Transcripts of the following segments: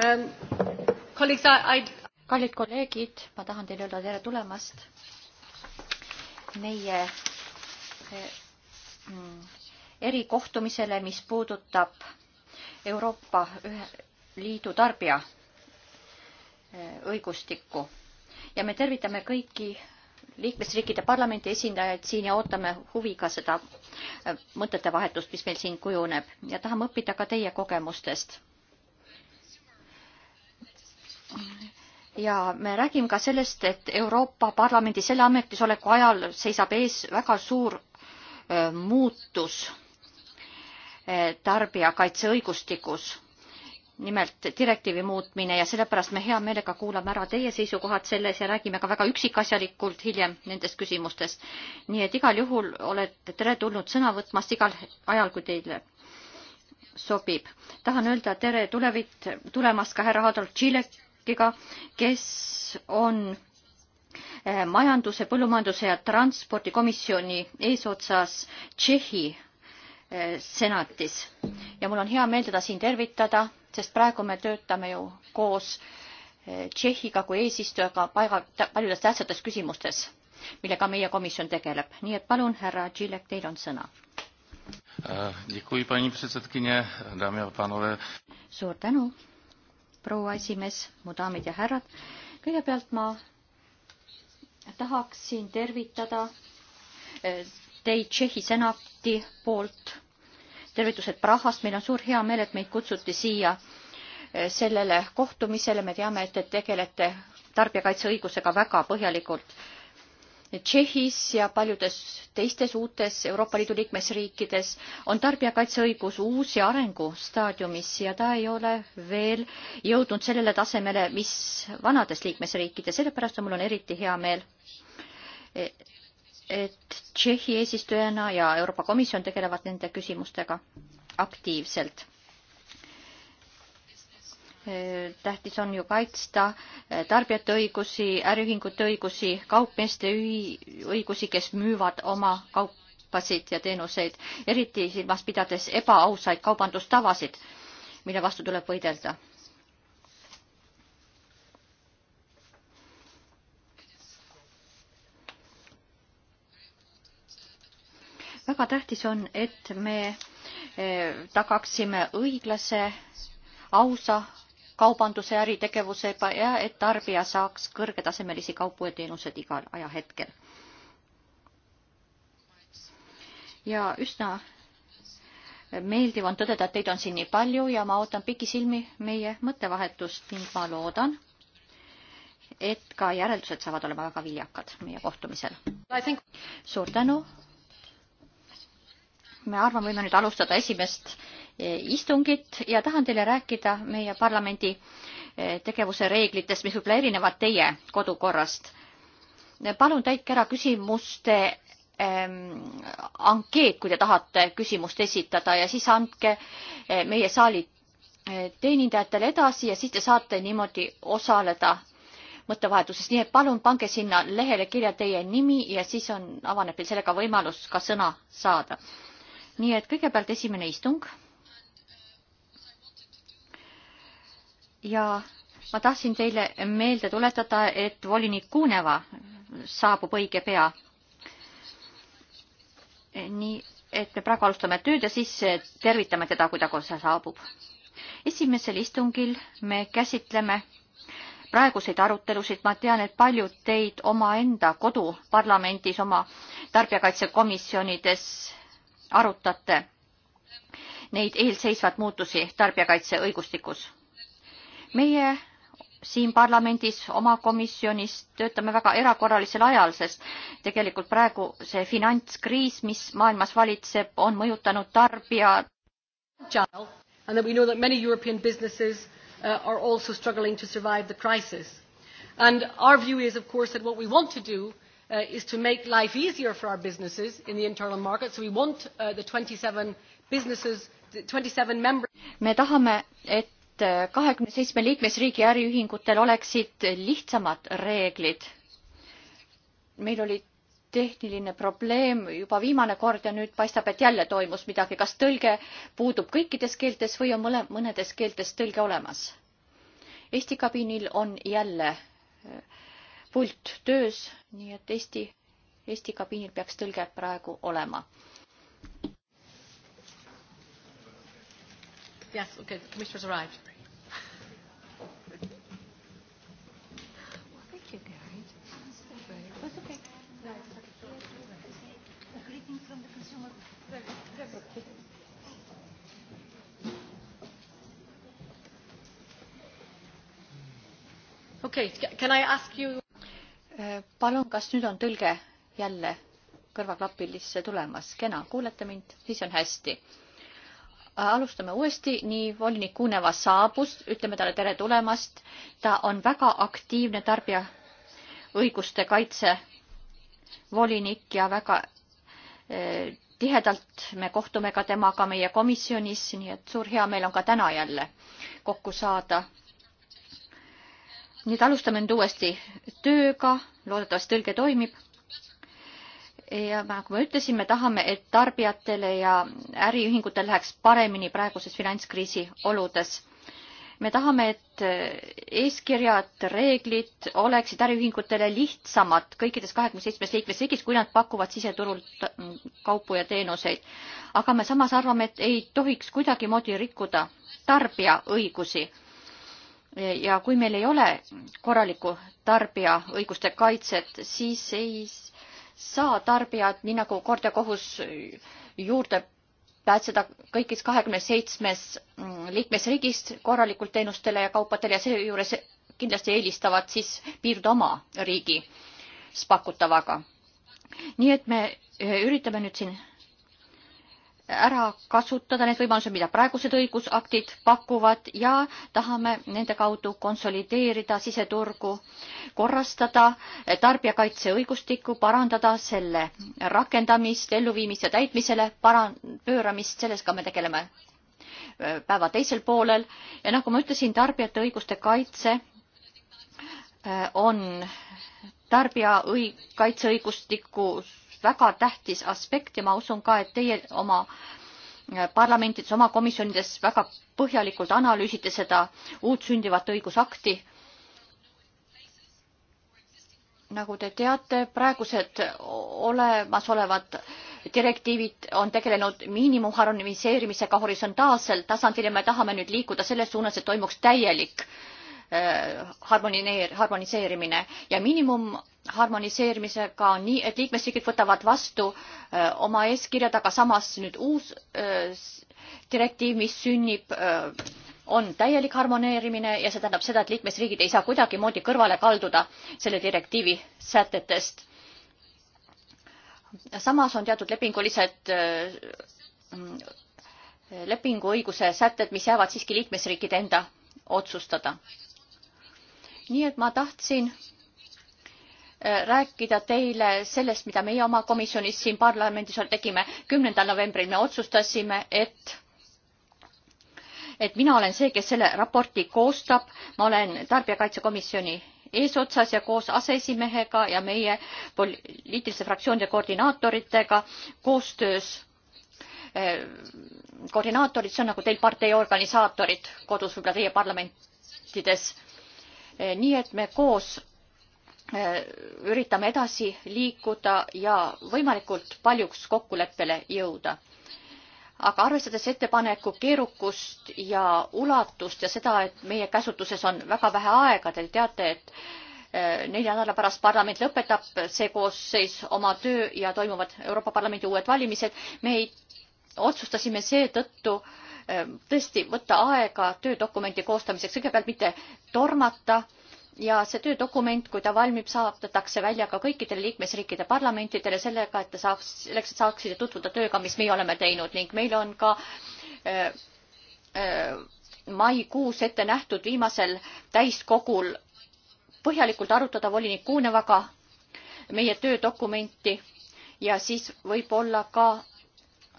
Um, kallid kolleegid, ma tahan teile öelda tere tulemast meie eh, mm, erikohtumisele, mis puudutab Euroopa Liidu tarbija eh, õigustikku ja me tervitame kõiki liikmesriikide parlamendi esindajaid siin ja ootame huviga seda eh, mõtete vahetust, mis meil siin kujuneb ja tahame õppida ka teie kogemustest ja me räägime ka sellest, et Euroopa Parlamendi selle ametisoleku ajal seisab ees väga suur muutus tarbijakaitseõigustikus nimelt direktiivi muutmine ja sellepärast me hea meelega kuulame ära teie seisukohad selles ja räägime ka väga üksikasjalikult hiljem nendest küsimustest. nii et igal juhul olete teretulnud sõna võtmast igal ajal, kui teile sobib. tahan öelda tere tulevit, tulemast ka härra Adolf Tšilek Kiga, kes on eh, majanduse, põllumajanduse ja transpordikomisjoni eesotsas Tšehhi eh, senatis ja mul on hea meel teda siin tervitada, sest praegu me töötame ju koos eh, Tšehhiga kui eesistujaga paiga, paljudes tähtsates küsimustes, millega meie komisjon tegeleb. nii et palun, härra Tšilek, teil on sõna. suur tänu proua esimees, mu daamid ja härrad. kõigepealt ma tahaksin tervitada eh, teid Tšehhi senati poolt. tervitused Prahast, meil on suur heameel, et meid kutsuti siia eh, sellele kohtumisele, me teame, et te tegelete tarbijakaitseõigusega väga põhjalikult Tšehhis ja paljudes teistes uutes Euroopa Liidu liikmesriikides on tarbijakaitseõigus uus ja arengustaadiumis ja ta ei ole veel jõudnud sellele tasemele, mis vanades liikmesriikides, sellepärast on mul on eriti hea meel, et Tšehhi eesistujana ja Euroopa Komisjon tegelevad nende küsimustega aktiivselt. Äh, tähtis on ju kaitsta äh, tarbijate õigusi, äriühingute õigusi, kaupmeeste õigusi, kes müüvad oma kaupasid ja teenuseid, eriti silmas pidades ebaausaid kaubandustavasid, mille vastu tuleb võidelda. väga tähtis on, et me äh, tagaksime õiglase, ausa kaubanduse ja äritegevusega ja et tarbija saaks kõrgetasemelisi kaupu ja teenuseid igal ajahetkel. ja üsna meeldiv on tõdeda, et teid on siin nii palju ja ma ootan pikisilmi meie mõttevahetust ning ma loodan, et ka järeldused saavad olema väga viljakad meie kohtumisel. suur tänu. me arvan, võime nüüd alustada esimest Eh, istungit ja tahan teile rääkida meie parlamendi eh, tegevuse reeglitest, mis võib-olla erinevad teie kodukorrast. palun täitke ära küsimuste ähm, ankeet, kui te tahate küsimust esitada ja siis andke eh, meie saali teenindajatele edasi ja siis te saate niimoodi osaleda mõttevahetuses, nii et palun pange sinna lehele kirja teie nimi ja siis on, avaneb teil sellega võimalus ka sõna saada. nii et kõigepealt esimene istung ja ma tahtsin teile meelde tuletada, et volinik Kuneva saabub õige pea. nii et me praegu alustame tööd ja siis tervitame teda, kui ta kohe saabub. esimesel istungil me käsitleme praeguseid arutelusid, ma tean, et paljud teid omaenda koduparlamendis, oma tarbijakaitsekomisjonides arutate neid eelseisvat muutusi tarbijakaitse õigustikus meie siin parlamendis oma komisjonis töötame väga erakorralisel ajal, sest tegelikult praegu see finantskriis, mis maailmas valitseb, on mõjutanud tarbija. And that we know that many European businesses uh, are also struggling to survive the crisis. And our view is, of course, that what we want to do uh, is to make life easier for our businesses in the internal market. So we want uh, the 27 businesses, the 27 members. me tahame, et et äh, kahekümne seitsme liikmesriigi äriühingutel oleksid lihtsamad reeglid. meil oli tehniline probleem juba viimane kord ja nüüd paistab, et jälle toimus midagi. kas tõlge puudub kõikides keeltes või on mõle, mõnedes keeltes tõlge olemas? Eesti kabiinil on jälle äh, pult töös, nii et Eesti, Eesti kabiinil peaks tõlge praegu olema. Yes, okay, the commissioner's arrived Okay, can I ask you? Äh, palun, kas nüüd on tõlge jälle kõrvaklapilisse tulemas? kena, kuulete mind? siis on hästi. Äh, alustame uuesti, nii volinik Kuneva saabus, ütleme talle tere tulemast. ta on väga aktiivne tarbija õiguste kaitse volinik ja väga tihedalt me kohtume ka temaga meie komisjonis, nii et suur heameel on ka täna jälle kokku saada. nüüd alustame nüüd uuesti tööga, loodetavasti tõlge toimib. ja nagu me ütlesime, tahame, et tarbijatele ja äriühingutel läheks paremini praeguses finantskriisi oludes me tahame, et eh, eeskirjad, reeglid oleksid äriühingutele lihtsamad kõikides kahekümne seitsmes liikmesriigis, kui nad pakuvad siseturult mm, kaupu ja teenuseid. aga me samas arvame, et ei tohiks kuidagimoodi rikkuda tarbija õigusi. ja kui meil ei ole korralikku tarbija õiguste kaitset, siis ei saa tarbijad, nii nagu kord ja kohus juurde nad seda kõigis kahekümne seitsmes mm, liikmesriigist korralikult teenustele ja kaupadele ja seejuures kindlasti eelistavad siis piirduda oma riigis pakutavaga. nii et me eh, üritame nüüd siin ära kasutada need võimalused, mida praegused õigusaktid pakuvad ja tahame nende kaudu konsolideerida siseturgu, korrastada tarbijakaitseõigustikku, parandada selle rakendamist, elluviimist ja täitmisele paran-, pööramist, sellega me tegeleme päeva teisel poolel ja nagu ma ütlesin, tarbijate õiguste kaitse on tarbija õig-, kaitseõigustikus väga tähtis aspekt ja ma usun ka, et teie oma äh, parlamentides, oma komisjonides väga põhjalikult analüüsite seda uut sündivat õigusakti. nagu te teate, praegused olemasolevad direktiivid on tegelenud miinimumharmoniseerimisega horisontaalsel tasandil ja me tahame nüüd liikuda selles suunas, et toimuks täielik äh, harmoniseerimine ja miinimum harmoniseerimisega on nii, et liikmesriigid võtavad vastu öö, oma eeskirjad, aga samas nüüd uus öö, direktiiv, mis sünnib, on täielik harmoneerimine ja see tähendab seda, et liikmesriigid ei saa kuidagimoodi kõrvale kalduda selle direktiivi sätetest. samas on teatud lepingulised lepinguõiguse sätted, mis jäävad siiski liikmesriikide enda otsustada. nii et ma tahtsin Äh, rääkida teile sellest, mida meie oma komisjonis siin parlamendis tegime. kümnendal novembril me otsustasime, et et mina olen see, kes selle raporti koostab, ma olen Tarbijakaitsekomisjoni eesotsas ja koos aseesimehega ja meie poliitiliste fraktsioonide koordinaatoritega koostöös äh, koordinaatorid, see on nagu teil partei organisaatorid kodus, võib-olla teie parlamentides. Äh, nii et me koos Äh, üritame edasi liikuda ja võimalikult paljuks kokkuleppele jõuda. aga arvestades ettepaneku keerukust ja ulatust ja seda, et meie käsutuses on väga vähe aega, te teate, et äh, nelja nädala pärast parlament lõpetab see koosseis oma töö ja toimuvad Euroopa Parlamendi uued valimised, me ei, otsustasime seetõttu äh, tõesti võtta aega töödokumendi koostamiseks, kõigepealt mitte tormata ja see töödokument, kui ta valmib, saadetakse välja ka kõikidele liikmesriikide parlamentidele sellega, et te saaks, selleks, et saaksite tutvuda tööga, mis meie oleme teinud ning meil on ka äh, äh, maikuus ette nähtud viimasel täiskogul põhjalikult arutada volinik Kuunevaga meie töödokumenti ja siis võib-olla ka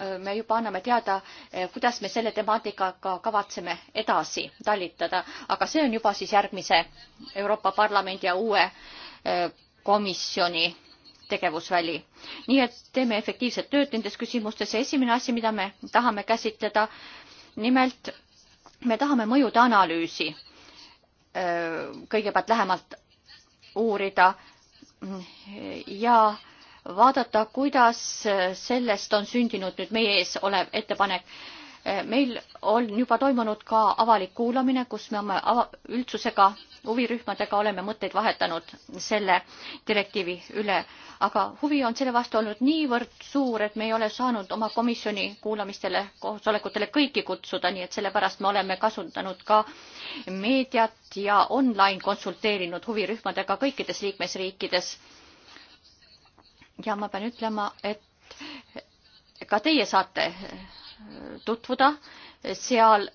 Äh, me juba anname teada, äh, kuidas me selle temaatikaga kavatseme edasi talitada, aga see on juba siis järgmise Euroopa Parlamendi ja uue äh, komisjoni tegevusväli. nii et teeme efektiivset tööd nendes küsimustes ja esimene asi, mida me tahame käsitleda, nimelt me tahame mõjude analüüsi kõigepealt lähemalt uurida ja vaadata, kuidas sellest on sündinud nüüd meie ees olev ettepanek. meil on juba toimunud ka avalik kuulamine, kus me oma üldsusega, huvirühmadega oleme mõtteid vahetanud selle direktiivi üle, aga huvi on selle vastu olnud niivõrd suur, et me ei ole saanud oma komisjoni kuulamistele, koosolekutele kõiki kutsuda, nii et sellepärast me oleme kasutanud ka meediat ja online konsulteerinud huvirühmadega kõikides liikmesriikides ja ma pean ütlema, et ka teie saate tutvuda seal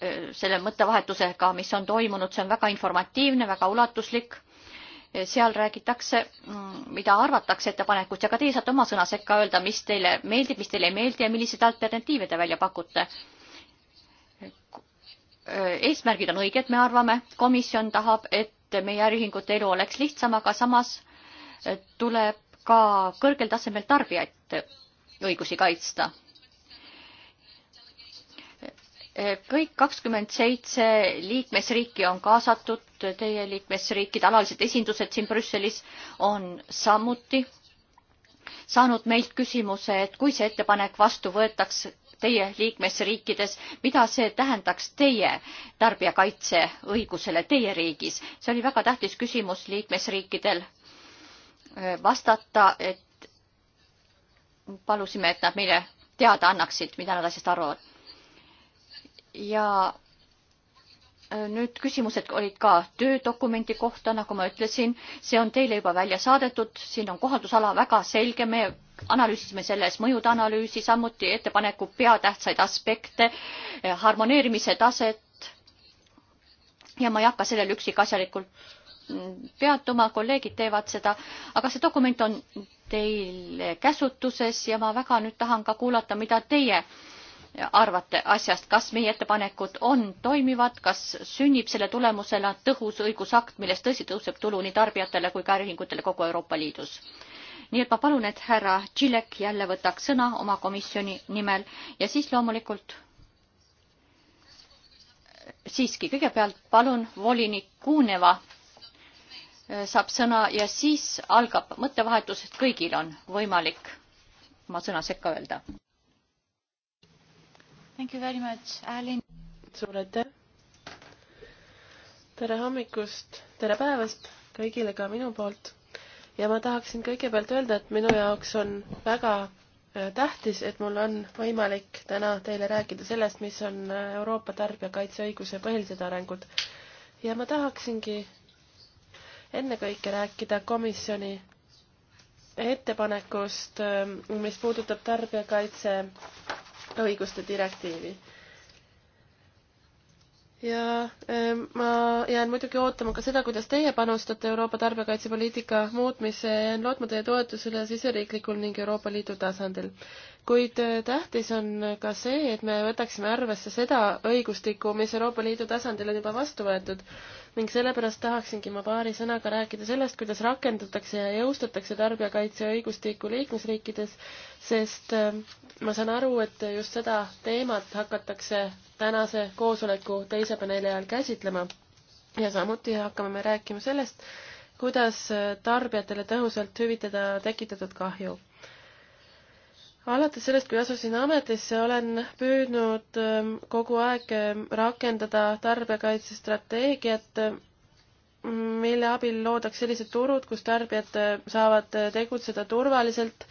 eh, selle mõttevahetusega, mis on toimunud, see on väga informatiivne, väga ulatuslik. seal räägitakse, mm, mida arvatakse ettepanekust ja ka teie saate oma sõna sekka öelda, mis teile meeldib, mis teile ei meeldi ja milliseid alternatiive te välja pakute. Eh, eesmärgid on õiged, me arvame, komisjon tahab, et meie äriühingute elu oleks lihtsam, aga samas eh, tuleb ka kõrgel tasemel tarbijaid õigusi kaitsta. kõik kakskümmend seitse liikmesriiki on kaasatud, teie liikmesriikide alalised esindused siin Brüsselis on samuti saanud meilt küsimuse, et kui see ettepanek vastu võetaks teie liikmesriikides, mida see tähendaks teie tarbijakaitseõigusele teie riigis? see oli väga tähtis küsimus liikmesriikidel Äh, vastata, et palusime, et nad meile teada annaksid, mida nad asjast arvavad. ja äh, nüüd küsimused olid ka töödokumendi kohta, nagu ma ütlesin, see on teile juba välja saadetud, siin on kohaldusala väga selge, me analüüsisime selles mõjude analüüsi, samuti ettepaneku peatähtsaid aspekte, äh, harmoneerimise taset ja ma ei hakka sellele üksikasjalikult peatuma, kolleegid teevad seda, aga see dokument on teil käsutuses ja ma väga nüüd tahan ka kuulata, mida teie arvate asjast, kas meie ettepanekud on toimivad, kas sünnib selle tulemusena tõhus õigusakt, millest tõesti tõuseb tulu nii tarbijatele kui ka äriühingutele kogu Euroopa Liidus. nii et ma palun, et härra Tšilek jälle võtaks sõna oma komisjoni nimel ja siis loomulikult siiski kõigepealt palun volinik Kuneva Äh, saab sõna ja siis algab mõttevahetus, et kõigil on võimalik oma sõna sekka öelda. suur aitäh. tere hommikust, tere päevast kõigile ka minu poolt. ja ma tahaksin kõigepealt öelda, et minu jaoks on väga äh, tähtis, et mul on võimalik täna teile rääkida sellest, mis on äh, Euroopa tarbijakaitseõiguse põhilised arengud. ja ma tahaksingi ennekõike rääkida komisjoni ettepanekust, ähm, mis puudutab tarbijakaitse õiguste direktiivi. ja ähm, ma jään muidugi ootama ka seda, kuidas teie panustate Euroopa tarbijakaitsepoliitika muutmisse, jään lootma teie toetusele siseriiklikul ning Euroopa Liidu tasandil. kuid äh, tähtis on ka see, et me võtaksime arvesse seda õigustikku, mis Euroopa Liidu tasandil on juba vastu võetud ning sellepärast tahaksingi ma paari sõnaga rääkida sellest, kuidas rakendatakse ja jõustatakse tarbijakaitseõigustikku liikmesriikides, sest äh, ma saan aru, et just seda teemat hakatakse tänase koosoleku teise paneeli ajal käsitlema. ja samuti hakkame me rääkima sellest, kuidas äh, tarbijatele tõhusalt hüvitada tekitatud kahju alates sellest, kui asusin ametisse, olen püüdnud ähm, kogu aeg ähm, rakendada tarbijakaitsestrateegiat, äh, mille abil loodaks sellised turud, kus tarbijad äh, saavad äh, tegutseda turvaliselt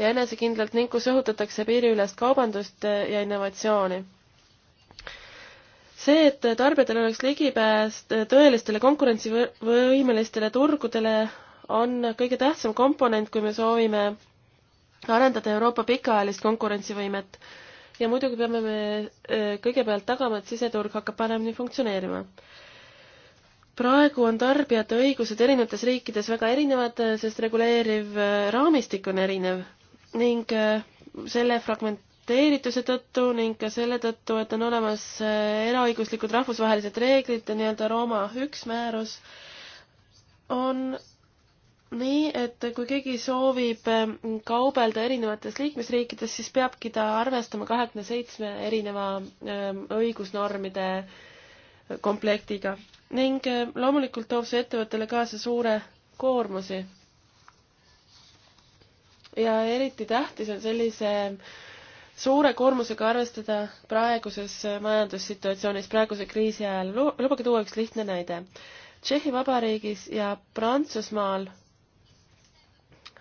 ja enesekindlalt ning kus õhutatakse piiriülest kaubandust ja innovatsiooni see, et tarbijatel oleks ligipääs tõelistele konkurentsivõimelistele turgudele, on kõige tähtsam komponent, kui me soovime arendada Euroopa pikaajalist konkurentsivõimet. ja muidugi peame me e, kõigepealt tagama, et siseturg hakkab paremini funktsioneerima. praegu on tarbijate õigused erinevates riikides väga erinevad, sest reguleeriv e, raamistik on erinev ning e, selle fragment akrediteerituse tõttu ning ka selle tõttu, et on olemas eraõiguslikud rahvusvahelised reeglid, nii-öelda Rooma üks määrus, on nii, et kui keegi soovib ähm, kaubelda erinevates liikmesriikides, siis peabki ta arvestama kahekümne seitsme erineva ähm, õigusnormide äh, komplektiga ning äh, loomulikult toob see ettevõttele kaasa suure koormusi. ja eriti tähtis on sellise ähm, suure koormusega arvestada praeguses äh, majandussituatsioonis, praeguse kriisi ajal. lubage tuua üks lihtne näide Tšehhi Vabariigis ja Prantsusmaal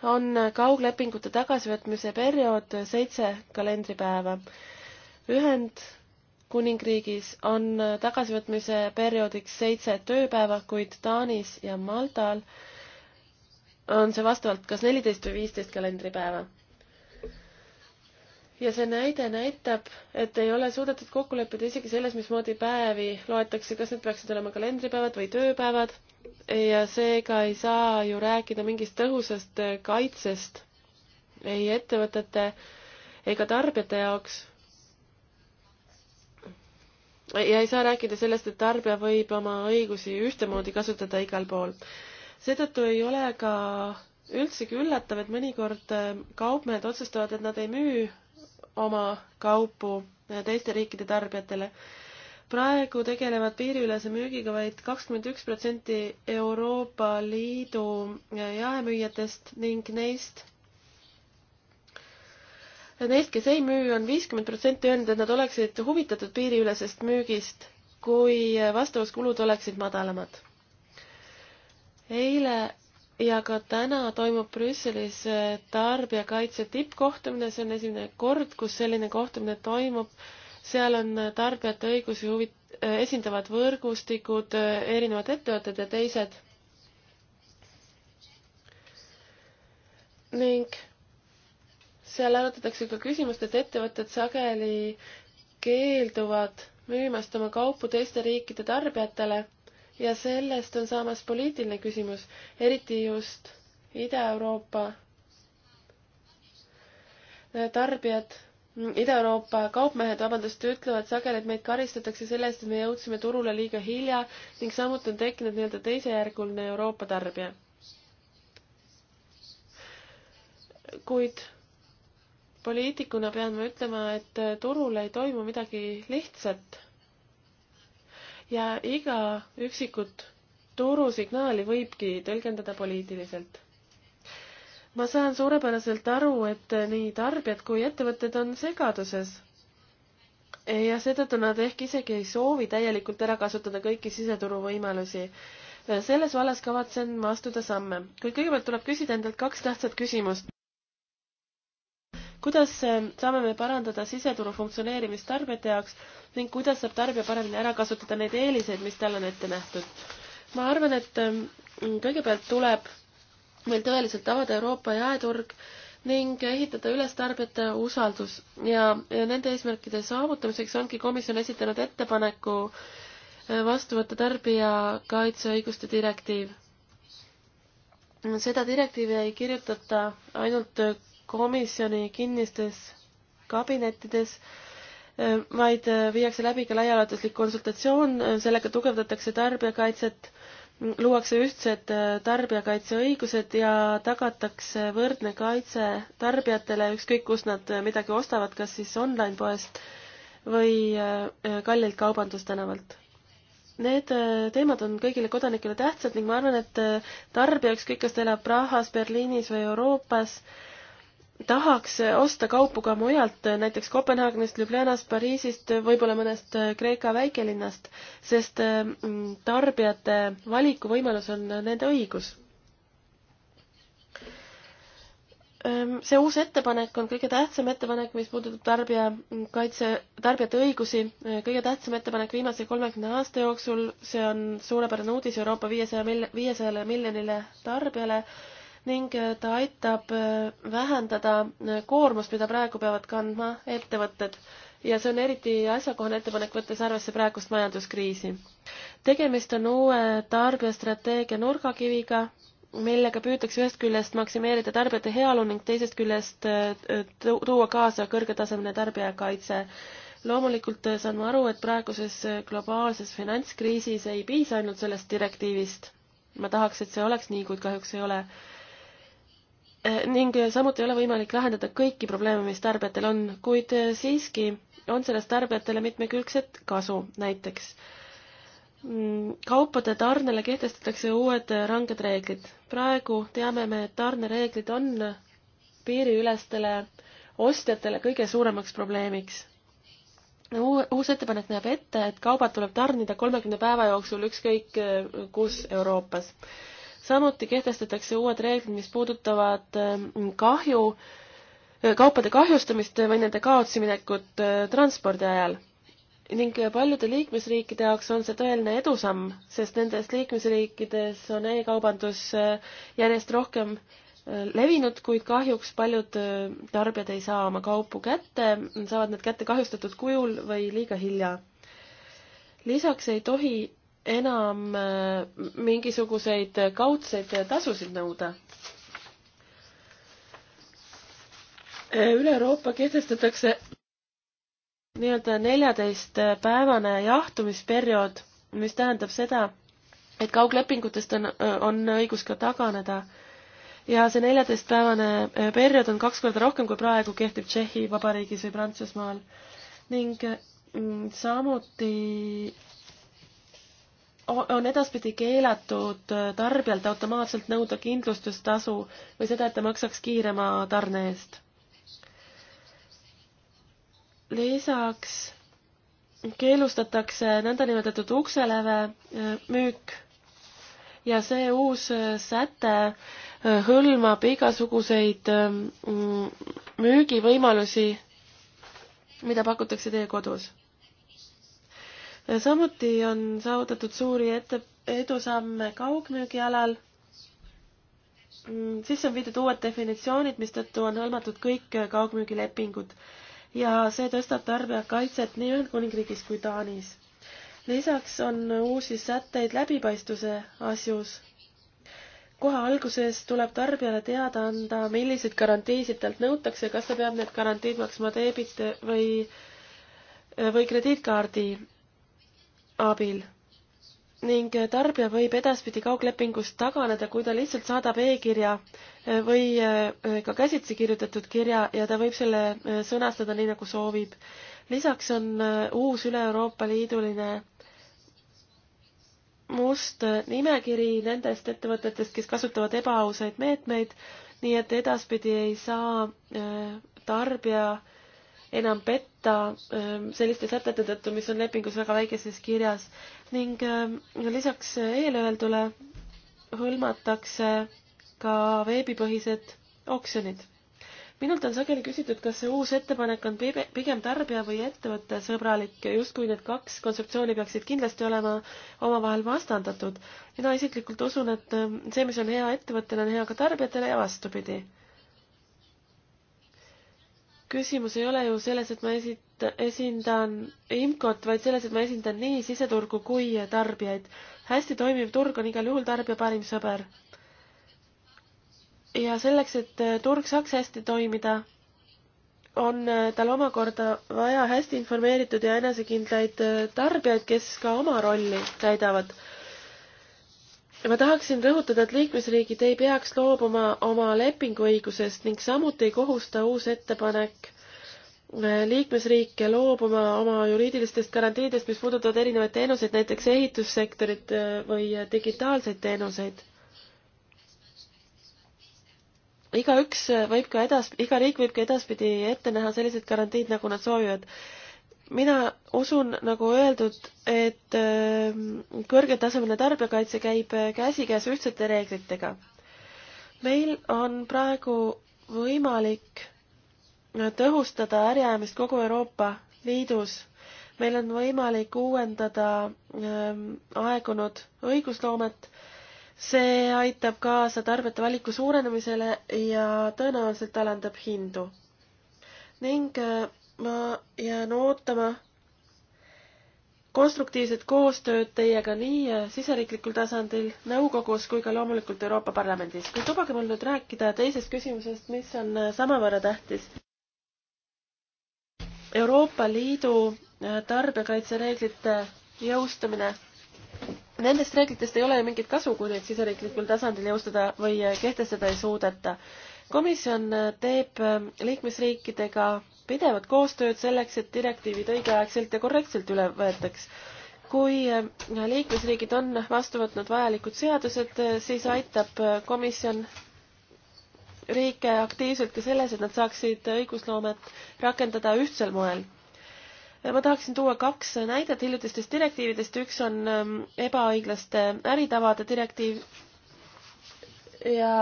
on kauglepingute tagasivõtmise periood seitse kalendripäeva. Ühendkuningriigis on tagasivõtmise perioodiks seitse tööpäeva, kuid Taanis ja Maltal on see vastavalt kas neliteist või viisteist kalendripäeva. ja see näide näitab, et ei ole suudetud kokku leppida isegi selles, mismoodi päevi loetakse, kas need peaksid olema kalendripäevad või tööpäevad ja seega ei saa ju rääkida mingist tõhusast kaitsest ei ettevõtete ega tarbijate jaoks. ja ei saa rääkida sellest, et tarbija võib oma õigusi ühtemoodi kasutada igal pool. seetõttu ei ole ka üldsegi üllatav, et mõnikord kaupmehed otsustavad, et nad ei müü oma kaupu teiste riikide tarbijatele praegu tegelevad piiriülese müügiga vaid kakskümmend üks protsenti Euroopa Liidu eh, jaemüüjatest ning neist Neist, kes ei müü on, on viiskümmend protsenti öelnud, et nad oleksid huvitatud piiriülesest müügist, kui eh, vastavuskulud oleksid madalamad. eile ja ka täna toimub Brüsselis eh, tarbijakaitse tippkohtumine, see on esimene kord, kus selline kohtumine toimub seal on tarbijate õigusi huvit-, äh, esindavad võrgustikud, äh, erinevad ettevõtted ja teised. ning seal arutatakse ka küsimust, et ettevõtted sageli keelduvad müümast oma kaupu teiste riikide tarbijatele ja sellest on saamas poliitiline küsimus, eriti just Ida-Euroopa äh, tarbijad Ida-Euroopa kaupmehed, vabandust, ütlevad sageli, et meid karistatakse selle eest, et me jõudsime turule liiga hilja ning samuti on tekkinud nii-öelda teisejärguline Euroopa tarbija. kuid poliitikuna pean ma ütlema, et turul ei toimu midagi lihtsat. ja iga üksikut turusignaali võibki tõlgendada poliitiliselt ma saan suurepäraselt aru, et nii tarbijad kui ettevõtted on segaduses. ja seetõttu nad ehk isegi ei soovi täielikult ära kasutada kõiki siseturu võimalusi. selles vallas kavatsen ma astuda samme, kuid kõigepealt tuleb küsida endalt kaks tähtsat küsimust. kuidas ähm, saame me parandada siseturu funktsioneerimist tarbijate jaoks ning kuidas saab tarbija paremini ära kasutada neid eeliseid, mis talle on ette nähtud? ma arvan, et ähm, kõigepealt tuleb meil tõeliselt avada Euroopa jaeturg ning ehitada üles tarbijate usaldus ja nende eesmärkide saavutamiseks ongi komisjon esitanud ettepaneku äh, vastu võtta tarbijakaitseõiguste direktiiv. seda direktiivi ei kirjutata ainult komisjoni kinnistes kabinettides, äh, vaid äh, viiakse läbi ka laiaulatuslik konsultatsioon, sellega tugevdatakse tarbijakaitset luuakse ühtsed äh, tarbijakaitseõigused ja tagatakse võrdne kaitse tarbijatele, ükskõik kust nad äh, midagi ostavad, kas siis online-poest või äh, kallilt kaubandustänavalt. Need teemad on kõigile kodanikele tähtsad ning ma arvan, et tarbija, ükskõik kas ta elab Prahas, Berliinis või Euroopas, tahaks osta kaupu ka mujalt, näiteks Kopenhaagenist, Ljubljanast, Pariisist, võib-olla mõnest äh, Kreeka väikelinnast, sest äh, mm, tarbijate valikuvõimalus on nende õigus. Ähm, see uus ettepanek on kõige tähtsam ettepanek, mis puudutab tarbijakaitse, mm, tarbijate õigusi, äh, kõige tähtsam ettepanek viimase kolmekümne aasta jooksul, see on suurepärane uudis Euroopa viiesaja mil-, viiesajale miljonile tarbijale ning äh, ta aitab äh, vähendada äh, koormust, mida praegu peavad kandma ettevõtted. ja see on eriti asjakohane ettepanek, võttes arvesse praegust majanduskriisi. tegemist on uue tarbijastrateegia nurgakiviga, millega püütakse ühest küljest maksimeerida tarbijate heaolu ning teisest küljest tuua kaasa kõrgetasemeline tarbijakaitse loomulikult saan ma aru, et praeguses globaalses finantskriisis ei piisa ainult sellest direktiivist. ma tahaks, et see oleks nii, kuid kahjuks ei ole ning samuti ei ole võimalik lahendada kõiki probleeme, mis tarbijatel on, kuid siiski on sellest tarbijatele mitmekülgset kasu, näiteks mm, kaupade tarnele kehtestatakse uued ranged reeglid. praegu teame me, et tarnereeglid on piiriülestele ostjatele kõige suuremaks probleemiks. uus ettepanek näeb ette, et kaubad tuleb tarnida kolmekümne päeva jooksul ükskõik kus Euroopas samuti kehtestatakse uued reeglid, mis puudutavad ähm, kahju, äh, kaupade kahjustamist või nende kaotsi minekut äh, transpordi ajal. ning äh, paljude liikmesriikide jaoks on see tõeline edusamm, sest nendes liikmesriikides on e-kaubandus järjest rohkem levinud, kuid kahjuks paljud tarbijad ei saa oma kaupu kätte, saavad need kätte kahjustatud kujul või liiga hilja. lisaks ei tohi enam äh, mingisuguseid kaudseid tasusid nõuda. Äh, üle Euroopa kehtestatakse nii-öelda neljateistpäevane jahtumisperiood, mis tähendab seda, et kauglepingutest on, äh, on õigus ka taganeda. ja see neljateistpäevane periood on kaks korda rohkem, kui praegu kehtib Tšehhi Vabariigis või Prantsusmaal ning mm, samuti on edaspidi keelatud tarbijalt automaatselt nõuda kindlustustasu või seda, et ta maksaks kiirema tarne eest. lisaks keelustatakse nõndanimetatud ukseläve äh, müük ja see uus äh, säte äh, hõlmab igasuguseid mm, müügivõimalusi, mida pakutakse teie kodus samuti on saavutatud suuri ette, edusamme kaugmüügialal. Mm, sisse on viidud uued definitsioonid, mistõttu on hõlmatud kõik kaugmüügilepingud ja see tõstab tarbijakaitset nii Ühendkuningriigis kui Taanis. lisaks on uusi sätteid läbipaistvuse asjus. kohe alguses tuleb tarbijale teada anda, milliseid garantiisid talt nõutakse, kas ta peab need garantiid maksma debit või, või krediitkaardi abil ning eh, tarbija võib edaspidi kauglepingust taganeda, kui ta lihtsalt saadab e-kirja eh, või eh, ka käsitsi kirjutatud kirja ja ta võib selle sõnastada nii, nagu soovib. lisaks on uus üle Euroopa Liiduline must nimekiri nendest ettevõtetest, kes kasutavad ebaausaid meetmeid, nii et edaspidi ei saa tarbija enam petta ähm, selliste sätete tõttu, mis on lepingus väga väikeses kirjas ning ähm, lisaks eelöeldule hõlmatakse ka veebipõhised oksjonid. minult on sageli küsitud, kas see uus ettepanek on pigem tarbija või ettevõtte sõbralik, justkui need kaks kontseptsiooni peaksid kindlasti olema omavahel vastandatud. mina isiklikult usun, et ähm, see, mis on hea ettevõttele, on hea ka tarbijatele ja vastupidi küsimus ei ole ju selles, et ma esit-, esindan IMCO-t, vaid selles, et ma esindan nii siseturgu kui tarbijaid. hästi toimiv turg on igal juhul tarbija parim sõber. ja selleks, et äh, turg saaks hästi toimida, on äh, tal omakorda vaja hästi informeeritud ja enesekindlaid äh, tarbijaid, kes ka oma rolli täidavad ma tahaksin rõhutada, et liikmesriigid ei peaks loobuma oma lepinguõigusest ning samuti ei kohusta uus ettepanek äh, liikmesriike loobuma oma juriidilistest garantiidest, mis puudutavad erinevaid teenuseid, näiteks ehitussektorit äh, või äh, digitaalseid teenuseid. igaüks võib ka edas-, iga riik võib ka edaspidi ette näha sellised garantiid, nagu nad soovivad mina usun, nagu öeldud, et äh, kõrgetasemeline tarbijakaitse käib äh, käsikäes ühtsete reeglitega. meil on praegu võimalik tõhustada äriajamist kogu Euroopa Liidus. meil on võimalik uuendada ähm, aegunud õigusloomet. see aitab kaasa tarbijate valiku suurenemisele ja tõenäoliselt alandab hindu. ning äh, ma jään ootama konstruktiivset koostööd teiega nii siseriiklikul tasandil, nõukogus kui ka loomulikult Euroopa Parlamendis. kuid lubage mul nüüd rääkida teisest küsimusest, mis on samavõrra tähtis. Euroopa Liidu tarbijakaitsereeglite jõustamine. Nendest reeglitest ei ole ju mingit kasu, kui neid siseriiklikul tasandil jõustada või kehtestada ei suudeta. komisjon teeb liikmesriikidega pidevat koostööd selleks, et direktiivid õigeaegselt ja korrektselt üle võetaks. kui äh, liikmesriigid on vastu võtnud vajalikud seadused, äh, siis aitab äh, komisjon riike aktiivselt ka selles, et nad saaksid õigusloomet rakendada ühtsel moel ma tahaksin tuua kaks näidet hiljutistest direktiividest, üks on ähm, ebaõiglaste äritavade direktiiv ja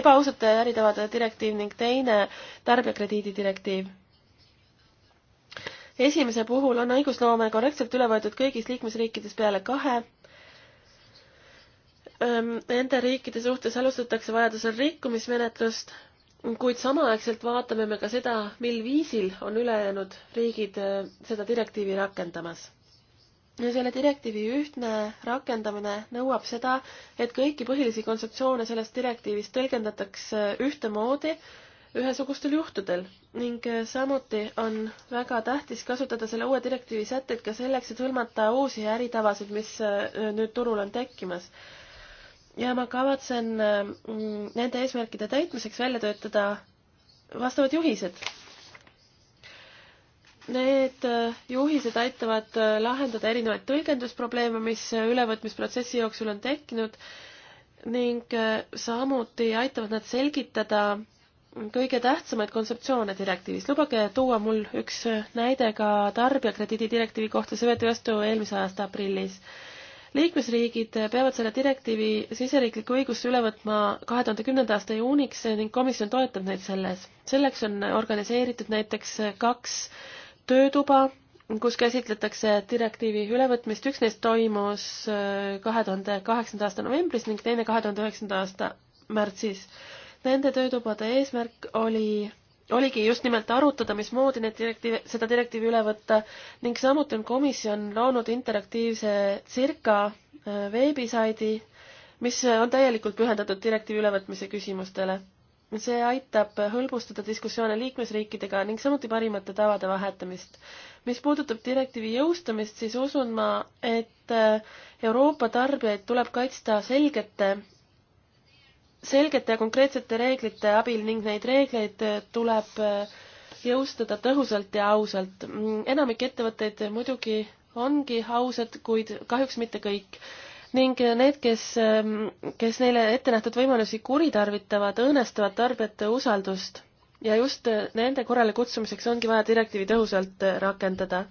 ebaausate äritavade direktiiv ning teine tarbijakrediidi direktiiv esimese puhul on õigusloome korrektselt üle võetud kõigis liikmesriikides peale kahe. Nende riikide suhtes alustatakse vajadusel rikkumismenetlust, kuid samaaegselt vaatame me ka seda, mil viisil on ülejäänud riigid seda direktiivi rakendamas. ja selle direktiivi ühtne rakendamine nõuab seda, et kõiki põhilisi kontseptsioone sellest direktiivist tõlgendatakse ühtemoodi ühesugustel juhtudel ning äh, samuti on väga tähtis kasutada selle uue direktiivi sätteid ka selleks, et hõlmata uusi äritavasid, mis äh, nüüd turul on tekkimas. ja ma kavatsen äh, mm, nende eesmärkide täitmiseks välja töötada vastavad juhised. Need juhised aitavad lahendada erinevaid tõlgendusprobleeme, mis ülevõtmisprotsessi jooksul on tekkinud ning samuti aitavad nad selgitada kõige tähtsamaid kontseptsioone direktiivis. lubage tuua mul üks näide ka tarbijakrediidi direktiivi kohta, see võeti vastu eelmise aasta aprillis. liikmesriigid peavad selle direktiivi siseriiklikku õigusse üle võtma kahe tuhande kümnenda aasta juuniks ning komisjon toetab neid selles. selleks on organiseeritud näiteks kaks töötuba, kus käsitletakse direktiivi ülevõtmist, üks neist toimus äh, kahe tuhande kaheksanda aasta novembris ning teine kahe tuhande üheksanda aasta märtsis Nende töötubade eesmärk oli, oligi just nimelt arutada, mismoodi neid direktiive, seda direktiivi üle võtta ning samuti on komisjon loonud interaktiivse circa äh, veebisaidi, mis on täielikult pühendatud direktiivi ülevõtmise küsimustele. see aitab hõlbustada diskussioone liikmesriikidega ning samuti parimate tavade vahetamist. mis puudutab direktiivi jõustamist, siis usun ma, et äh, Euroopa tarbijaid tuleb kaitsta selgete selgete ja konkreetsete reeglite abil ning neid reegleid äh, tuleb äh, jõustada tõhusalt ja ausalt. Mm, enamik ettevõtteid muidugi ongi ausad, kuid kahjuks mitte kõik. ning äh, need, kes, ähm, kes neile ette nähtud võimalusi kuritarvitavad, õõnestavad tarbijate usaldust ja just nende korrale kutsumiseks ongi vaja direktiivi tõhusalt rakendada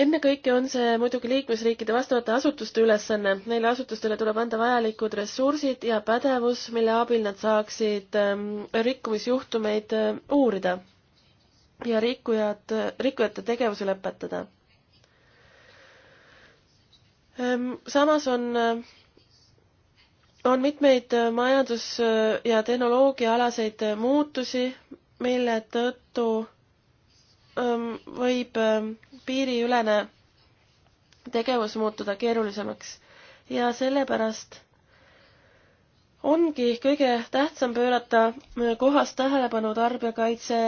ennekõike on see muidugi liikmesriikide vastavate asutuste ülesanne. Neile asutustele tuleb anda vajalikud ressursid ja pädevus, mille abil nad saaksid ähm, rikkumisjuhtumeid ähm, uurida ja rikkujad, rikkujate tegevuse lõpetada. Ähm, samas on, äh, on mitmeid äh, majandus- ja tehnoloogiaalaseid äh, muutusi, mille tõttu võib piiriülene tegevus muutuda keerulisemaks ja sellepärast ongi kõige tähtsam pöörata kohast tähelepanu tarbijakaitse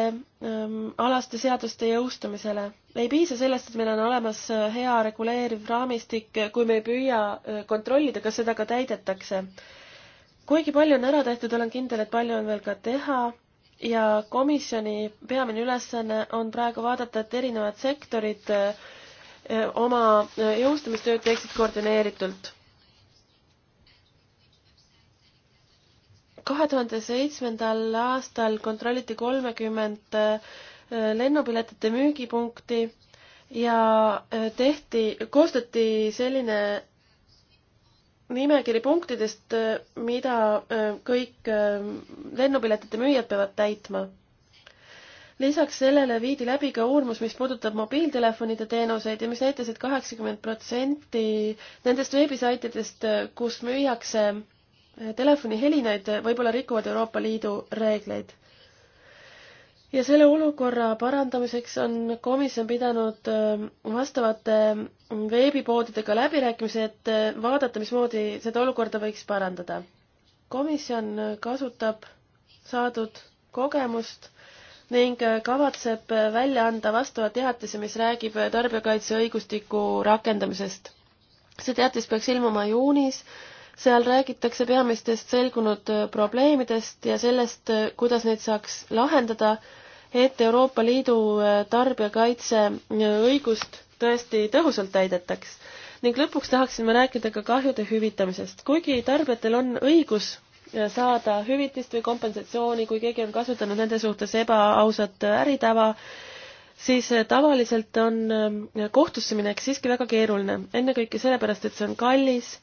alaste seaduste jõustumisele. ei piisa sellest, et meil on olemas hea reguleeriv raamistik, kui me ei püüa kontrollida, kas seda ka täidetakse. kuigi palju on ära tehtud, olen kindel, et palju on veel ka teha ja komisjoni peamine ülesanne on praegu vaadata, et erinevad sektorid eh, oma eh, jõustamistööd teeksid koordineeritult. kahe tuhande seitsmendal aastal kontrolliti kolmekümmend eh, lennupiletite müügipunkti ja tehti, koostati selline nimekiri punktidest, mida äh, kõik äh, lennupiletite müüjad peavad täitma. lisaks sellele viidi läbi ka uurimus, mis puudutab mobiiltelefonide teenuseid ja mis näitas et, et kaheksakümmend protsenti nendest veebisaitidest, kus müüakse äh, telefonihelinaid, võib-olla rikuvad Euroopa Liidu reegleid ja selle olukorra parandamiseks on komisjon pidanud äh, vastavate mm, veebipoodidega läbirääkimisi, et äh, vaadata, mismoodi seda olukorda võiks parandada. komisjon kasutab saadud kogemust ning äh, kavatseb välja anda vastava teatise, mis räägib tarbijakaitseõigustiku rakendamisest. see teatis peaks ilmuma juunis seal räägitakse peamistest selgunud probleemidest ja sellest, kuidas neid saaks lahendada et Euroopa Liidu äh, tarbijakaitseõigust äh, tõesti tõhusalt täidetaks. ning lõpuks tahaksime rääkida ka kahjude hüvitamisest. kuigi tarbijatel on õigus äh, saada hüvitist või kompensatsiooni, kui keegi on kasutanud nende suhtes ebaausat äritava, siis tavaliselt on kohtusse minek siiski väga keeruline, ennekõike sellepärast, et see on kallis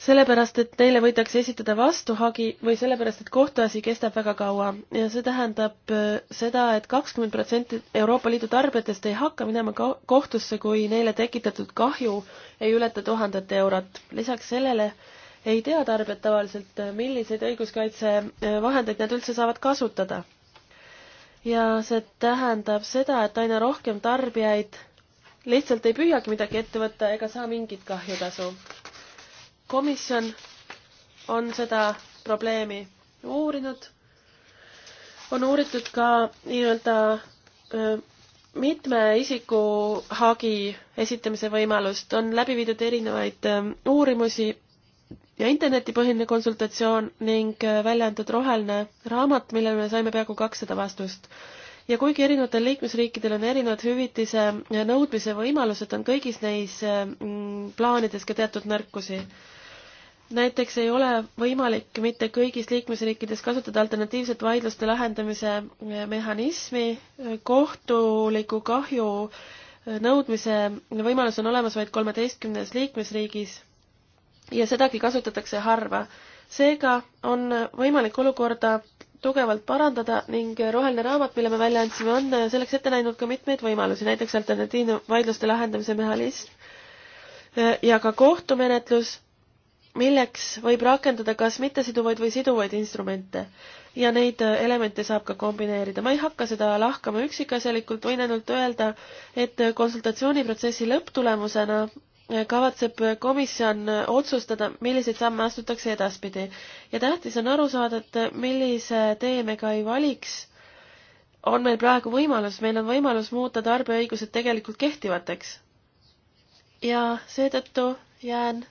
sellepärast, et neile võidakse esitada vastuhagi või sellepärast, et kohtuasi kestab väga kaua ja see tähendab äh, seda et, et kakskümmend protsenti Euroopa Liidu tarbijatest ei hakka minema kohtusse, kui neile tekitatud kahju ei ületa tuhandet eurot. lisaks sellele ei tea tarbijad tavaliselt, äh, milliseid õiguskaitsevahendeid nad üldse saavad kasutada. ja see tähendab seda, et aina rohkem tarbijaid lihtsalt ei püüagi midagi ette võtta ega saa mingit kahjutasu komisjon on seda probleemi uurinud, on uuritud ka nii-öelda mitme isiku hagi esitamise võimalust, on läbi viidud erinevaid uurimusi ja internetipõhine konsultatsioon ning välja antud roheline raamat, millele me saime peaaegu kakssada vastust. ja kuigi erinevatel liikmesriikidel on erinevad hüvitise nõudmise võimalused, on kõigis neis plaanides ka teatud nõrkusi näiteks ei ole võimalik mitte kõigis liikmesriikides kasutada alternatiivset vaidluste lahendamise eh, mehhanismi. kohtuliku kahju eh, nõudmise võimalus on olemas vaid kolmeteistkümnes liikmesriigis ja sedagi kasutatakse harva. seega on võimalik olukorda tugevalt parandada ning roheline raamat, mille me välja andsime, on selleks ette näinud ka mitmeid võimalusi, näiteks alternatiivne vaidluste lahendamise mehhanism eh, ja ka kohtumenetlus milleks võib rakendada kas mittesiduvaid või siduvaid instrumente ja neid äh, elemente saab ka kombineerida. ma ei hakka seda lahkama üksikasjalikult, võin ainult öelda, et äh, konsultatsiooniprotsessi lõpptulemusena äh, kavatseb komisjon otsustada, milliseid samme astutakse edaspidi. ja tähtis on aru saada, et millise tee me ka ei valiks, on meil praegu võimalus, meil on võimalus muuta tarbijaõigused tegelikult kehtivateks. ja seetõttu jään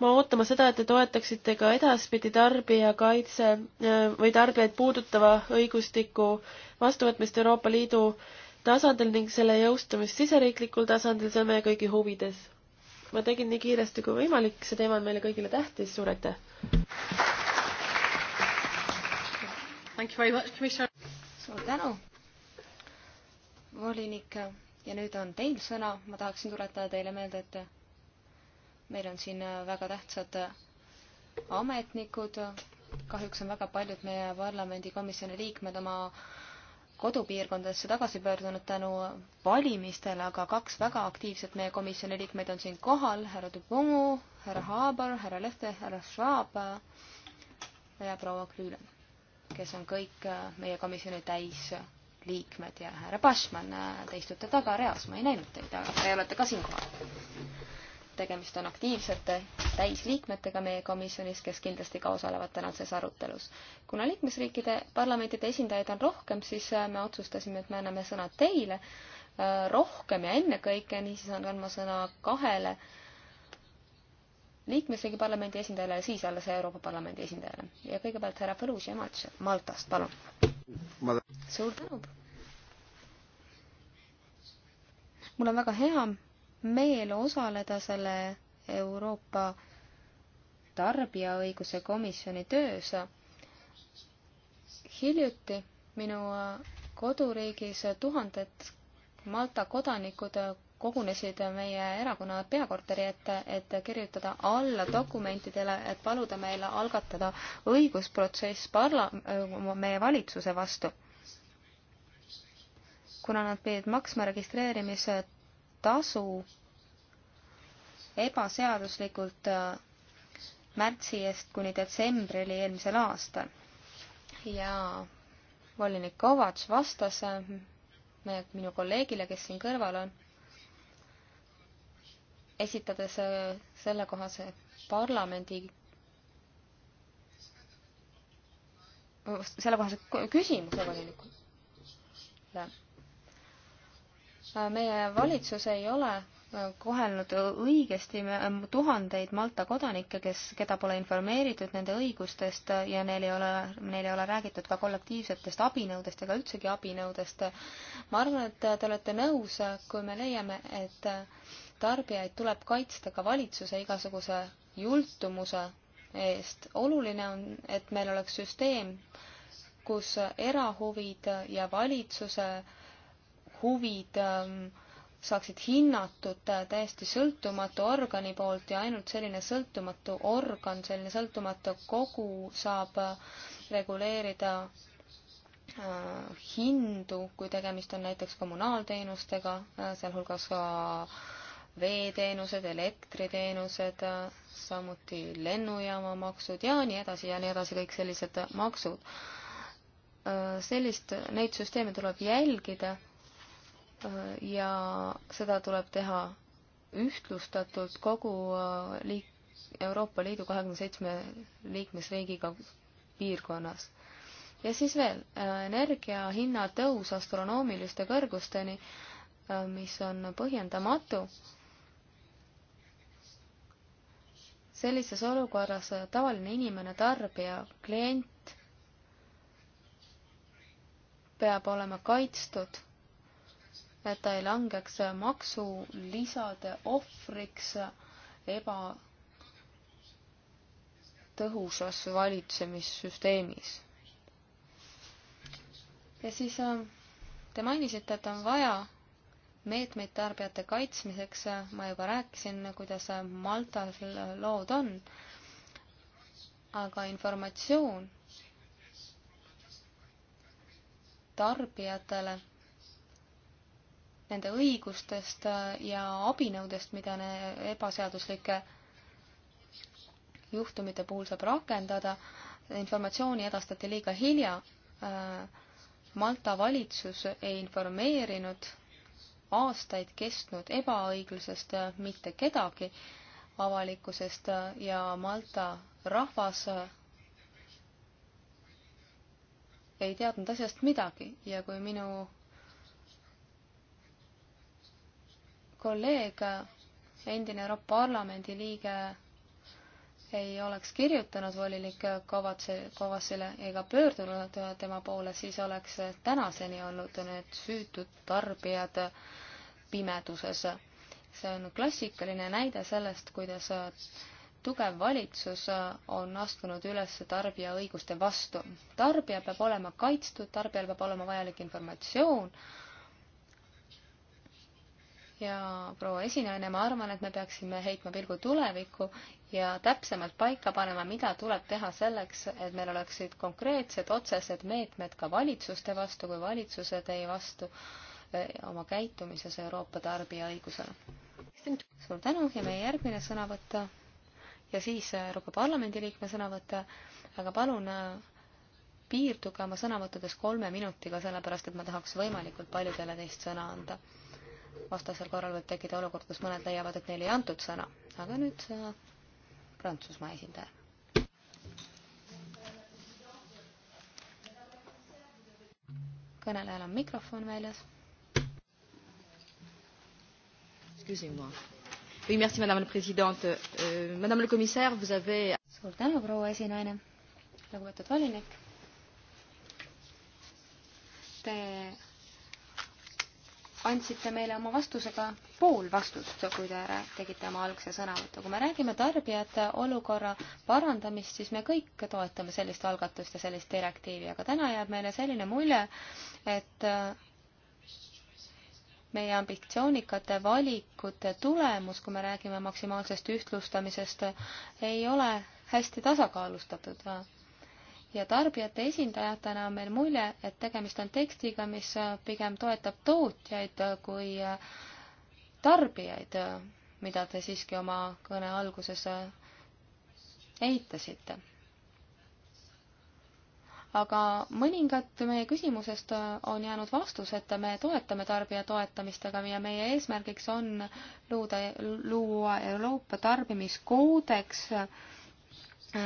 ma ootama seda, et te toetaksite ka edaspidi tarbijakaitse äh, või tarbijaid puudutava õigustiku vastuvõtmist Euroopa Liidu tasandil ning selle jõustumist siseriiklikul tasandil, see on meie kõigi huvides. ma tegin nii kiiresti kui võimalik, see teema on meile kõigile tähtis, suur aitäh! suur tänu, volinik, ja nüüd on teil sõna, ma tahaksin tuletada teile meelde, et meil on siin äh, väga tähtsad äh, ametnikud, kahjuks on väga paljud meie parlamendikomisjoni liikmed oma kodupiirkondadesse tagasi pöördunud tänu valimistele, aga kaks väga aktiivset meie komisjoni liikmeid on siin kohal, härra Dubongu, härra Haabar, härra Lehte, härra Schwab äh, ja proua Krüüle, kes on kõik meie komisjoni täisliikmed ja härra Pašman, te istute tagareas, ma ei näinud teid, aga te olete ka siinkohal tegemist on aktiivsete täisliikmetega meie komisjonis, kes kindlasti ka osalevad tänases arutelus. kuna liikmesriikide parlamentide esindajaid on rohkem, siis äh, me otsustasime, et me anname sõna teile äh, rohkem ja ennekõike, niisiis annan ma sõna kahele liikmesriigi parlamendi esindajale ja siis alles Euroopa Parlamendi esindajale. ja kõigepealt härra Põlusi Maltast, palun ma.... suur tänu. mul on väga hea meel osaleda selle Euroopa tarbijaõiguse komisjoni töös. hiljuti minu koduriigis tuhanded Malta kodanikud kogunesid meie erakonna peakorteri ette, et kirjutada alla dokumentidele, et paluda meil algatada õigusprotsess parla-, meie valitsuse vastu. kuna nad pidid maksma registreerimise tasu ebaseaduslikult äh, märtsi eest kuni detsembrini eelmisel aastal. ja volinik Kovats vastas äh, minu kolleegile, kes siin kõrval on, esitades äh, sellekohase parlamendi sellekohase küsimuse volinikule meie valitsus ei ole äh, kohelnud õigesti tuhandeid Malta kodanikke, kes, keda pole informeeritud nende õigustest ja neil ei ole, neil ei ole räägitud ka kollektiivsetest abinõudest ega üldsegi abinõudest. ma arvan, et te olete nõus, kui me leiame, et tarbijaid tuleb kaitsta ka valitsuse igasuguse jultumuse eest. oluline on, et meil oleks süsteem, kus erahuvid ja valitsuse äh, huvid ähm, saaksid hinnatud täiesti sõltumatu organi poolt ja ainult selline sõltumatu organ, selline sõltumatu kogu saab äh, reguleerida äh, hindu, kui tegemist on näiteks kommunaalteenustega, äh, sealhulgas ka veeteenused, elektriteenused, samuti lennujaama maksud ja nii edasi ja nii edasi, kõik sellised maksud. sellist, neid süsteeme tuleb jälgida Äh, ja seda tuleb teha ühtlustatult kogu äh, liik-, Euroopa Liidu kahekümne seitsme liikmesriigiga piirkonnas. ja siis veel, äh, energia hinna tõus astronoomiliste kõrgusteni, mis on põhjendamatu, sellises olukorras tavaline inimene, tarbija, klient peab olema kaitstud et ta ei langeks maksulisade ohvriks ebatõhusas valitsemissüsteemis. ja siis äh, te mainisite, et on vaja meetmeid tarbijate kaitsmiseks, ma juba rääkisin, kuidas Maltal lood on, aga informatsioon tarbijatele nende õigustest äh, ja abinõudest, mida ebaseaduslike juhtumite puhul saab rakendada. informatsiooni edastati liiga hilja. Äh, Malta valitsus ei informeerinud aastaid kestnud ebaõiglusest äh, mitte kedagi avalikkusest ja Malta rahvas ei teadnud asjast midagi ja kui minu kolleeg, endine Euroopa Parlamendi liige, ei oleks kirjutanud volinik Kovatse, Kovasile ega pöördunud tema poole, siis oleks tänaseni olnud need süütud tarbijad pimeduses. see on klassikaline näide sellest, kuidas tugev valitsus on astunud üles tarbija õiguste vastu. tarbija peab olema kaitstud, tarbijal peab olema vajalik informatsioon ja proua esinaine, ma arvan, et me peaksime heitma pilgu tulevikku ja täpsemalt paika panema, mida tuleb teha selleks, et meil oleksid konkreetsed otsesed meetmed ka valitsuste vastu, kui valitsused ei vastu eh, oma käitumises Euroopa tarbijaõigusele. suur tänu ja meie järgmine sõnavõtt ja siis eh, Euroopa Parlamendi liikme sõnavõtt, aga palun eh, piirduge oma sõnavõttudes kolme minutiga, sellepärast et ma tahaks võimalikult paljudele teist sõna anda vastasel korral võib tekkida olukord, kus mõned leiavad, et neile ei antud sõna. aga nüüd Prantsusmaa esindaja. kõnelejal on mikrofon väljas. Excusez-moi. Oui, merci Madame la Présidente. Euh, Madame le Commissaire, vous avez... Suur tänu, proua esinaine. Lugupeetud valinik. Te andsite meile oma vastusega pool vastust, kui te tegite oma algse sõnavõttu. kui me räägime tarbijate olukorra parandamist, siis me kõik toetame sellist algatust ja sellist direktiivi, aga täna jääb meile selline mulje, et äh, meie ambitsioonikate valikute tulemus, kui me räägime maksimaalsest ühtlustamisest, ei ole hästi tasakaalustatud ja tarbijate esindajatena on meil mulje, et tegemist on tekstiga, mis äh, pigem toetab tootjaid äh, kui äh, tarbijaid, mida te siiski oma kõne alguses eitasite. aga mõningad meie küsimusest on jäänud vastus, et me toetame tarbija toetamist, aga meie, meie eesmärgiks on luuda, luua Euroopa tarbimiskoodeks äh,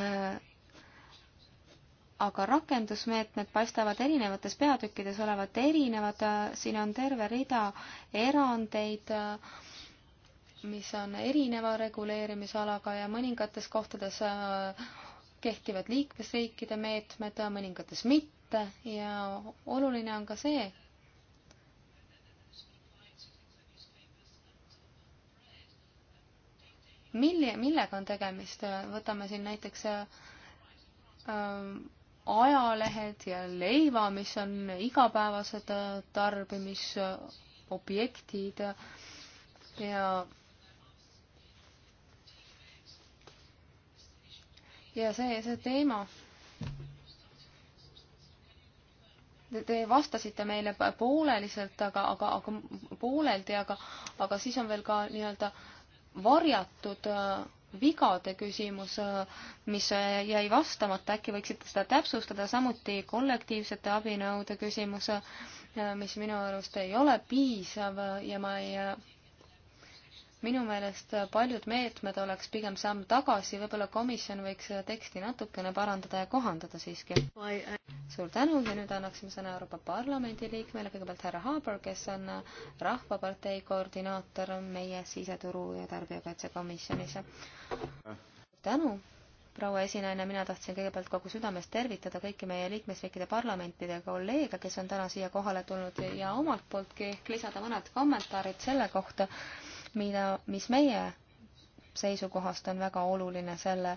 aga rakendusmeetmed paistavad erinevates peatükkides olevat erinevad, siin on terve rida erandeid, mis on erineva reguleerimisalaga ja mõningates kohtades äh, kehtivad liikmesriikide meetmed, mõningates mitte ja oluline on ka see, mille, millega on tegemist, võtame siin näiteks ähm, ajalehed ja leiva, mis on igapäevased äh, tarbimisobjektid ja ja see, see teema te vastasite meile pooleliselt, aga, aga, aga pooleldi, aga, aga siis on veel ka nii-öelda varjatud äh, vigade küsimus, äh, mis äh, jäi vastamata, äkki võiksite seda täpsustada, samuti kollektiivsete abinõude küsimus, äh, mis minu arust ei ole piisav ja ma ei minu meelest paljud meetmed oleks pigem samm tagasi, võib-olla komisjon võiks seda teksti natukene parandada ja kohandada siiski. suur tänu ja nüüd annaksime sõna Euroopa Parlamendi liikmele, kõigepealt härra Haber, kes on Rahvapartei koordinaator meie siseturu- ja tarbijakaitsekomisjonis. tänu, proua esinaine, mina tahtsin kõigepealt kogu südamest tervitada kõiki meie liikmesriikide parlamentide kolleege, kes on täna siia kohale tulnud ja omalt pooltki lisada mõned kommentaarid selle kohta, mida, mis meie seisukohast on väga oluline selle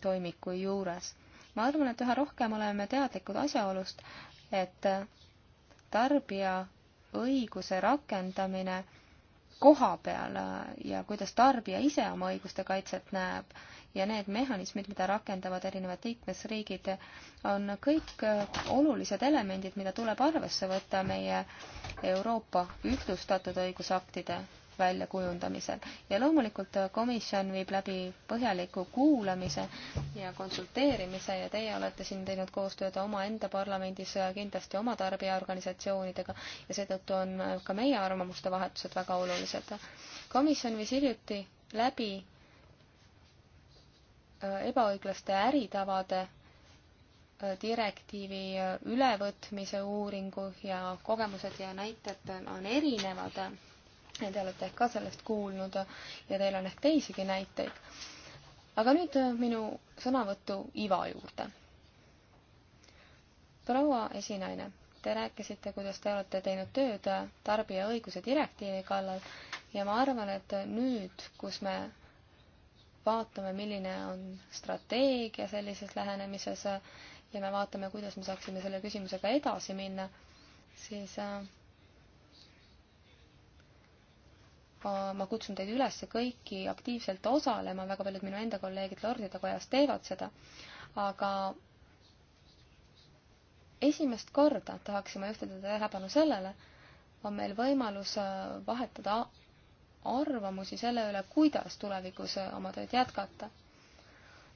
toimiku juures. ma arvan, et üha rohkem oleme teadlikud asjaolust, et tarbija õiguse rakendamine koha peal ja kuidas tarbija ise oma õiguste kaitset näeb ja need mehhanismid, mida rakendavad erinevad liikmesriigid, on kõik olulised elemendid, mida tuleb arvesse võtta meie Euroopa ühtlustatud õigusaktide väljakujundamisel. ja loomulikult äh, komisjon viib läbi põhjaliku kuulamise ja konsulteerimise ja teie olete siin teinud koostööd omaenda parlamendis äh, kindlasti oma tarbijaorganisatsioonidega ja seetõttu on äh, ka meie arvamuste vahetused väga olulised. komisjon viis hiljuti läbi ebaõiglaste äritavade direktiivi ülevõtmise uuringu ja kogemused ja näited on erinevad ja te olete ehk ka sellest kuulnud ja teil on ehk teisigi näiteid. aga nüüd äh, minu sõnavõtu iva juurde. proua esinaine, te rääkisite, kuidas te olete teinud tööd tarbija õiguse direktiivi kallal ja ma arvan, et nüüd, kus me vaatame, milline on strateegia sellises lähenemises ja me vaatame, kuidas me saaksime selle küsimusega edasi minna, siis äh, ma kutsun teid üles kõiki aktiivselt osalema, väga paljud minu enda kolleegid Lordide Kojas teevad seda, aga esimest korda tahaksime juhtida tähelepanu sellele, on meil võimalus äh, vahetada arvamusi selle üle, kuidas tulevikus äh, oma tööd jätkata.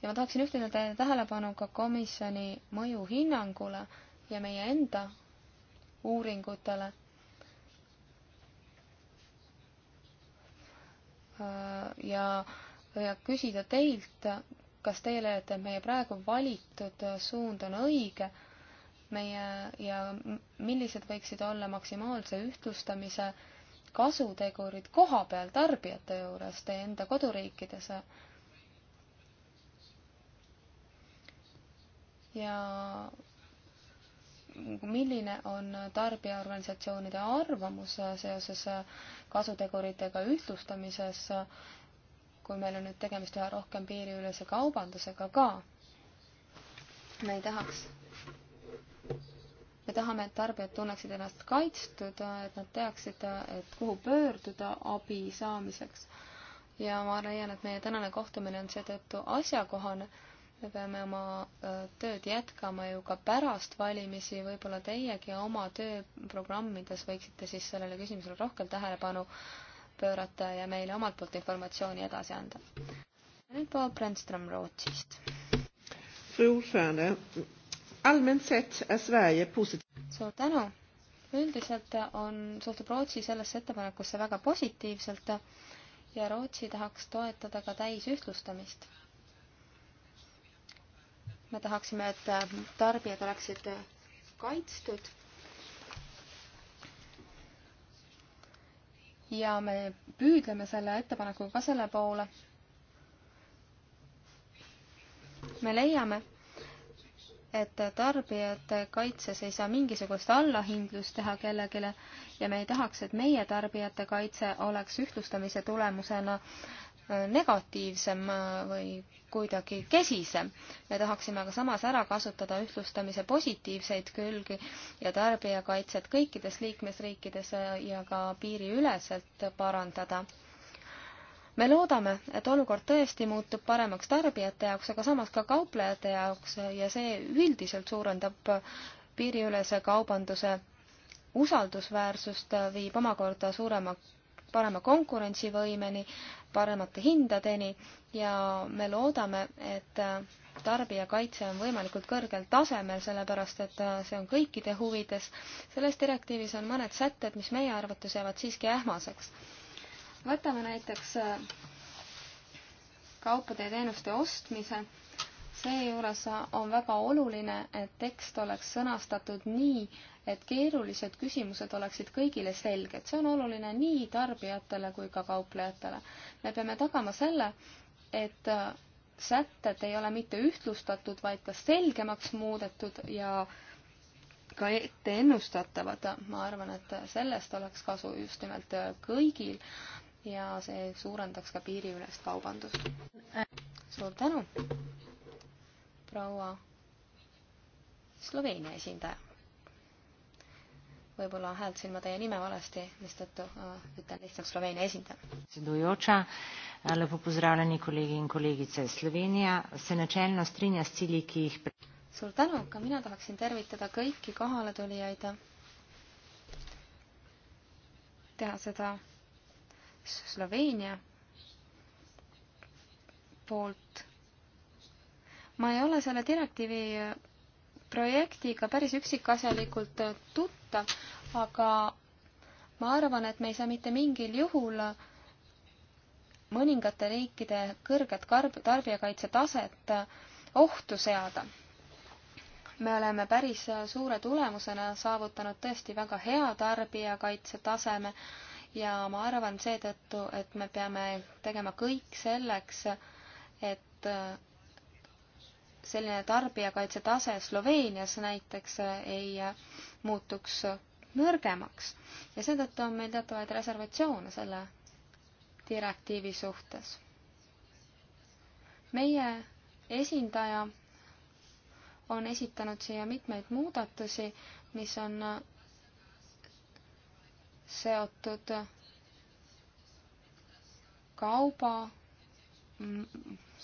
ja ma tahaksin juhtida teie tähelepanu ka komisjoni mõjuhinnangule ja meie enda uuringutele Äh, ja, ja küsida teilt, kas teie leiate, et meie praegu valitud suund on õige meie ja millised võiksid olla maksimaalse ühtlustamise kasutegurid koha peal tarbijate juures teie enda koduriikides ja milline on tarbijaorganisatsioonide arvamus seoses kasuteguritega ühtlustamises, kui meil on nüüd tegemist üha rohkem piiriülese kaubandusega ka? me ei tahaks, me tahame, et tarbijad tunneksid ennast kaitstud, et nad teaksid, et kuhu pöörduda abi saamiseks. ja ma leian, et meie tänane kohtumine on seetõttu asjakohane me peame oma äh, tööd jätkama ju ka pärast valimisi, võib-olla teiegi oma tööprogrammides võiksite siis sellele küsimusele rohkem tähelepanu pöörata ja meile omalt poolt informatsiooni edasi anda. nüüd proua Brändström Rootsist. suur tänu. üldiselt on, suhtub Rootsi sellesse ettepanekusse väga positiivselt ja Rootsi tahaks toetada ka täisühtlustamist me tahaksime, et äh, tarbijad oleksid äh, kaitstud. ja me püüdleme selle ettepanekuga ka selle poole. me leiame, et tarbijate kaitses ei saa mingisugust allahindlust teha kellelegi ja me ei tahaks, et meie tarbijate kaitse oleks ühtlustamise tulemusena äh, negatiivsem äh, või kuidagi kesisem. me tahaksime aga samas ära kasutada ühtlustamise positiivseid külgi ja tarbijakaitset kõikides liikmesriikides äh, ja ka piiriüleselt parandada me loodame, et olukord tõesti muutub paremaks tarbijate jaoks, aga samas ka kauplejate jaoks äh, ja see üldiselt suurendab piiriülese kaubanduse usaldusväärsust, viib omakorda suurema parema konkurentsivõimeni, paremate hindadeni ja me loodame, et äh, tarbijakaitse on võimalikult kõrgel tasemel, sellepärast et äh, see on kõikide huvides. selles direktiivis on mõned sätted, mis meie arvates jäävad siiski ähmaseks. võtame näiteks äh, kaupade ja teenuste ostmise. seejuures on väga oluline, et tekst oleks sõnastatud nii, et keerulised küsimused oleksid kõigile selged. see on oluline nii tarbijatele kui ka kauplejatele. me peame tagama selle, et äh, sätted ei ole mitte ühtlustatud, vaid ka selgemaks muudetud ja ka ette ennustatavad. ma arvan, et sellest oleks kasu just nimelt äh, kõigil ja see suurendaks ka piiriülest kaubandust. suur tänu, proua Sloveenia esindaja võib-olla hääldasin ma teie nime valesti, mistõttu äh, ütlen lihtsalt Sloveenia esindaja. Lepo pozdravljeni kolegi in kolegice. Slovenija se načelno strinja s cilji, ki jih. suur tänu, ka mina tahaksin tervitada kõiki kohaletulijaid. teha seda Sloveenia poolt. ma ei ole selle direktiivi projektiga päris üksikasjalikult tuttav aga ma arvan, et me ei saa mitte mingil juhul mõningate riikide kõrget tarbijakaitse taset ohtu seada. me oleme päris suure tulemusena saavutanud tõesti väga hea tarbijakaitse taseme ja ma arvan seetõttu, et me peame tegema kõik selleks, et selline tarbijakaitse tase Sloveenias näiteks ei muutuks nõrgemaks ja seetõttu on meil teatavaid reservatsioone selle direktiivi suhtes. meie esindaja on esitanud siia mitmeid muudatusi, mis on seotud kauba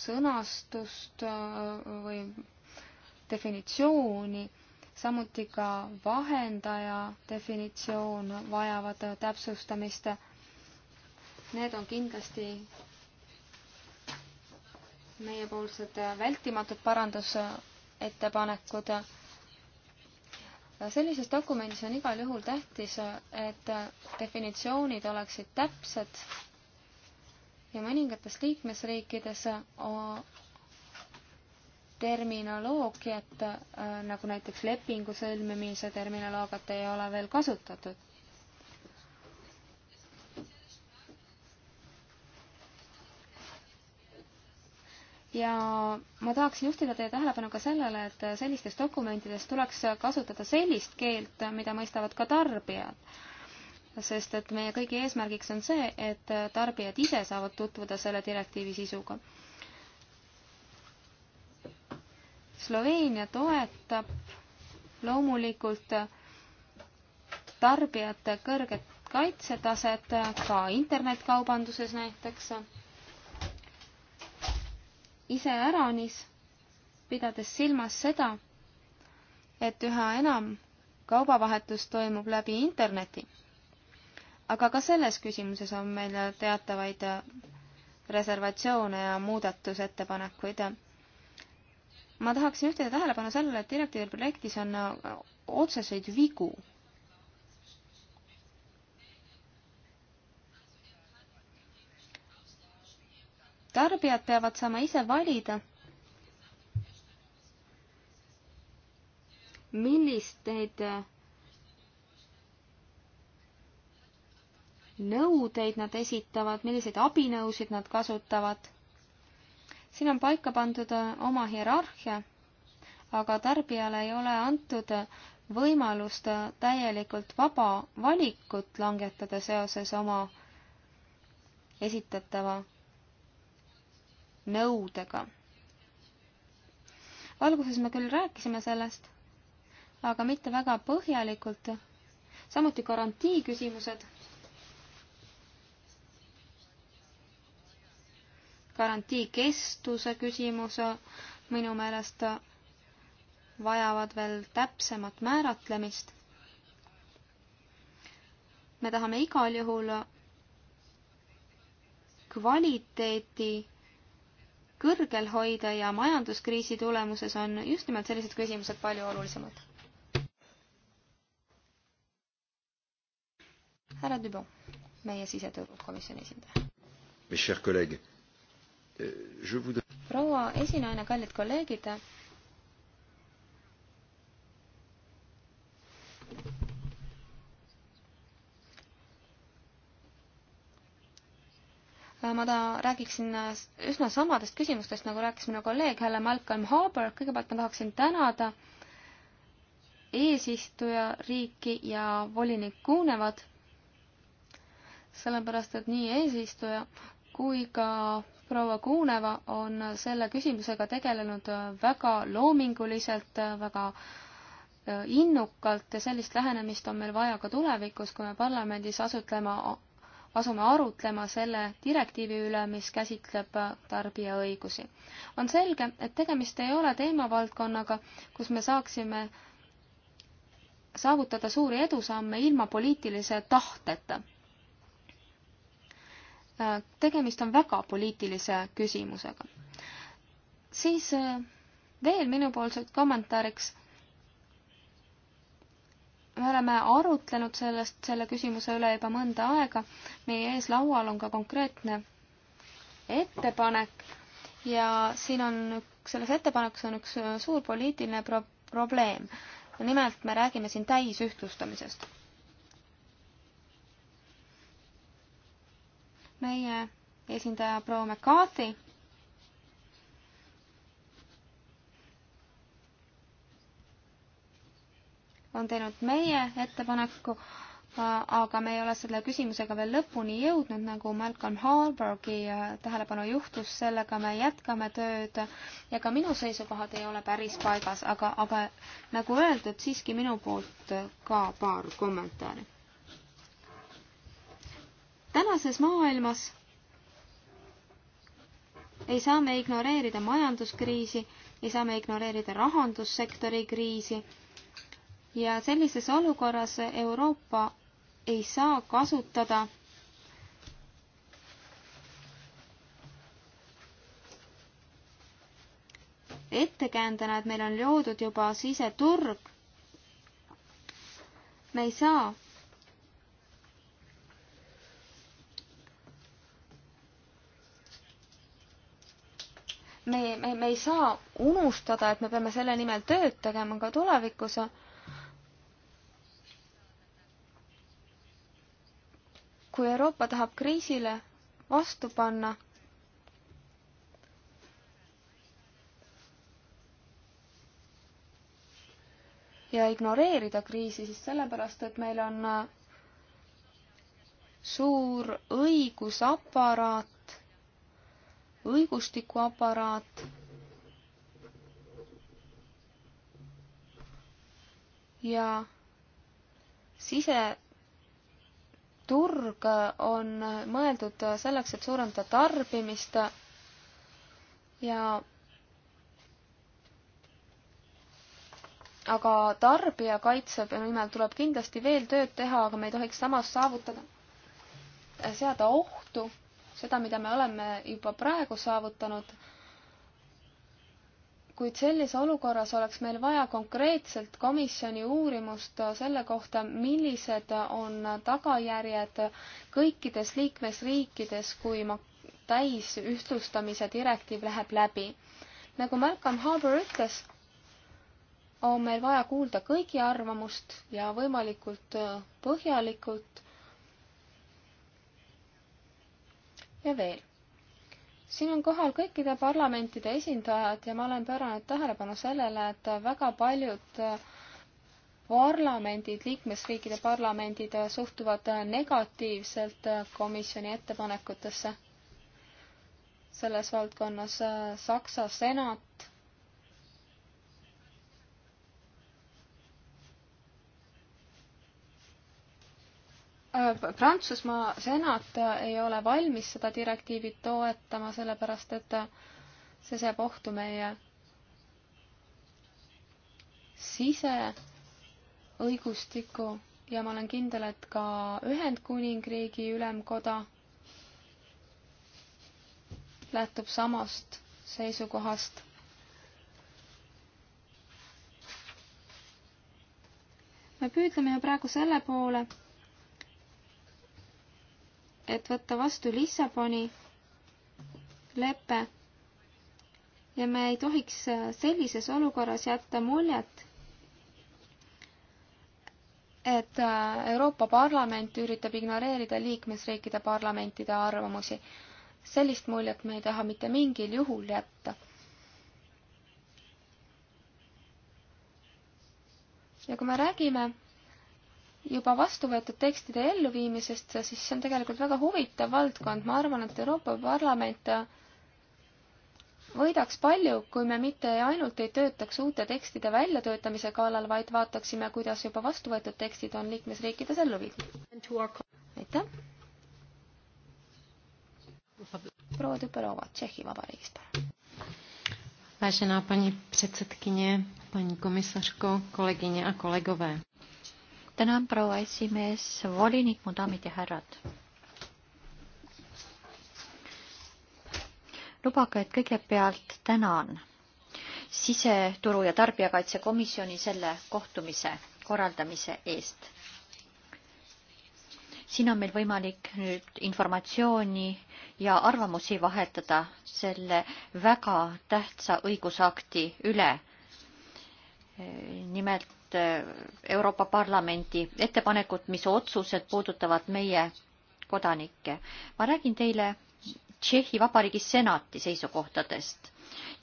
sõnastust äh, või definitsiooni samuti ka vahendaja definitsioon vajavad täpsustamist. Need on kindlasti meiepoolsed vältimatud parandusettepanekud. sellises dokumendis on igal juhul tähtis, et definitsioonid oleksid täpsed ja mõningates liikmesriikides terminoloogiat, äh, nagu näiteks lepingu sõlmimise terminoloogiat ei ole veel kasutatud. ja ma tahaksin juhtida teie tähelepanu ka sellele, et sellistes dokumentides tuleks kasutada sellist keelt, mida mõistavad ka tarbijad sest et meie kõigi eesmärgiks on see, et tarbijad ise saavad tutvuda selle direktiivi sisuga. Sloveenia toetab loomulikult tarbijate kõrget kaitsetaset ka internetkaubanduses näiteks iseäranis, pidades silmas seda, et üha enam kaubavahetus toimub läbi interneti. aga ka selles küsimuses on meil teatavaid reservatsioone ja muudatusettepanekuid ma tahaksin juhtida tähelepanu sellele, et direktiivi projektis on äh, otseseid vigu. tarbijad peavad saama ise valida, millisteid äh, nõudeid nad esitavad, milliseid abinõusid nad kasutavad siin on paika pandud äh, oma hierarhia, aga tarbijale ei ole antud äh, võimalust äh, täielikult vaba valikut langetada seoses oma esitatava nõudega. alguses me küll rääkisime sellest, aga mitte väga põhjalikult. samuti garantii küsimused garantii kestuse küsimus minu meelest vajavad veel täpsemat määratlemist. me tahame igal juhul kvaliteeti kõrgel hoida ja majanduskriisi tulemuses on just nimelt sellised küsimused palju olulisemad. härra Dubon, meie siseturukomisjoni esindaja proua esinaine, kallid kolleegid. ma ta räägiksin üsna samadest küsimustest, nagu rääkis minu kolleeg Helle Malcolm Harbour. kõigepealt ma tahaksin tänada eesistuja riiki ja volinik Kuunevad, sellepärast et nii eesistuja kui ka proua Kuuneva on selle küsimusega tegelenud äh, väga loominguliselt, äh, väga äh, innukalt ja sellist lähenemist on meil vaja ka tulevikus, kui me parlamendis asutlema, asume arutlema selle direktiivi üle, mis käsitleb tarbija õigusi. on selge, et tegemist ei ole teemavaldkonnaga, kus me saaksime saavutada suuri edusamme ilma poliitilise tahteta Äh, tegemist on väga poliitilise küsimusega. siis äh, veel minupoolsed kommentaariks. me oleme arutlenud sellest, selle küsimuse üle juba mõnda aega. meie ees laual on ka konkreetne ettepanek ja siin on, selles ettepanekus on üks äh, suur poliitiline pro probleem. nimelt me räägime siin täisühtlustamisest meie esindaja proua McCarthy on teinud meie ettepaneku, äh, aga me ei ole selle küsimusega veel lõpuni jõudnud, nagu Malcolm Harburgi äh, tähelepanu juhtus, sellega me jätkame tööd ja ka minu seisukohad ei ole päris paigas, aga, aga nagu öeldud, siiski minu poolt ka paar kommentaari tänases maailmas ei saa me ignoreerida majanduskriisi, ei saa me ignoreerida rahandussektori kriisi ja sellises olukorras Euroopa ei saa kasutada ettekäändena, et meil on loodud juba siseturg. me ei saa me, me, me ei saa unustada, et me peame selle nimel tööd tegema ka tulevikus. kui Euroopa tahab kriisile vastu panna, ja ignoreerida kriisi, siis sellepärast, et meil on suur õigusaparaat, õigustikuaparaat ja siseturg on mõeldud selleks, et suurendada tarbimist ja aga tarbijakaitse nimel tuleb kindlasti veel tööd teha, aga me ei tohiks samas saavutada, seada ohtu seda, mida me oleme juba praegu saavutanud, kuid sellises olukorras oleks meil vaja konkreetselt komisjoni uurimust selle kohta, millised on tagajärjed kõikides liikmesriikides, kui ma täis ühtlustamise direktiiv läheb läbi. nagu Malcolm Harbour ütles, on meil vaja kuulda kõigi arvamust ja võimalikult põhjalikult ja veel. siin on kohal kõikide parlamentide esindajad ja ma olen pööranud tähelepanu sellele, et väga paljud äh, parlamendid, liikmesriikide parlamendid äh, suhtuvad äh, negatiivselt komisjoni ettepanekutesse selles valdkonnas Saksa senat Äh, Prantsusmaa senat äh, ei ole valmis seda direktiivi toetama, sellepärast et äh, see seab ohtu meie siseõigustiku ja ma olen kindel, et ka Ühendkuningriigi ülemkoda lähtub samast seisukohast me püüdleme ju praegu selle poole, et võtta vastu Lissaboni lepe ja me ei tohiks äh, sellises olukorras jätta muljet, et äh, Euroopa Parlament üritab ignoreerida liikmesriikide parlamentide arvamusi. sellist muljet me ei taha mitte mingil juhul jätta. ja kui me räägime juba vastu võetud tekstide elluviimisest, siis see on tegelikult väga huvitav valdkond, ma arvan, et Euroopa Parlament võidaks palju, kui me mitte ainult ei töötaks uute tekstide väljatöötamise kallal, vaid vaataksime, kuidas juba vastu võetud tekstid on liikmesriikides ellu viidud. aitäh! Proua Tüperova, Tšehhi Vabariigist. Vážená paní předsedkyně, paní komisařko, kolegyně a kolegové tänan, proua esimees, volinik, mu daamid ja härrad. lubage, et kõigepealt tänan siseturu ja tarbijakaitsekomisjoni selle kohtumise korraldamise eest siin on meil võimalik nüüd informatsiooni ja arvamusi vahetada selle väga tähtsa õigusakti üle. nimelt Eh, Euroopa Parlamenti ettepanekut, mis otsused puudutavad meie kodanikke. ma räägin teile Tšehhi Vabariigi senati seisukohtadest.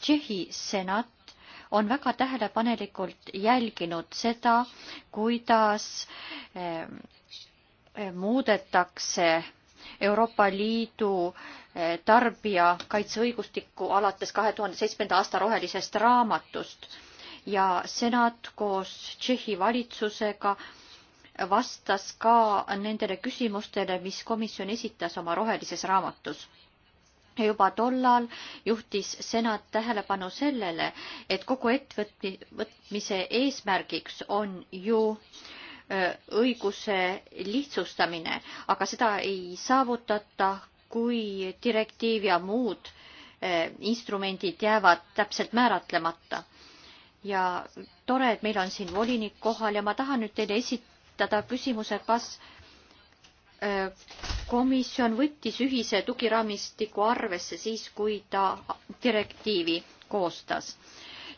Tšehhi senat on väga tähelepanelikult jälginud seda, kuidas eh, muudetakse Euroopa Liidu eh, tarbijakaitseõigustikku alates kahe tuhande seitsmenda aasta rohelisest raamatust ja senat koos Tšehhi valitsusega vastas ka nendele küsimustele, mis komisjon esitas oma rohelises raamatus juba tollal juhtis senat tähelepanu sellele, et kogu ettevõtmise eesmärgiks on ju õiguse lihtsustamine, aga seda ei saavutata, kui direktiiv ja muud instrumendid jäävad täpselt määratlemata ja tore, et meil on siin volinik kohal ja ma tahan nüüd teile esitada küsimuse, kas äh, komisjon võttis ühise tugiraamistiku arvesse siis, kui ta direktiivi koostas.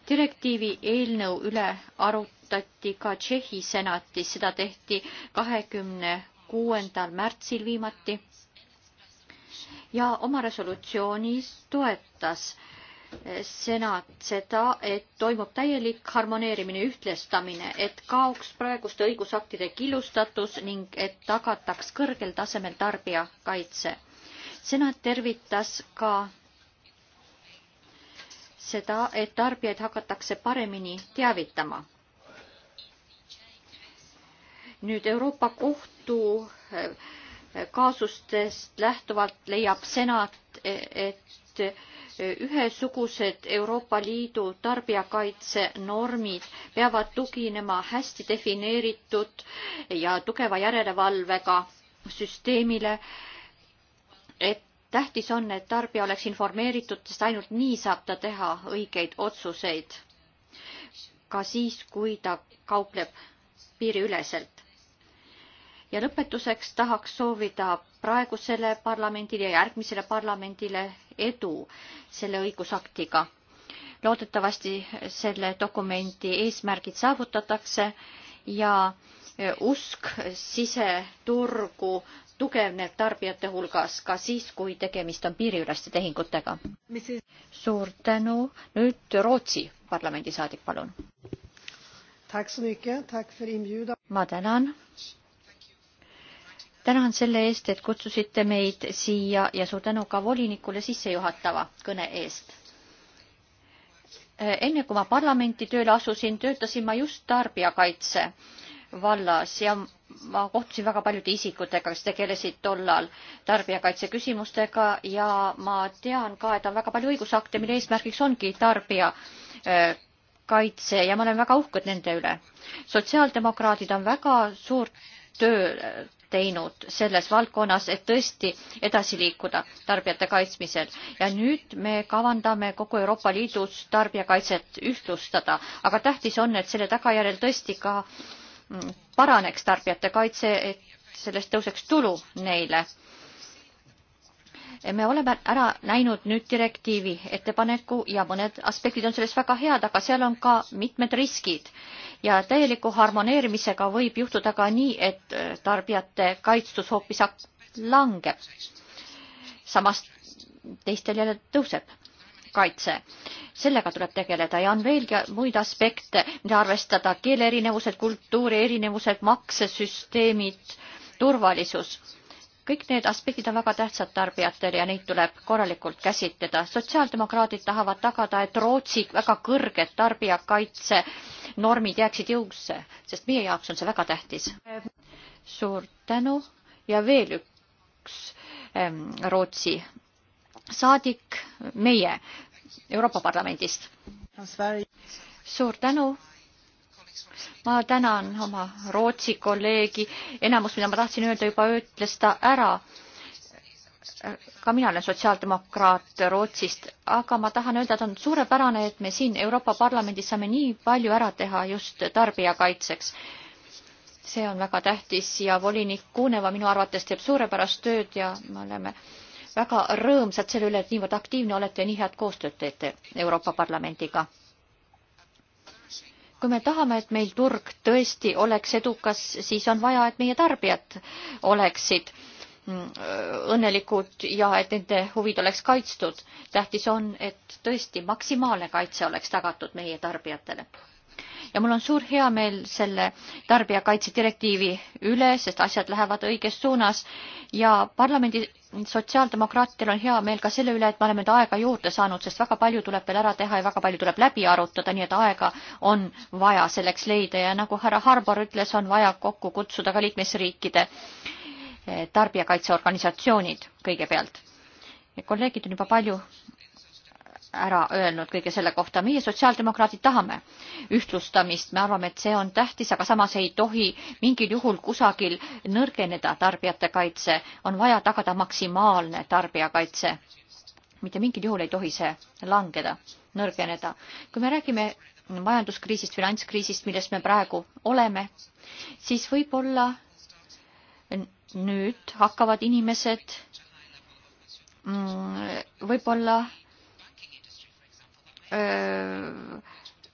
direktiivi eelnõu üle arutati ka Tšehhi senatis, seda tehti kahekümne kuuendal märtsil viimati ja oma resolutsioonis toetas äh, senat seda, et toimub täielik harmoneerimine, ühtlustamine, et kaoks praeguste õigusaktide killustatus ning et tagataks kõrgel tasemel tarbijakaitse. senat tervitas ka seda, et tarbijaid hakatakse paremini teavitama. nüüd Euroopa Kohtu eh, kaasustest lähtuvalt leiab senat, eh, et ühesugused Euroopa Liidu tarbijakaitsenormid peavad tuginema hästi defineeritud ja tugeva järelevalvega süsteemile, et tähtis on, et tarbija oleks informeeritud, sest ainult nii saab ta teha õigeid otsuseid. ka siis, kui ta kaupleb piiriüleselt ja lõpetuseks tahaks soovida praegusele parlamendile ja järgmisele parlamendile edu selle õigusaktiga. loodetavasti selle dokumendi eesmärgid saavutatakse ja usk siseturgu tugevneb tarbijate hulgas ka siis, kui tegemist on piiriüleste tehingutega. suur tänu, nüüd Rootsi parlamendisaadik, palun. ma tänan tänan selle eest, et kutsusite meid siia ja suur tänu ka volinikule sissejuhatava kõne eest. enne kui ma parlamenti tööle asusin, töötasin ma just tarbijakaitse vallas ja ma kohtusin väga paljude isikutega, kes tegelesid tollal tarbijakaitse küsimustega ja ma tean ka, et on väga palju õigusakte, mille eesmärgiks ongi tarbijakaitse äh, ja ma olen väga uhked nende üle. sotsiaaldemokraadid on väga suurt töö teinud selles valdkonnas, et tõesti edasi liikuda tarbijate kaitsmisel. ja nüüd me kavandame kogu Euroopa Liidus tarbijakaitset ühtlustada, aga tähtis on, et selle tagajärjel tõesti ka mm, paraneks tarbijate kaitse, et sellest tõuseks tulu neile me oleme ära näinud nüüd direktiivi ettepaneku ja mõned aspektid on selles väga head, aga seal on ka mitmed riskid ja täieliku harmoneerimisega võib juhtuda ka nii, et äh, tarbijate kaitstus hoopis langeb. samas teistel jälle tõuseb kaitse. sellega tuleb tegeleda ja on veelgi muid aspekte, mida arvestada, keele erinevused, kultuuri erinevused, maksesüsteemid, turvalisus kõik need aspektid on väga tähtsad tarbijatele ja neid tuleb korralikult käsitleda. sotsiaaldemokraadid tahavad tagada, et Rootsi väga kõrged tarbijakaitsenormid jääksid jõusse, sest meie jaoks on see väga tähtis. suur tänu ja veel üks ähm, Rootsi saadik meie Euroopa Parlamendist. suur tänu ma tänan oma Rootsi kolleegi, enamus, mida ma tahtsin öelda, juba ütles ta ära. ka mina olen sotsiaaldemokraat Rootsist, aga ma tahan öelda, et on suurepärane, et me siin Euroopa Parlamendis saame nii palju ära teha just tarbijakaitseks. see on väga tähtis ja volinik Kuneva minu arvates teeb suurepärast tööd ja me oleme väga rõõmsad selle üle, et niivõrd aktiivne olete ja nii head koostööd teete Euroopa Parlamendiga kui me tahame, et meil turg tõesti oleks edukas, siis on vaja, et meie tarbijad oleksid mm, õnnelikud ja et nende huvid oleks kaitstud. tähtis on, et tõesti maksimaalne kaitse oleks tagatud meie tarbijatele ja mul on suur heameel selle tarbijakaitse direktiivi üle, sest asjad lähevad õiges suunas ja parlamendi sotsiaaldemokraatidel on hea meel ka selle üle, et me oleme nüüd aega juurde saanud, sest väga palju tuleb veel ära teha ja väga palju tuleb läbi arutada, nii et aega on vaja selleks leida ja nagu härra Harbor ütles, on vaja kokku kutsuda ka liikmesriikide eh, tarbijakaitseorganisatsioonid kõigepealt kolleegid on juba palju ära öelnud kõige selle kohta. meie sotsiaaldemokraadid tahame ühtlustamist, me arvame, et see on tähtis, aga samas ei tohi mingil juhul kusagil nõrgeneda tarbijate kaitse, on vaja tagada maksimaalne tarbijakaitse. mitte mingil juhul ei tohi see langeda, nõrgeneda. kui me räägime majanduskriisist, finantskriisist, milles me praegu oleme, siis võib-olla nüüd hakkavad inimesed mm, võib-olla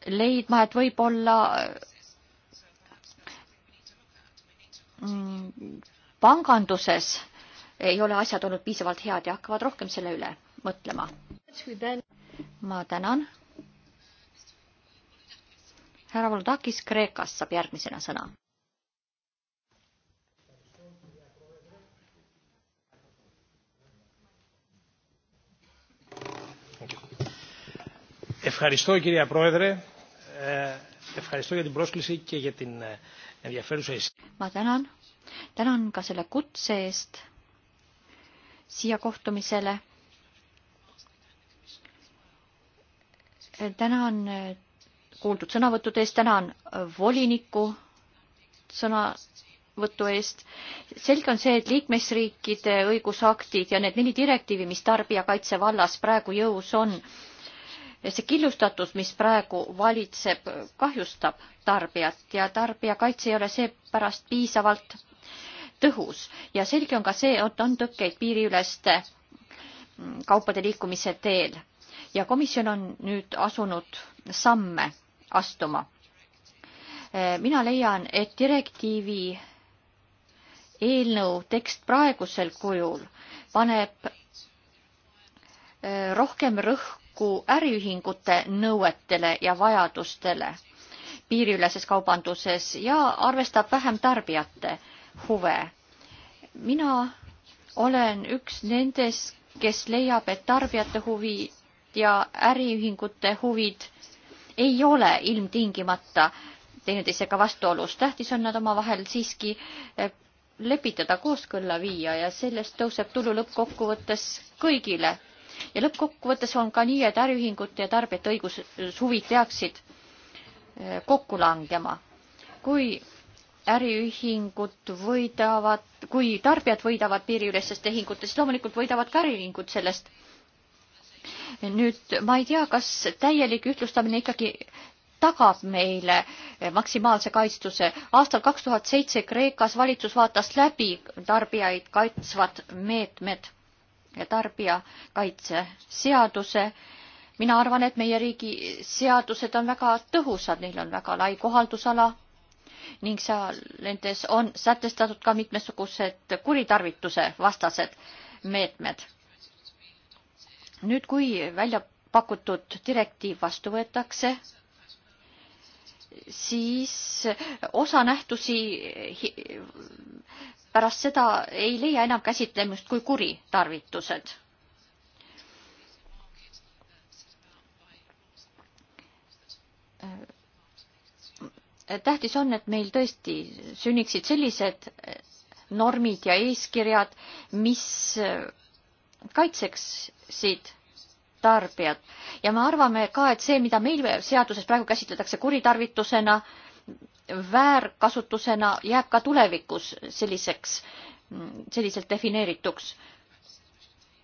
leidma, et võib-olla mm, panganduses ei ole asjad olnud piisavalt head ja hakkavad rohkem selle üle mõtlema. ma tänan. härra Voldakis Kreekast saab järgmisena sõna Ευχαριστώ κυρία Πρόεδρε. Ευχαριστώ για την πρόσκληση και για την ενδιαφέρουσα εισήγηση. Ma tänan. Tänan ka selle kutse eest siia kohtumisele. Äh, tänan äh, kuuldud sõnavõttude eest, tänan äh, voliniku sõnavõtu eest. selge on see, et liikmesriikide õigusaktid ja need neli direktiivi, mis tarbijakaitse vallas praegu jõus on, see killustatus, mis praegu valitseb, kahjustab tarbijat ja tarbijakaitse ei ole seepärast piisavalt tõhus ja selge on ka see, et on tõkkeid piiriüleste kaupade liikumise teel ja komisjon on nüüd asunud samme astuma. mina leian, et direktiivi eelnõu tekst praegusel kujul paneb eh, rohkem rõhku nagu äriühingute nõuetele ja vajadustele piiriüleses kaubanduses ja arvestab vähem tarbijate huve. mina olen üks nendest, kes leiab, et tarbijate huvid ja äriühingute huvid ei ole ilmtingimata teineteisega vastuolus. tähtis on nad omavahel siiski eh, lepitada, kooskõlla viia ja sellest tõuseb tulu lõppkokkuvõttes kõigile ja lõppkokkuvõttes on ka nii, et äriühingute ja tarbijate õigushuvid peaksid eh, kokku langema. kui äriühingud võidavad, kui tarbijad võidavad piiriülestest tehingutest, loomulikult võidavad ka äriühingud sellest. nüüd ma ei tea, kas täielik ühtlustamine ikkagi tagab meile eh, maksimaalse kaitstuse. aastal kaks tuhat seitse Kreekas valitsus vaatas läbi tarbijaid kaitsvad meetmed ja tarbijakaitseseaduse. mina arvan, et meie riigi seadused on väga tõhusad, neil on väga lai kohaldusala ning seal nendes on sätestatud ka mitmesugused kuritarvituse vastased meetmed. nüüd, kui välja pakutud direktiiv vastu võetakse, siis osa nähtusi pärast seda ei leia enam käsitlemist kui kuritarvitused. tähtis on, et meil tõesti sünniksid sellised normid ja eeskirjad, mis kaitseksid tarbijad ja me arvame ka, et see, mida meil seaduses praegu käsitletakse kuritarvitusena, väärkasutusena jääb ka tulevikus selliseks, selliselt defineerituks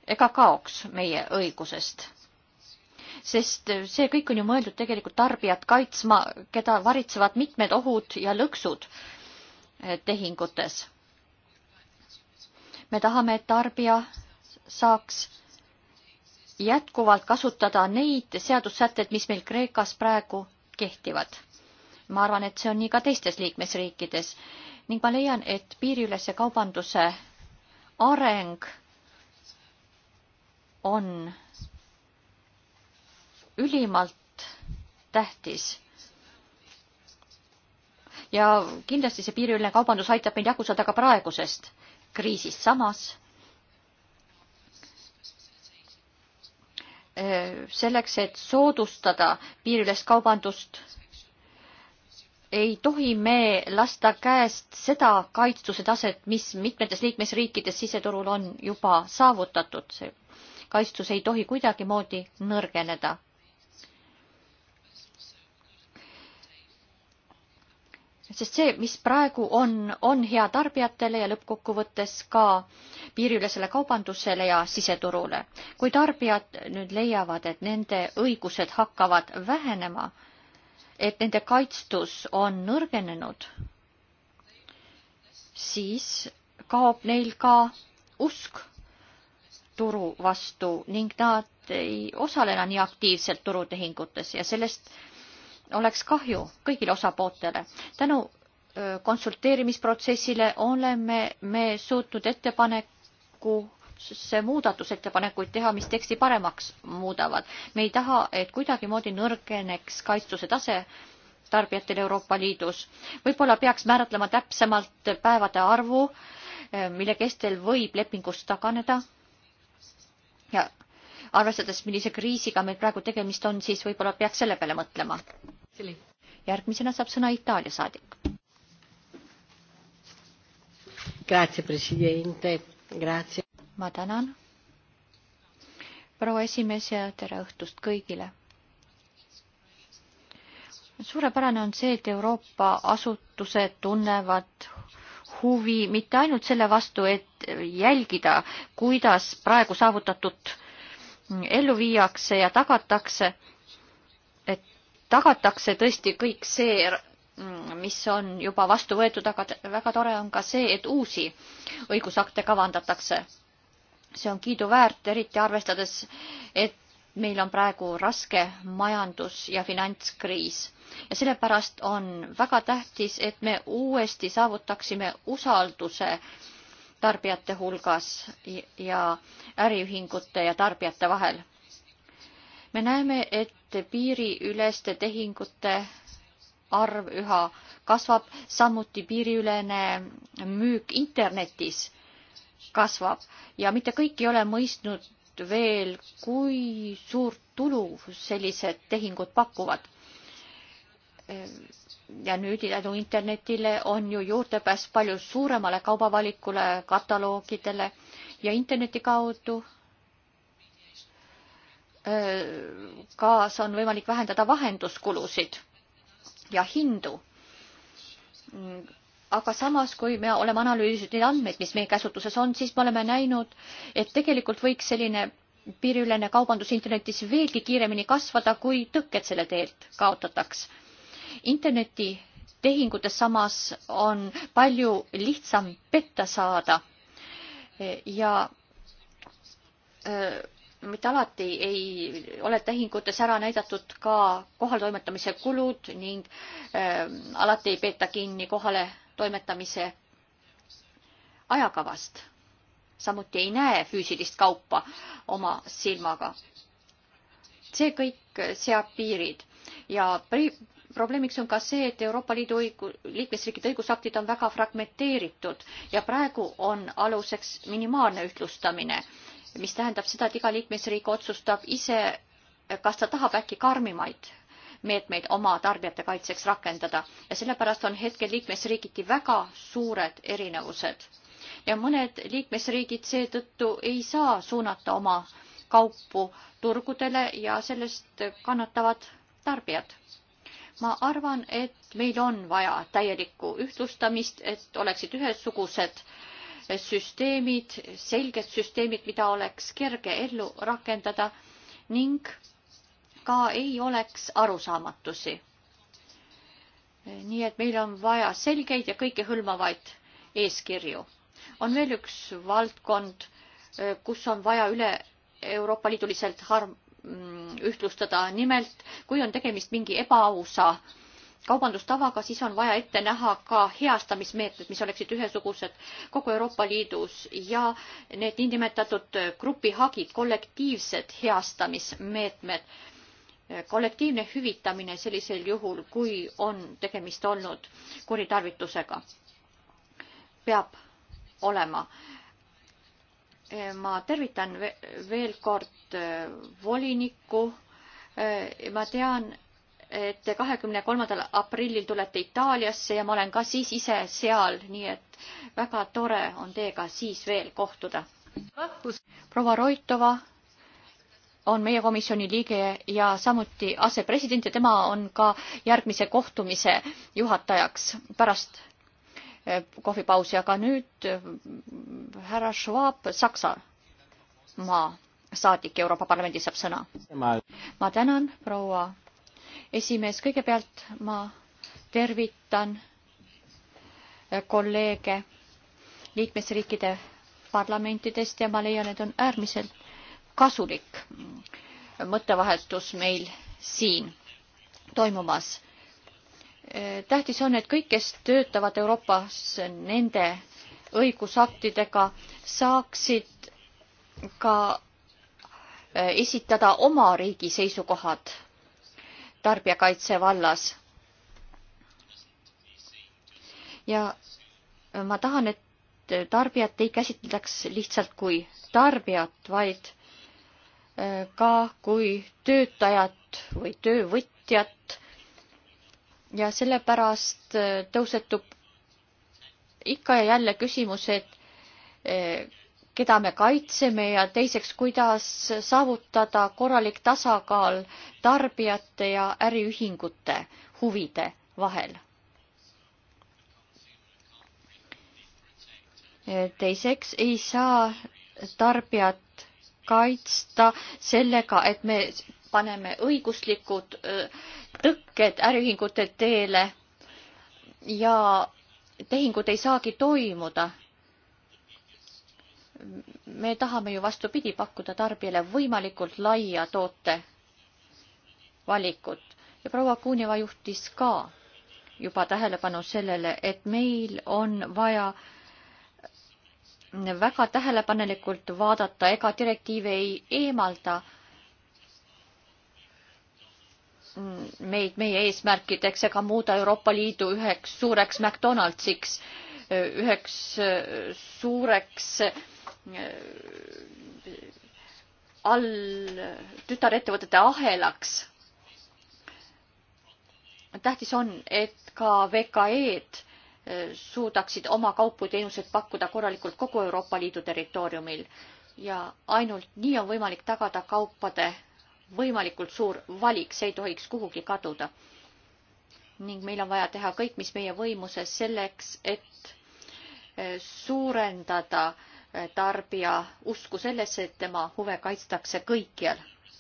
ega kaoks meie õigusest. sest see kõik on ju mõeldud tegelikult tarbijat kaitsma, keda varitsevad mitmed ohud ja lõksud eh, tehingutes. me tahame, et tarbija saaks jätkuvalt kasutada neid seadussätteid, mis meil Kreekas praegu kehtivad ma arvan, et see on nii ka teistes liikmesriikides ning ma leian, et piiriülese kaubanduse areng on ülimalt tähtis. ja kindlasti see piiriülene kaubandus aitab meil jagu saada ka praegusest kriisist, samas eh, selleks, et soodustada piiriülest kaubandust ei tohi me lasta käest seda kaitstuse taset, mis mitmetes liikmesriikides siseturul on juba saavutatud. see kaitstus ei tohi kuidagimoodi nõrgeneda. sest see, mis praegu on, on hea tarbijatele ja lõppkokkuvõttes ka piiriülesele kaubandusele ja siseturule. kui tarbijad nüüd leiavad, et nende õigused hakkavad vähenema, et nende kaitstus on nõrgenenud, siis kaob neil ka usk turu vastu ning nad ei osale enam nii aktiivselt turutehingutes ja sellest oleks kahju kõigile osapooltele. tänu konsulteerimisprotsessile oleme me suutnud ettepaneku see muudatusettepanekuid teha, mis teksti paremaks muudavad. me ei taha, et kuidagimoodi nõrgeneks kaitstuse tase tarbijatel Euroopa Liidus. võib-olla peaks määratlema täpsemalt päevade arvu, eh, mille kestel võib lepingust taganeda. ja arvestades, millise kriisiga meil praegu tegemist on, siis võib-olla peaks selle peale mõtlema. järgmisena saab sõna Itaalia saadik. Grazie Presidente, grazie ma tänan, proua esimees ja tere õhtust kõigile. suurepärane on see, et Euroopa asutused tunnevad huvi mitte ainult selle vastu, et jälgida, kuidas praegu saavutatut ellu viiakse ja tagatakse, et tagatakse tõesti kõik see, mis on juba vastu võetud, aga väga tore on ka see, et uusi õigusakte kavandatakse see on kiiduväärt, eriti arvestades, et meil on praegu raske majandus- ja finantskriis ja sellepärast on väga tähtis, et me uuesti saavutaksime usalduse tarbijate hulgas ja äriühingute ja tarbijate vahel. me näeme, et piiriüleste tehingute arv üha kasvab, samuti piiriülene müük internetis kasvab ja mitte kõik ei ole mõistnud veel, kui suurt tulu sellised tehingud pakuvad. ja nüüd tänu internetile on ju juurdepääs palju suuremale kaubavalikule, kataloogidele ja interneti kaudu äh, kaasa on võimalik vähendada vahenduskulusid ja hindu aga samas, kui me oleme analüüsinud neid andmeid, mis meie käsutuses on, siis me oleme näinud, et tegelikult võiks selline piiriülene kaubandus internetis veelgi kiiremini kasvada, kui tõkked selle teelt kaotataks. interneti tehingutes samas on palju lihtsam petta saada ja öö, mitte alati ei ole tehingutes ära näidatud ka kohaltoimetamise kulud ning äh, alati ei peeta kinni kohale toimetamise ajakavast. samuti ei näe füüsilist kaupa oma silmaga. see kõik seab piirid ja probleemiks on ka see, et Euroopa Liidu õigu-, liikmesriikide õigusaktid on väga fragmenteeritud ja praegu on aluseks minimaalne ühtlustamine, mis tähendab seda, et iga liikmesriik otsustab ise, kas ta tahab äkki karmimaid meetmeid oma tarbijate kaitseks rakendada ja sellepärast on hetkel liikmesriigiti väga suured erinevused ja mõned liikmesriigid seetõttu ei saa suunata oma kaupu turgudele ja sellest kannatavad tarbijad. ma arvan, et meil on vaja täielikku ühtlustamist, et oleksid ühesugused süsteemid, selged süsteemid, mida oleks kerge ellu rakendada ning ka ei oleks arusaamatusi. nii et meil on vaja selgeid ja kõikehõlmavaid eeskirju. on veel üks valdkond, kus on vaja üle Euroopa Liiduliselt harm-, mm, ühtlustada, nimelt kui on tegemist mingi ebaausa kaubandustavaga, siis on vaja ette näha ka heastamismeetmed, mis oleksid ühesugused kogu Euroopa Liidus ja need niinimetatud grupihagid, kollektiivsed heastamismeetmed Eh, kollektiivne hüvitamine sellisel juhul, kui on tegemist olnud kuritarvitusega, peab olema. Eh, ma tervitan veel kord eh, volinikku. ma tean, et te kahekümne kolmandal aprillil tulete Itaaliasse ja ma olen ka siis ise seal, nii et väga tore on teiega siis veel kohtuda. proua Roitova on meie komisjoni liige ja samuti asepresident ja tema on ka järgmise kohtumise juhatajaks pärast eh, kohvipausi, aga nüüd eh, härra Schwab, Saksamaa saadik Euroopa Parlamendis saab sõna. ma tänan, proua esimees, kõigepealt ma tervitan eh, kolleege liikmesriikide parlamentidest ja ma leian, et on äärmiselt kasulik mõttevahetus meil siin toimumas. tähtis on, et kõik, kes töötavad Euroopas nende õigusaktidega, saaksid ka eh, esitada oma riigi seisukohad tarbijakaitse vallas. ja ma tahan, et tarbijat ei käsitletaks lihtsalt kui tarbijat, vaid ka kui töötajat või töövõtjat. ja sellepärast äh, tõusetub ikka ja jälle küsimus, et äh, keda me kaitseme ja teiseks, kuidas saavutada korralik tasakaal tarbijate ja äriühingute huvide vahel. Äh, teiseks ei saa tarbijat kaitsta sellega, et me paneme õiguslikud tõkked äriühingute teele ja tehingud ei saagi toimuda. me tahame ju vastupidi pakkuda tarbijale võimalikult laia toote valikut ja proua Kuuneva juhtis ka juba tähelepanu sellele, et meil on vaja äh, väga tähelepanelikult vaadata, ega direktiiv ei eemalda meid meie eesmärkideks ega muuda Euroopa Liidu üheks suureks McDonaldsiks, üheks äh, suureks äh, all tütarettevõtete ahelaks. tähtis on, et ka VKE-d suudaksid oma kaupu ja teenuseid pakkuda korralikult kogu Euroopa Liidu territooriumil ja ainult nii on võimalik tagada kaupade võimalikult suur valik, see ei tohiks kuhugi kaduda. ning meil on vaja teha kõik, mis meie võimuses selleks, et e, suurendada e, tarbija usku sellesse, et tema huve kaitstakse kõikjal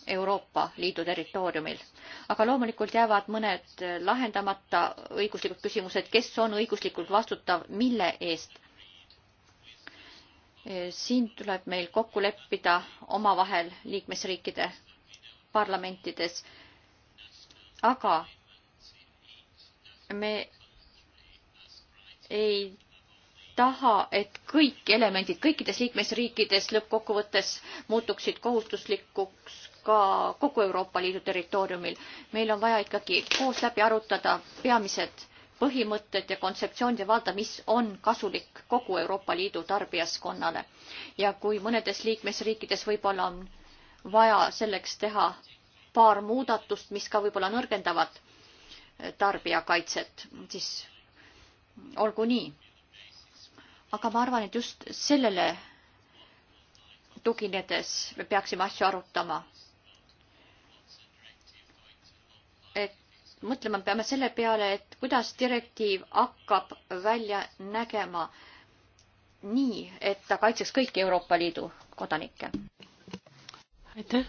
Euroopa Liidu territooriumil. aga loomulikult jäävad mõned lahendamata õiguslikud küsimused, kes on õiguslikult vastutav, mille eest. siin tuleb meil kokku leppida omavahel liikmesriikide parlamentides. aga me ei taha, et kõik elemendid kõikides liikmesriikides lõppkokkuvõttes muutuksid kohustuslikuks ka kogu Euroopa Liidu territooriumil. meil on vaja ikkagi koos läbi arutada peamised põhimõtted ja kontseptsioonid ja vaadata, mis on kasulik kogu Euroopa Liidu tarbijaskonnale. ja kui mõnedes liikmesriikides võib-olla on vaja selleks teha paar muudatust, mis ka võib-olla nõrgendavad tarbijakaitset, siis olgu nii. aga ma arvan, et just sellele tuginedes me peaksime asju arutama mõtlema peame selle peale, et kuidas direktiiv hakkab välja nägema nii, et ta kaitseks kõiki Euroopa Liidu kodanikke. aitäh.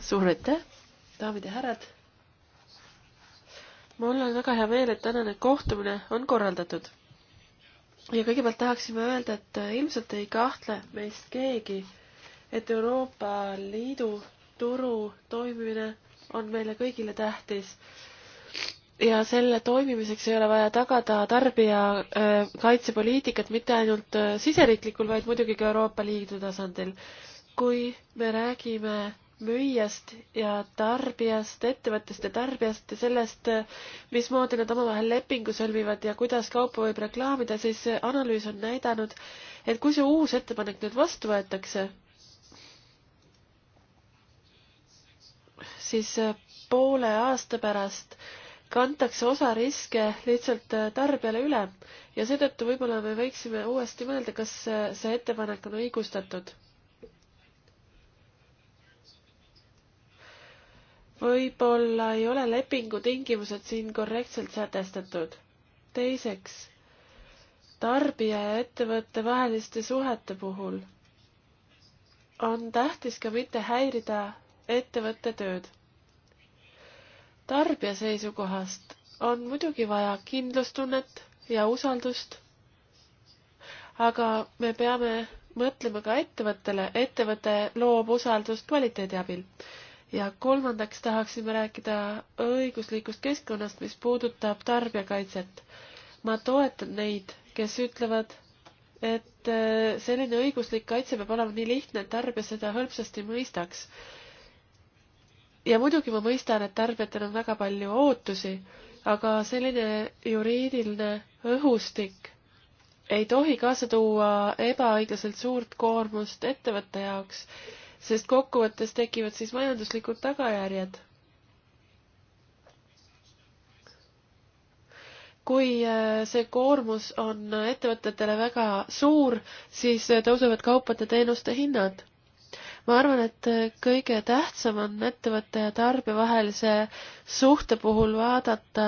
suur aitäh, daamid ja härrad. mul on väga hea meel, et tänane kohtumine on korraldatud. ja kõigepealt tahaksime öelda, et ilmselt ei kahtle meist keegi et Euroopa Liidu turu toimimine on meile kõigile tähtis ja selle toimimiseks ei ole vaja tagada tarbija äh, kaitsepoliitikat mitte ainult äh, siseriiklikul, vaid muidugi ka Euroopa Liidu tasandil. kui me räägime müüjast ja tarbijast, ettevõttest ja tarbijast ja sellest, äh, mismoodi nad omavahel lepingu sõlmivad ja kuidas kaupa võib reklaamida, siis analüüs on näidanud, et kui see uus ettepanek nüüd vastu võetakse, siis äh, poole aasta pärast kantakse osa riske lihtsalt äh, tarbijale üle ja seetõttu võib-olla me võiksime uuesti mõelda, kas äh, see ettepanek on õigustatud. võib-olla ei ole lepingutingimused siin korrektselt sätestatud. teiseks, tarbija ja ettevõtte vaheliste suhete puhul on tähtis ka mitte häirida ettevõtte tööd. tarbija seisukohast on muidugi vaja kindlustunnet ja usaldust, aga me peame mõtlema ka ettevõttele, ettevõte loob usaldust kvaliteedi abil. ja kolmandaks tahaksime rääkida õiguslikust keskkonnast, mis puudutab tarbijakaitset. ma toetan neid, kes ütlevad, et äh, selline õiguslik kaitse peab olema nii lihtne, et tarbija seda hõlpsasti mõistaks ja muidugi ma mõistan, et tarbijatel on väga palju ootusi, aga selline juriidiline õhustik ei tohi kaasa tuua ebaõiglaselt suurt koormust ettevõtte jaoks, sest kokkuvõttes tekivad siis majanduslikud tagajärjed. kui äh, see koormus on ettevõtetele väga suur, siis tõusevad kaupade teenuste hinnad ma arvan, et kõige tähtsam on ettevõtte ja tarbija vahelise suhte puhul vaadata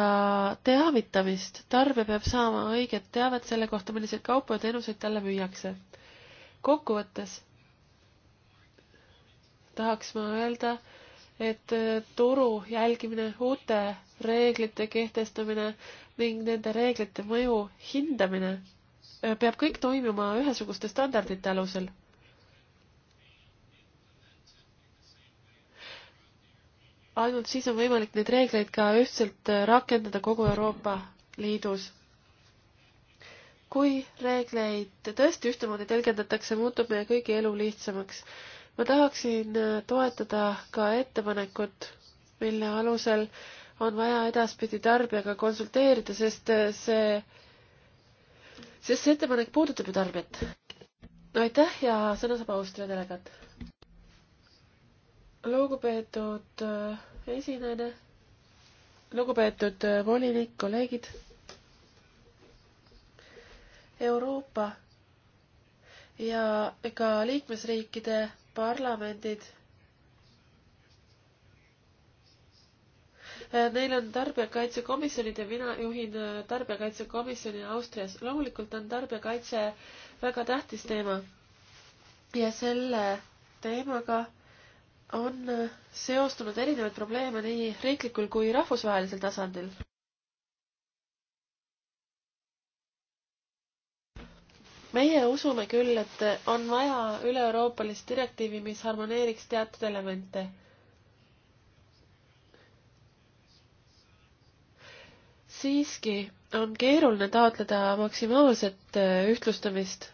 teavitamist. tarbija peab saama õiget teavet selle kohta, milliseid kaupu ja teenuseid talle müüakse. kokkuvõttes tahaks ma öelda, et turu jälgimine, uute reeglite kehtestamine ning nende reeglite mõju hindamine peab kõik toimuma ühesuguste standardite alusel ainult siis on võimalik neid reegleid ka ühtselt äh, rakendada kogu Euroopa Liidus. kui reegleid tõesti ühtemoodi tõlgendatakse, muutub meie kõigi elu lihtsamaks. ma tahaksin äh, toetada ka ettepanekut, mille alusel on vaja edaspidi tarbijaga konsulteerida, sest äh, see, sest see ettepanek puudutab ju tarbijat. aitäh ja sõna saab Austria delegaat lugupeetud äh, esinejana, lugupeetud äh, volinik, kolleegid. Euroopa ja ka liikmesriikide parlamendid. Äh, neil on tarbijakaitsekomisjonid ja mina juhin tarbijakaitsekomisjoni Austrias. loomulikult on tarbijakaitse väga tähtis teema ja selle teemaga on äh, seostunud erinevaid probleeme nii riiklikul kui rahvusvahelisel tasandil. meie usume küll, et on vaja üle-euroopalist direktiivi, mis harmoneeriks teatud elemente. siiski on keeruline taotleda maksimaalset äh, ühtlustamist,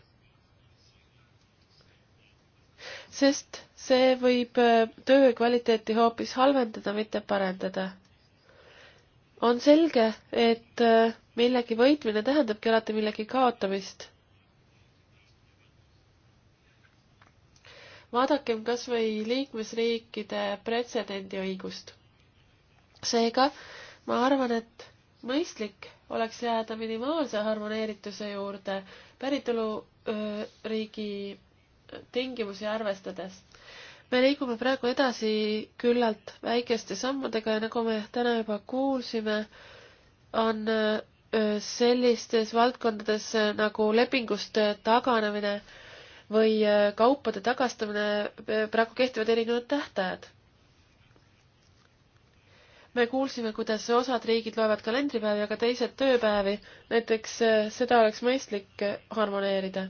sest see võib äh, töö kvaliteeti hoopis halvendada, mitte parendada. on selge, et äh, millegi võitmine tähendabki alati millegi kaotamist. vaadakem kas või liikmesriikide pretsedendi õigust. seega ma arvan, et mõistlik oleks jääda minimaalse harmoneerituse juurde päritoluriigi äh, tingimusi arvestades me liigume praegu edasi küllalt väikeste sammudega ja nagu me täna juba kuulsime, on sellistes valdkondades nagu lepingust taganemine või kaupade tagastamine praegu kehtivad erinevad tähtajad. me kuulsime, kuidas osad riigid loevad kalendripäevi, aga teised tööpäevi. näiteks seda oleks mõistlik harmoneerida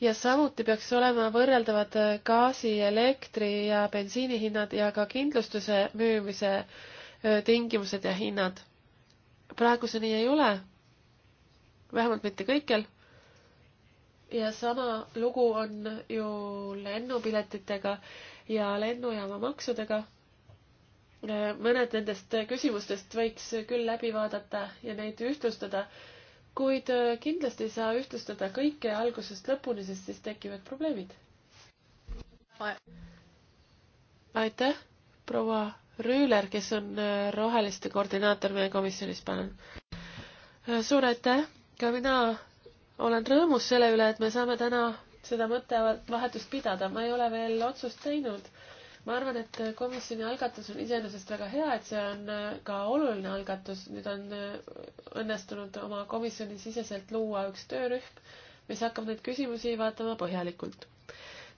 ja samuti peaks olema võrreldavad gaasi, elektri ja bensiini hinnad ja ka kindlustuse müümise tingimused ja hinnad. praegu see nii ei ole, vähemalt mitte kõikjal. ja sama lugu on ju lennupiletitega ja lennujaama maksudega. mõned nendest küsimustest võiks küll läbi vaadata ja neid ühtlustada kuid äh, kindlasti ei saa ühtlustada kõike algusest lõpuni, sest siis tekivad probleemid. aitäh, proua Rüüler, kes on äh, roheliste koordinaator meie komisjonis, palun. Äh, suur aitäh, ka mina olen rõõmus selle üle, et me saame täna seda mõttevahetust pidada, ma ei ole veel otsust teinud ma arvan, et komisjoni algatus on iseenesest väga hea, et see on äh, ka oluline algatus. nüüd on äh, õnnestunud oma komisjoni siseselt luua üks töörühm, mis hakkab neid küsimusi vaatama põhjalikult.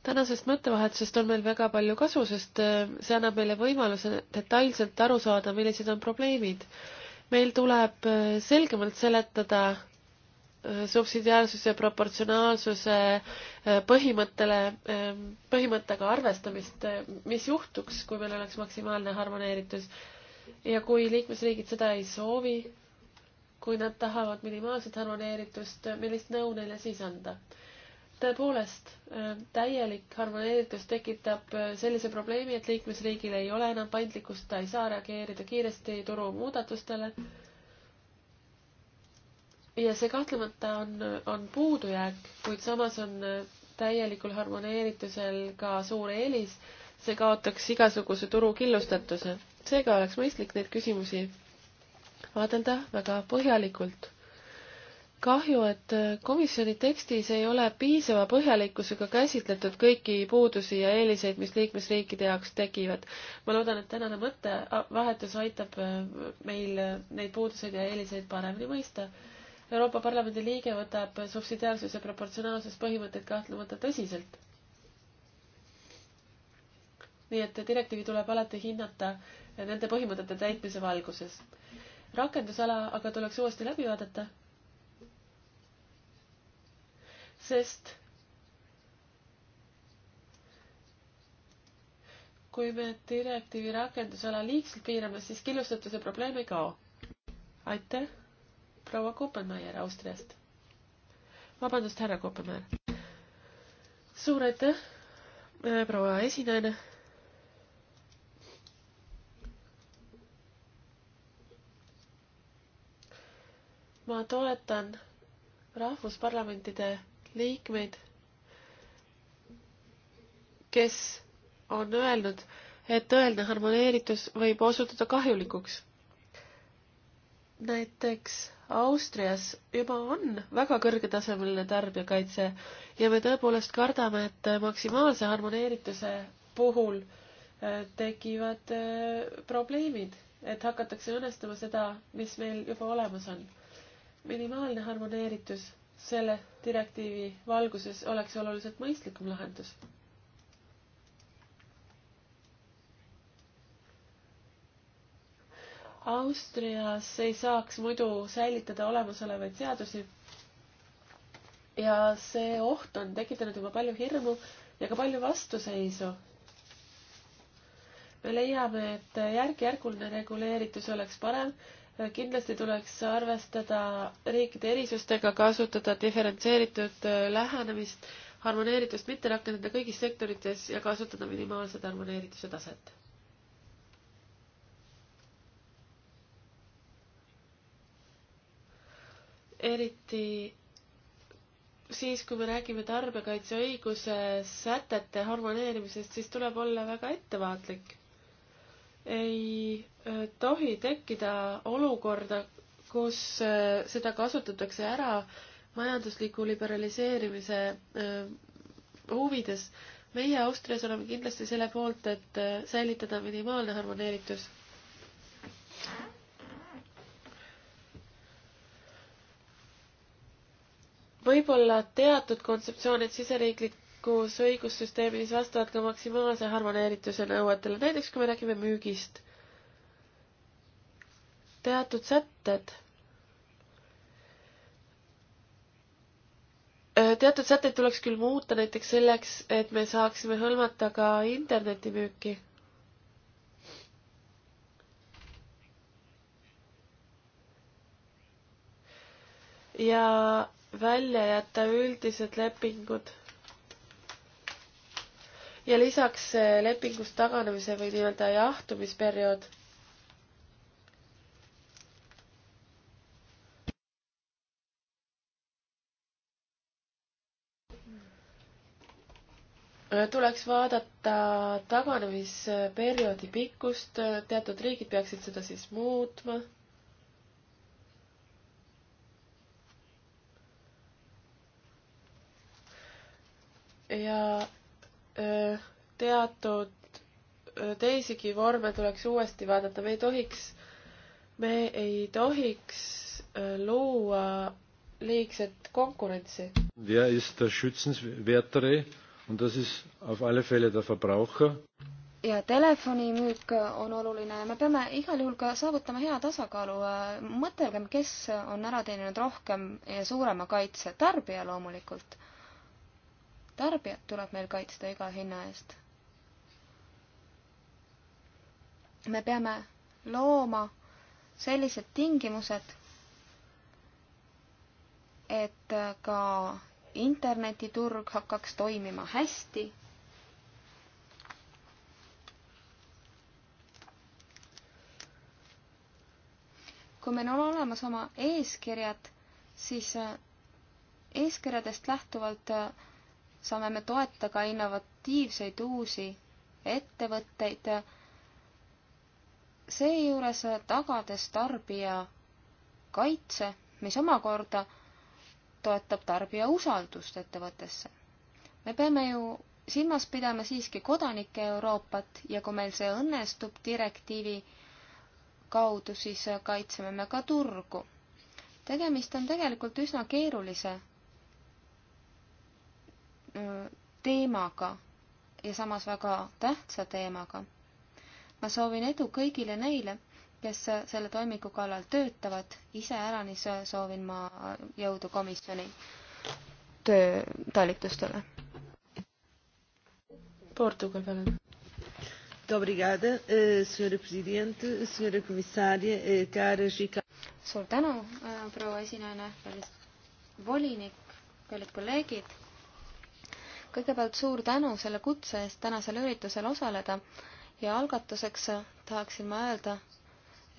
tänasest mõttevahetusest on meil väga palju kasu, sest äh, see annab meile võimaluse detailselt aru saada, millised on probleemid. meil tuleb selgemalt seletada subsidiaarsuse, proportsionaalsuse äh, põhimõttele, ähm, põhimõttega arvestamist, äh, mis juhtuks, kui meil oleks maksimaalne harmoneeritus. ja kui liikmesriigid seda ei soovi, kui nad tahavad minimaalset harmoneeritust, äh, millist nõu neile siis anda? tõepoolest, täielik harmoneeritus tekitab sellise probleemi, et liikmesriigil ei ole enam paindlikkust, ta ei saa reageerida kiiresti turu muudatustele ja see kahtlemata on, on puudujääk, kuid samas on täielikul harmoneeritusel ka suur eelis, see kaotaks igasuguse turu killustatuse. seega oleks mõistlik neid küsimusi vaadelda väga põhjalikult. kahju, et komisjoni tekstis ei ole piisava põhjalikkusega käsitletud kõiki puudusi ja eeliseid, mis liikmesriikide jaoks tekivad. ma loodan, et tänane mõttevahetus aitab meil neid puuduseid ja eeliseid paremini mõista Euroopa Parlamendi liige võtab subsidiaarsuse proportsionaalsuspõhimõtteid kahtlemata tõsiselt. nii et direktiivi tuleb alati hinnata nende põhimõtete täitmise valguses. rakendusala aga tuleks uuesti läbi vaadata, sest kui me direktiivi rakendusala liigselt piirame, siis killustatuse probleem ei kao. aitäh! proua Kopenmaier Austriast. vabandust, härra Kopenmaier. suur aitäh, äh, proua esinaine. ma toetan rahvusparlamentide liikmeid, kes on öelnud, et tõeline harmoneeritus võib osutuda kahjulikuks. näiteks Austrias juba on väga kõrgetasemeline tarbijakaitse ja me tõepoolest kardame, et maksimaalse harmoneerituse puhul äh, tekivad äh, probleemid, et hakatakse õnnestama seda, mis meil juba olemas on. minimaalne harmoneeritus selle direktiivi valguses oleks oluliselt mõistlikum lahendus Austrias ei saaks muidu säilitada olemasolevaid seadusi. ja see oht on tekitanud juba palju hirmu ja ka palju vastuseisu. me leiame, et järk-järguline reguleeritus oleks parem. kindlasti tuleks arvestada riikide erisustega, kasutada diferentseeritud äh, lähenemist, harmoneeritust mitte rakendada kõigis sektorites ja kasutada minimaalset harmoneerituse taset eriti siis, kui me räägime tarbijakaitseõiguse sätete harmoneerimisest, siis tuleb olla väga ettevaatlik. ei äh, tohi tekkida olukorda, kus äh, seda kasutatakse ära majandusliku liberaliseerimise äh, huvides. meie Austrias oleme kindlasti selle poolt, et säilitada minimaalne harmoneeritus võib-olla teatud kontseptsioonid siseriiklikus õigussüsteemis vastavad ka maksimaalse harmoneerituse nõuetele, näiteks kui me räägime müügist. teatud sätted. Äh, teatud sätteid tuleks küll muuta näiteks selleks, et me saaksime hõlmata ka internetimüüki ja välja jätta üldised lepingud ja lisaks lepingust taganemise või nii-öelda jahtumisperiood. tuleks vaadata taganemisperioodi pikkust, teatud riigid peaksid seda siis muutma ja öö, teatud teisigi vorme tuleks uuesti vaadata, me ei tohiks, me ei tohiks luua liigset konkurentsi. Wer ist der schützenswertere und das ist auf alle Fälle der Verbraucher? ja telefonimüük on oluline ja me peame igal juhul ka saavutama hea tasakaalu. mõtelgem, kes on ära teeninud rohkem ja suurema kaitse, tarbija loomulikult tarbijat tuleb meil kaitsta iga hinna eest. me peame looma sellised tingimused, et ka internetiturg hakkaks toimima hästi. kui meil on olemas oma eeskirjad, siis eeskirjadest lähtuvalt saame me toetada innovatiivseid uusi ettevõtteid, seejuures tagades tarbija kaitse, mis omakorda toetab tarbija usaldust ettevõttesse. me peame ju silmas pidama siiski kodanike Euroopat ja kui meil see õnnestub direktiivi kaudu, siis kaitseme me ka turgu. tegemist on tegelikult üsna keerulise teemaga ja samas väga tähtsa teemaga. ma soovin edu kõigile neile, kes selle toimiku kallal töötavad, iseäranis soovin ma jõudu komisjoni töö talitustele. Portugal, palun. Obrigada, eh, senhora presidente, senhora comissária, eh, caras e suur tänu, eh, proua esinaine, volinik, kallid kolleegid kõigepealt suur tänu selle kutse eest tänasel üritusel osaleda ja algatuseks tahaksin ma öelda,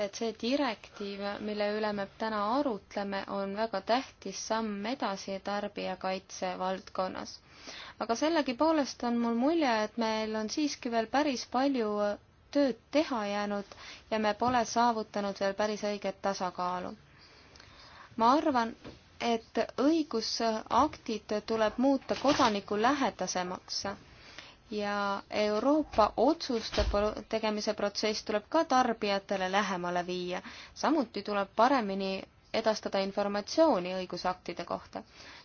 et see direktiiv, mille üle me täna arutleme, on väga tähtis samm edasi tarbijakaitse valdkonnas. aga sellegipoolest on mul mulje, et meil on siiski veel päris palju tööd teha jäänud ja me pole saavutanud veel päris õiget tasakaalu. ma arvan, et õigusaktid tuleb muuta kodaniku lähedasemaks ja Euroopa otsuste tegemise protsess tuleb ka tarbijatele lähemale viia. samuti tuleb paremini edastada informatsiooni õigusaktide kohta.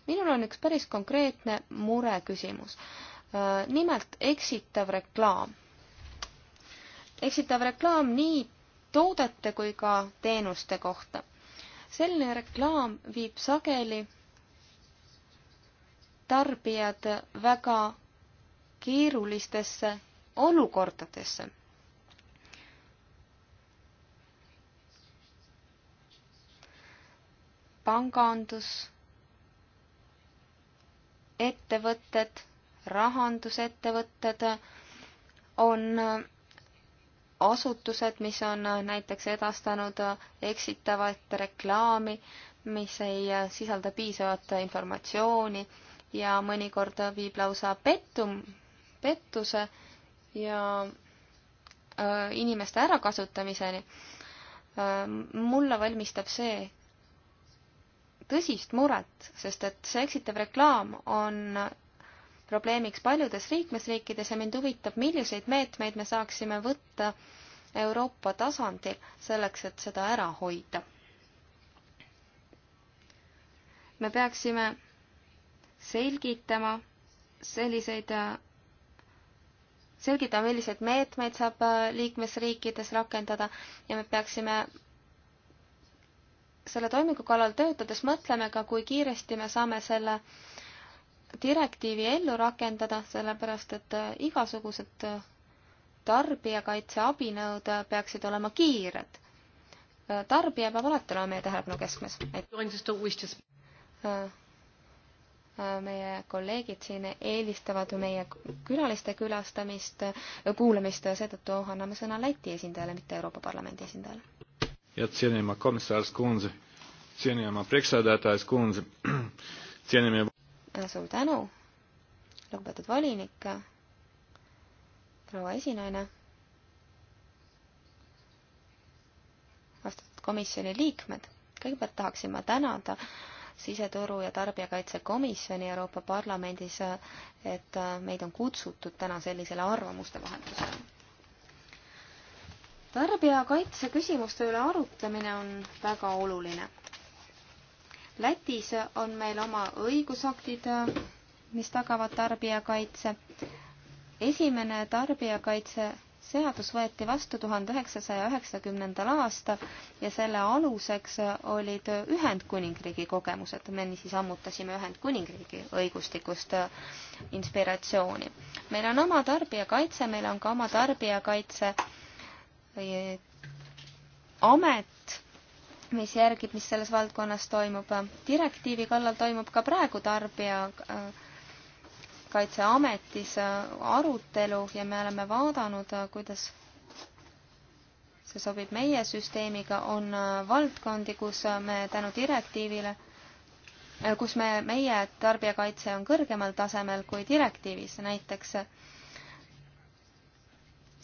minul on üks päris konkreetne mureküsimus. Äh, nimelt eksitav reklaam. eksitav reklaam nii toodete kui ka teenuste kohta selline reklaam viib sageli tarbijad väga keerulistesse olukordadesse. pangandus, ettevõtted, rahandusettevõtted on asutused, mis on äh, näiteks edastanud äh, eksitavat reklaami, mis ei äh, sisalda piisavat informatsiooni ja mõnikord viib lausa pettum, pettuse ja äh, inimeste ärakasutamiseni äh,. mulle valmistab see tõsist muret, sest et see eksitav reklaam on probleemiks paljudes liikmesriikides ja mind huvitab, milliseid meetmeid me saaksime võtta Euroopa tasandil selleks, et seda ära hoida. me peaksime selgitama selliseid, selgitama, milliseid meetmeid saab liikmesriikides rakendada ja me peaksime selle toimingu kallal töötades mõtleme ka, kui kiiresti me saame selle äh, direktiivi ellu rakendada, sellepärast et äh, igasugused äh, tarbijakaitse abinõud äh, peaksid olema kiired. tarbija peab alati olema meie tähelepanu keskmes. meie kolleegid siin eelistavad meie külaliste külastamist, kuulamist, seetõttu anname sõna Läti esindajale, mitte Euroopa Parlamendi esindajale. ja tsienima komissar Skunzi, tsienima preksõdajataja Skunzi, tsienime suur tänu, lugupeetud volinik, proua esinaine, vastatud komisjoni liikmed. kõigepealt tahaksin ma tänada siseturu ja tarbijakaitsekomisjoni Euroopa Parlamendis, et meid on kutsutud täna sellisele arvamuste vahendusele. tarbijakaitse küsimuste üle arutamine on väga oluline Lätis on meil oma õigusaktid, mis tagavad tarbijakaitse. esimene tarbijakaitse seadus võeti vastu tuhande üheksasaja üheksakümnendal aastal ja selle aluseks olid Ühendkuningriigi kogemused. me siis ammutasime Ühendkuningriigi õigustikust inspiratsiooni. meil on oma tarbijakaitse, meil on ka oma tarbijakaitse amet, mis järgib, mis selles valdkonnas toimub. direktiivi kallal toimub ka praegu tarbija äh, kaitseametis äh, arutelu ja me oleme vaadanud, äh, kuidas see sobib meie süsteemiga, on valdkondi, kus me tänu direktiivile, kus me, meie tarbijakaitse on kõrgemal tasemel kui direktiivis, näiteks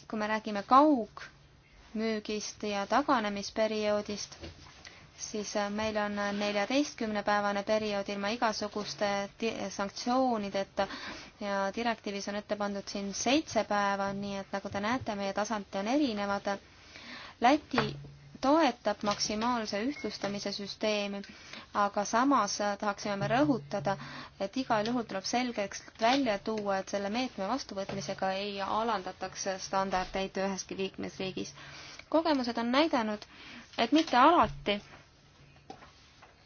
kui me räägime kaugmüügist ja taganemisperioodist siis äh, meil on äh, neljateistkümnepäevane periood ilma igasuguste sanktsioonideta ja direktiivis on ette pandud siin seitse päeva, nii et nagu te näete, meie tasandid on erinevad. Läti toetab maksimaalse ühtlustamise süsteemi, aga samas äh, tahaksime me rõhutada, et igal juhul tuleb selgeks välja tuua, et selle meetme vastuvõtmisega ei alandataks standardeid üheski liikmesriigis. kogemused on näidanud, et mitte alati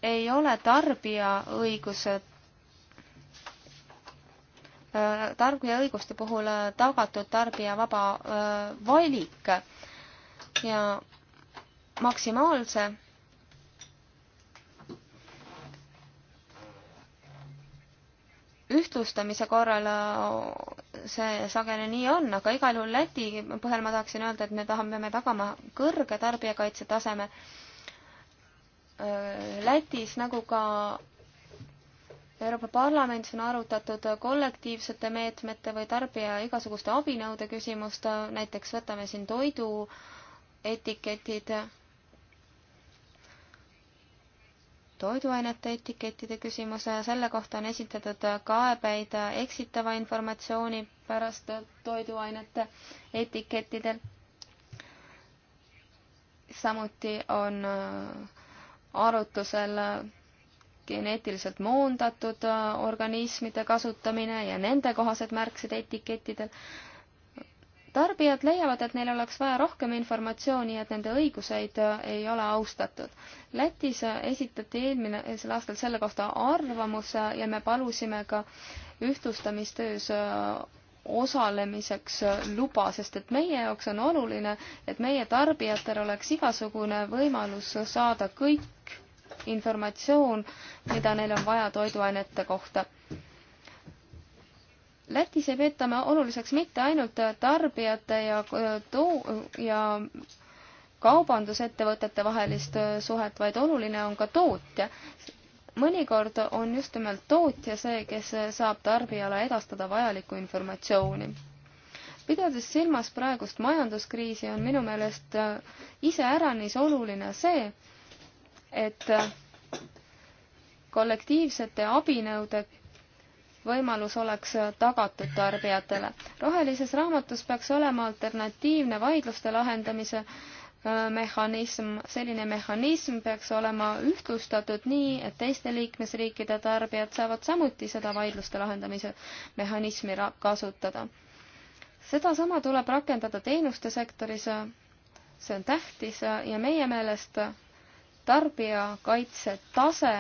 ei ole tarbija õigused äh, tarbija õiguste puhul äh, tagatud tarbija vaba äh, valik ja maksimaalse ühtlustamise korral see sageli nii on, aga igal juhul Läti põhjal ma tahaksin öelda, et me tahame, me tagama kõrge tarbijakaitse taseme Äh, Lätis nagu ka Euroopa Parlamendis on arutatud kollektiivsete meetmete või tarbija igasuguste abinõude küsimust, näiteks võtame siin toidu etiketid, toiduainete etikettide küsimuse ja selle kohta on esitatud kaebeid eksitava informatsiooni pärast toiduainete etikettidel. samuti on äh, arutusel geneetiliselt moondatud äh, organismide kasutamine ja nendekohased märksed etikettidel. tarbijad leiavad, et neil oleks vaja rohkem informatsiooni ja et nende õiguseid äh, ei ole austatud. Lätis äh, esitati eelmisel aastal selle kohta arvamus ja me palusime ka ühtlustamistöös osalemiseks luba, sest et meie jaoks on oluline, et meie tarbijatel oleks igasugune võimalus saada kõik informatsioon, mida neil on vaja toiduainete kohta. Lätis ei peeta me oluliseks mitte ainult tarbijate ja too- ja kaubandusettevõtete vahelist suhet, vaid oluline on ka tootja mõnikord on just nimelt tootja see, kes saab tarbijale edastada vajalikku informatsiooni. pidades silmas praegust majanduskriisi, on minu meelest äh, iseäranis oluline see, et äh, kollektiivsete abinõude võimalus oleks äh, tagatud tarbijatele. rohelises raamatus peaks olema alternatiivne vaidluste lahendamise äh, Äh, mehhanism, selline mehhanism peaks olema ühtlustatud nii, et teiste liikmesriikide tarbijad saavad samuti seda vaidluste lahendamise mehhanismi kasutada. sedasama tuleb rakendada teenuste sektoris, see on tähtis ja meie meelest tarbijakaitse tase,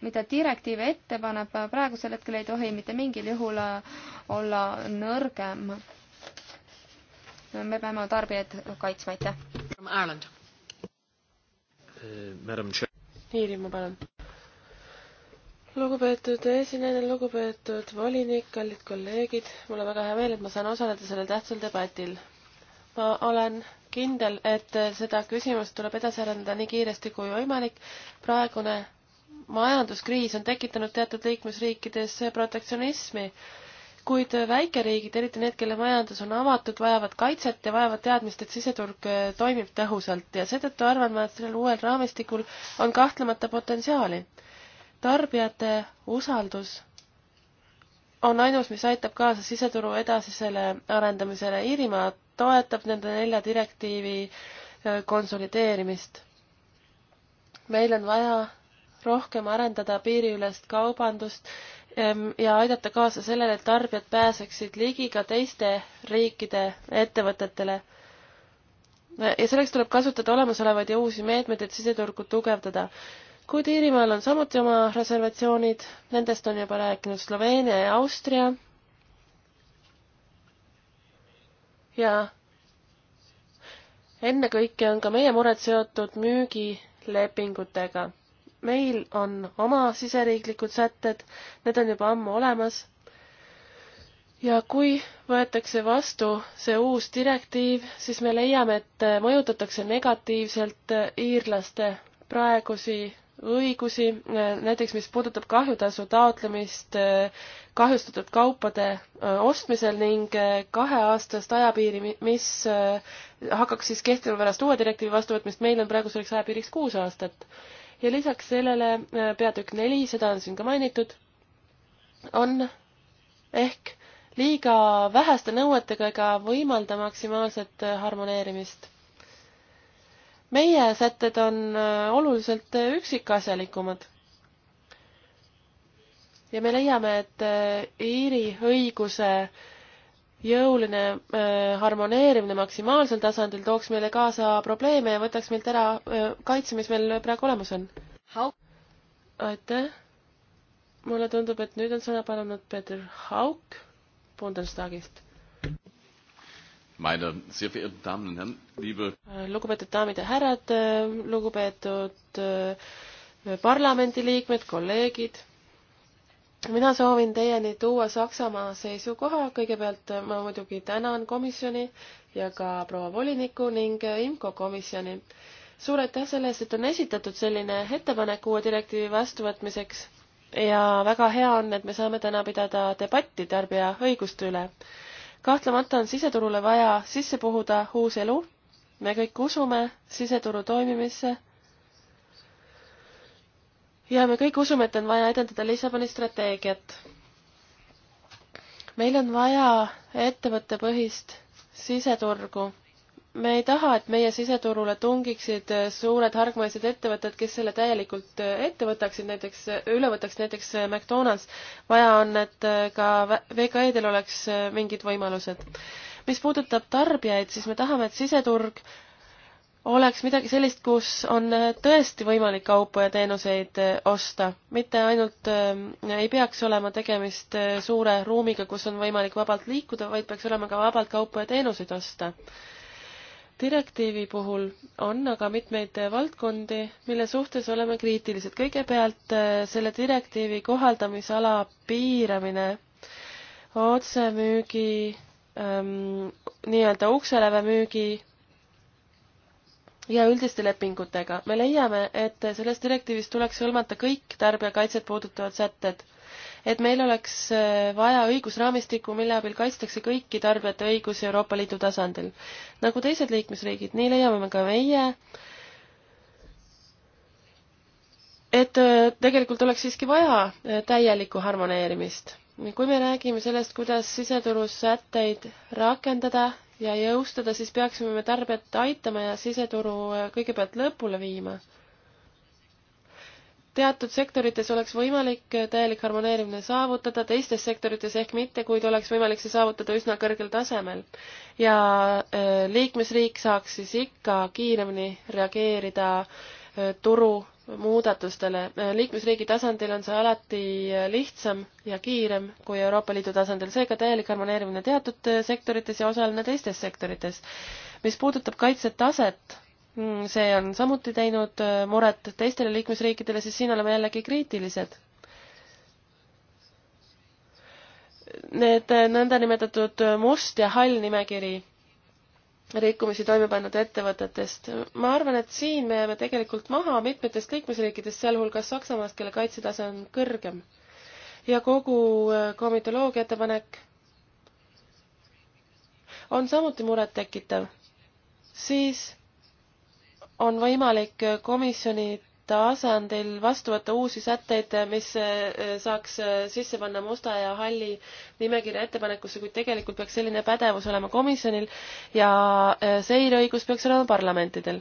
mida direktiiv ette paneb, praegusel hetkel ei tohi mitte mingil juhul olla nõrgem me peame tarbijaid kaitsma, aitäh. Eh, Iirimaa, palun. lugupeetud esinejad, lugupeetud volinik, kallid kolleegid, mul on väga hea meel, et ma saan osaleda sellel tähtsal debatil. ma olen kindel, et seda küsimust tuleb edasi arendada nii kiiresti kui võimalik. praegune majanduskriis on tekitanud teatud liikmesriikides protektsionismi kuid äh, väikeriigid, eriti need, kelle majandus on avatud, vajavad kaitset ja vajavad teadmist, et siseturg äh, toimib tõhusalt ja seetõttu arvan ma, et sellel uuel raamistikul on kahtlemata potentsiaali. tarbijate usaldus on ainus, mis aitab kaasa siseturu edasisele arendamisele. Iirimaa toetab nende nelja direktiivi äh, konsolideerimist. meil on vaja rohkem arendada piiriülest kaubandust ja aidata kaasa sellele, et tarbijad pääseksid ligi ka teiste riikide ettevõtetele. ja selleks tuleb kasutada olemasolevaid ja uusi meetmeid, et siseturgu tugevdada. kuid Iirimaal on samuti oma reservatsioonid, nendest on juba rääkinud Sloveenia ja Austria. ja ennekõike on ka meie mured seotud müügilepingutega meil on oma siseriiklikud sätted, need on juba ammu olemas. ja kui võetakse vastu see uus direktiiv, siis me leiame, et mõjutatakse negatiivselt iirlaste praegusi õigusi, näiteks mis puudutab kahjutasu taotlemist kahjustatud kaupade ostmisel ning kaheaastast ajapiiri, mis hakkaks siis kehtima pärast uue direktiivi vastuvõtmist, meil on praegu selleks ajapiiriks kuus aastat ja lisaks sellele äh, peatükk neli, seda on siin ka mainitud, on ehk liiga väheste nõuetega ega võimalda maksimaalset äh, harmoneerimist. meie sätted on äh, oluliselt üksikasjalikumad. ja me leiame, et Iiri õiguse jõuline äh, harmoneerimine maksimaalsel tasandil tooks meile kaasa probleeme ja võtaks meilt ära äh, kaitse, mis meil praegu olemas on. aitäh. mulle tundub, et nüüd on sõna palunud Peeter Hauk Bundestagist. Meine sehr verehrten Damen und Herren, liebe äh, lugupeetud daamid ja härrad, äh, lugupeetud äh, parlamendiliikmed, kolleegid mina soovin teieni tuua Saksamaa seisukoha, kõigepealt ma muidugi tänan komisjoni ja ka proua voliniku ning IMCO komisjoni. suur aitäh selle eest, et on esitatud selline ettepanek uue direktiivi vastuvõtmiseks ja väga hea on, et me saame täna pidada debatti tarbija õiguste üle. kahtlemata on siseturule vaja sisse puhuda uus elu, me kõik usume siseturu toimimisse ja me kõik usume, et on vaja edendada Lissaboni strateegiat. meil on vaja ettevõttepõhist siseturgu. me ei taha, et meie siseturule tungiksid suured hargmaised ettevõtted, kes selle täielikult ette võtaksid, näiteks, üle võtaks näiteks McDonalds. vaja on, et ka VKE-del oleks mingid võimalused. mis puudutab tarbijaid, siis me tahame, et siseturg oleks midagi sellist, kus on äh, tõesti võimalik kaupu ja teenuseid äh, osta, mitte ainult äh, ei peaks olema tegemist äh, suure ruumiga, kus on võimalik vabalt liikuda, vaid peaks olema ka vabalt kaupu ja teenuseid osta. direktiivi puhul on aga mitmeid valdkondi, mille suhtes oleme kriitilised. kõigepealt äh, selle direktiivi kohaldamisala piiramine otsemüügi ähm, nii-öelda ukselävemüügi ja üldiste lepingutega. me leiame, et selles direktiivis tuleks hõlmata kõik tarbijakaitset puudutavad sätted. et meil oleks äh, vaja õigusraamistikku, mille abil kaitstakse kõiki tarbijate õigusi Euroopa Liidu tasandil. nagu teised liikmesriigid, nii leiame me ka meie, et äh, tegelikult oleks siiski vaja äh, täielikku harmoneerimist kui me räägime sellest, kuidas siseturus sätteid rakendada ja jõustada, siis peaksime me tarbijat aitama ja siseturu äh, kõigepealt lõpule viima. teatud sektorites oleks võimalik äh, täielik harmoneerimine saavutada, teistes sektorites ehk mitte, kuid oleks võimalik see saavutada üsna kõrgel tasemel. ja äh, liikmesriik saaks siis ikka kiiremini reageerida turu muudatustele. liikmesriigi tasandil on see alati lihtsam ja kiirem kui Euroopa Liidu tasandil, seega täielik harmoneerimine teatud sektorites ja osaline teistes sektorites. mis puudutab kaitsetaset, mm, see on samuti teinud äh, muret teistele liikmesriikidele, siis siin oleme jällegi kriitilised. Need äh, nõndanimetatud äh, must ja hall nimekiri rikkumisi toime pannud ettevõtetest. ma arvan, et siin me jääme tegelikult maha mitmetest liikmesriikidest, sealhulgas Saksamaast, kelle kaitsetase on kõrgem. ja kogu äh, komitoloogia ettepanek on samuti murettekitav. siis on võimalik äh, komisjoni tasandil vastu võtta uusi sätteid, mis eh, saaks eh, sisse panna musta ja halli nimekirja ettepanekusse, kuid tegelikult peaks selline pädevus olema komisjonil ja eh, seireõigus peaks olema parlamentidel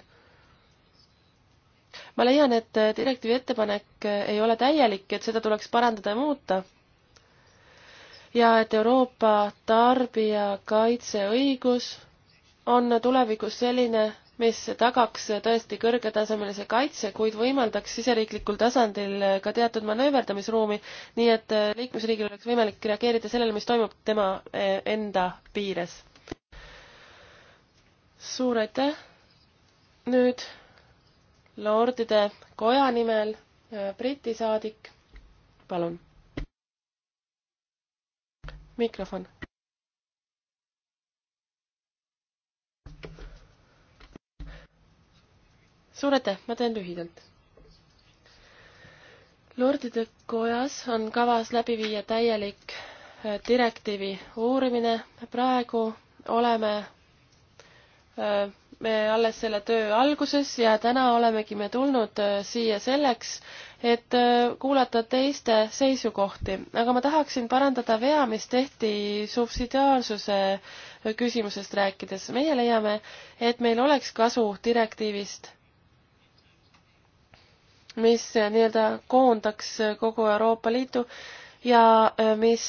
ma leian, et direktiivi ettepanek ei ole täielik, et seda tuleks parandada ja muuta. ja et Euroopa tarbijakaitseõigus on tulevikus selline, mis tagaks tõesti kõrgetasemelise kaitse, kuid võimaldaks siseriiklikul tasandil ka teatud manööverdamisruumi, nii et äh, liikmesriigil oleks võimalik reageerida sellele, mis toimub tema äh, enda piires. suur aitäh! nüüd Lordide Koja nimel äh, Briti saadik, palun. mikrofon suur aitäh, ma teen lühidalt. lordide kojas on kavas läbi viia täielik äh, direktiivi uurimine, praegu oleme äh, me alles selle töö alguses ja täna olemegi me tulnud äh, siia selleks, et kuulata teiste seisukohti, aga ma tahaksin parandada vea, mis tehti subsidiaarsuse küsimusest rääkides. meie leiame, et meil oleks kasu direktiivist mis äh, nii-öelda koondaks äh, kogu Euroopa Liidu ja äh, mis,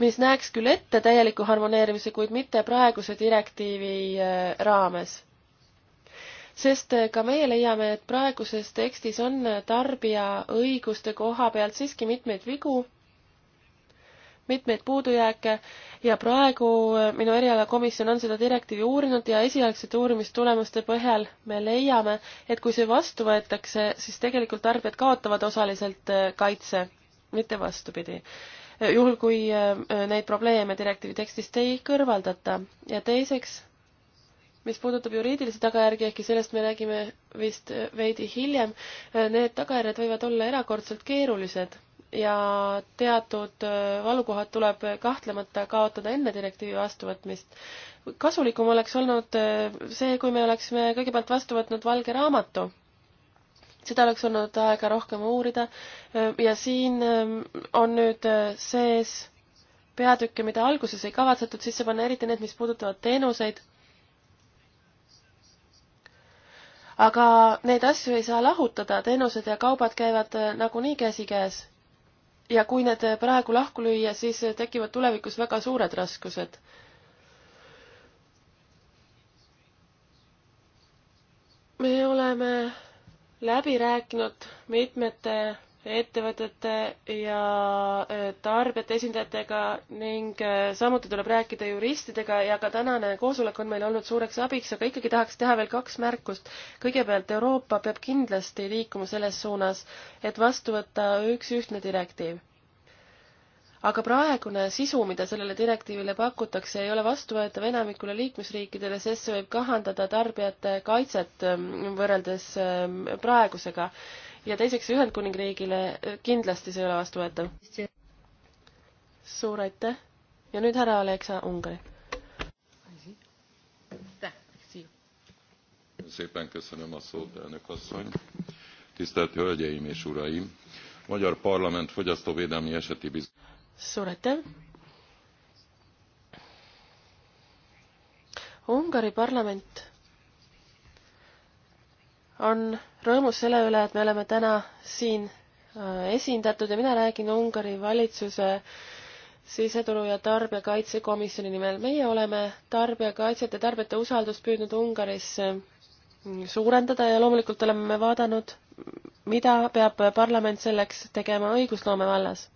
mis näeks küll ette täieliku harmoneerimise, kuid mitte praeguse direktiivi raames. sest ka meie leiame, et praeguses tekstis on tarbija õiguste koha pealt siiski mitmeid vigu mitmeid puudujääke ja praegu äh, minu erialakomisjon on seda direktiivi uurinud ja esialgsete uurimistulemuste põhjal me leiame, et kui see vastu võetakse, siis tegelikult tarbijad kaotavad osaliselt äh, kaitse, mitte vastupidi. Äh, juhul, kui neid probleeme direktiivi tekstist ei kõrvaldata ja teiseks, mis puudutab juriidilisi tagajärgi, ehkki sellest me räägime vist veidi hiljem, need tagajärjed võivad olla erakordselt keerulised ja teatud äh, valukohad tuleb kahtlemata kaotada enne direktiivi vastuvõtmist. kasulikum oleks olnud äh, see, kui me oleksime kõigepealt vastu võtnud valge raamatu. seda oleks olnud aega rohkem uurida äh, ja siin on nüüd sees peatükke, mida alguses ei kavatsetud sisse panna, eriti need, mis puudutavad teenuseid. aga neid asju ei saa lahutada, teenused ja kaubad käivad nagunii käsikäes ja kui need praegu lahku lüüa, siis tekivad tulevikus väga suured raskused. me oleme läbi rääkinud mitmete ettevõtete ja äh, tarbijate esindajatega ning äh, samuti tuleb rääkida juristidega ja ka tänane koosolek on meil olnud suureks abiks, aga ikkagi tahaks teha veel kaks märkust. kõigepealt, Euroopa peab kindlasti liikuma selles suunas, et vastu võtta üks ühtne direktiiv. aga praegune sisu, mida sellele direktiivile pakutakse, ei ole vastuvõetav enamikule liikmesriikidele, sest see võib kahandada tarbijate kaitset ähm, võrreldes ähm, praegusega ja teiseks Ühendkuningriigile äh, kindlasti see ei ole vastuvõetav. suur aitäh ja nüüd härra Aleksa Ungari. Szépen köszönöm a szót, elnök asszony. Tisztelt Hölgyeim és Uraim! Magyar Parlament Fogyasztóvédelmi Eseti Bizottság. Suur aitäh! Ungari parlament on rõõmus selle üle, et me oleme täna siin äh, esindatud ja mina räägin Ungari valitsuse siseturu ja tarbijakaitsekomisjoni nimel. meie oleme tarbijakaitset ja tarbijate usaldust püüdnud Ungaris äh, suurendada ja loomulikult oleme me vaadanud, mida peab parlament selleks tegema õigusloome vallas.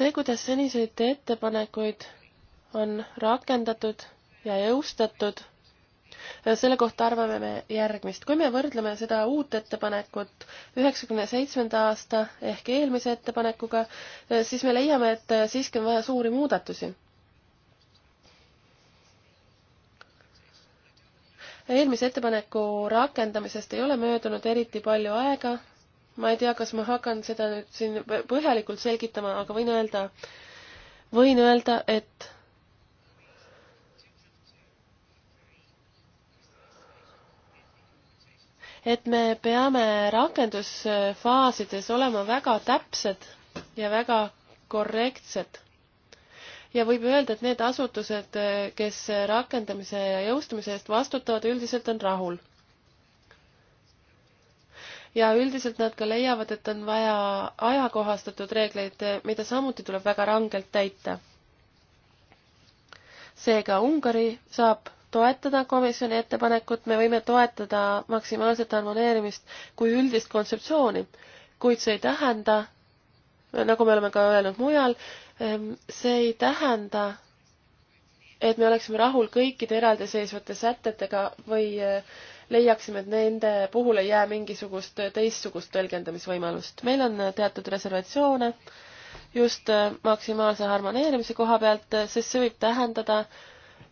see, kuidas seniseid ettepanekuid on rakendatud ja jõustatud, selle kohta arvame me järgmist. kui me võrdleme seda uut ettepanekut üheksakümne seitsmenda aasta ehk eelmise ettepanekuga, siis me leiame, et siiski on vaja suuri muudatusi. eelmise ettepaneku rakendamisest ei ole möödunud eriti palju aega ma ei tea, kas ma hakkan seda nüüd siin põhjalikult selgitama, aga võin öelda, võin öelda, et et me peame rakendusfaasides olema väga täpsed ja väga korrektsed. ja võib öelda, et need asutused, kes rakendamise ja jõustumise eest vastutavad, üldiselt on rahul ja üldiselt nad ka leiavad, et on vaja ajakohastatud reegleid, mida samuti tuleb väga rangelt täita. seega Ungari saab toetada komisjoni ettepanekut, me võime toetada maksimaalset harmoneerimist kui üldist kontseptsiooni, kuid see ei tähenda, nagu me oleme ka öelnud mujal, ehm, see ei tähenda, et me oleksime rahul kõikide eraldiseisvate sätetega või äh, leiaksime, et nende puhul ei jää mingisugust teistsugust tõlgendamisvõimalust. meil on teatud reservatsioone just maksimaalse harmoneerimise koha pealt, sest see võib tähendada,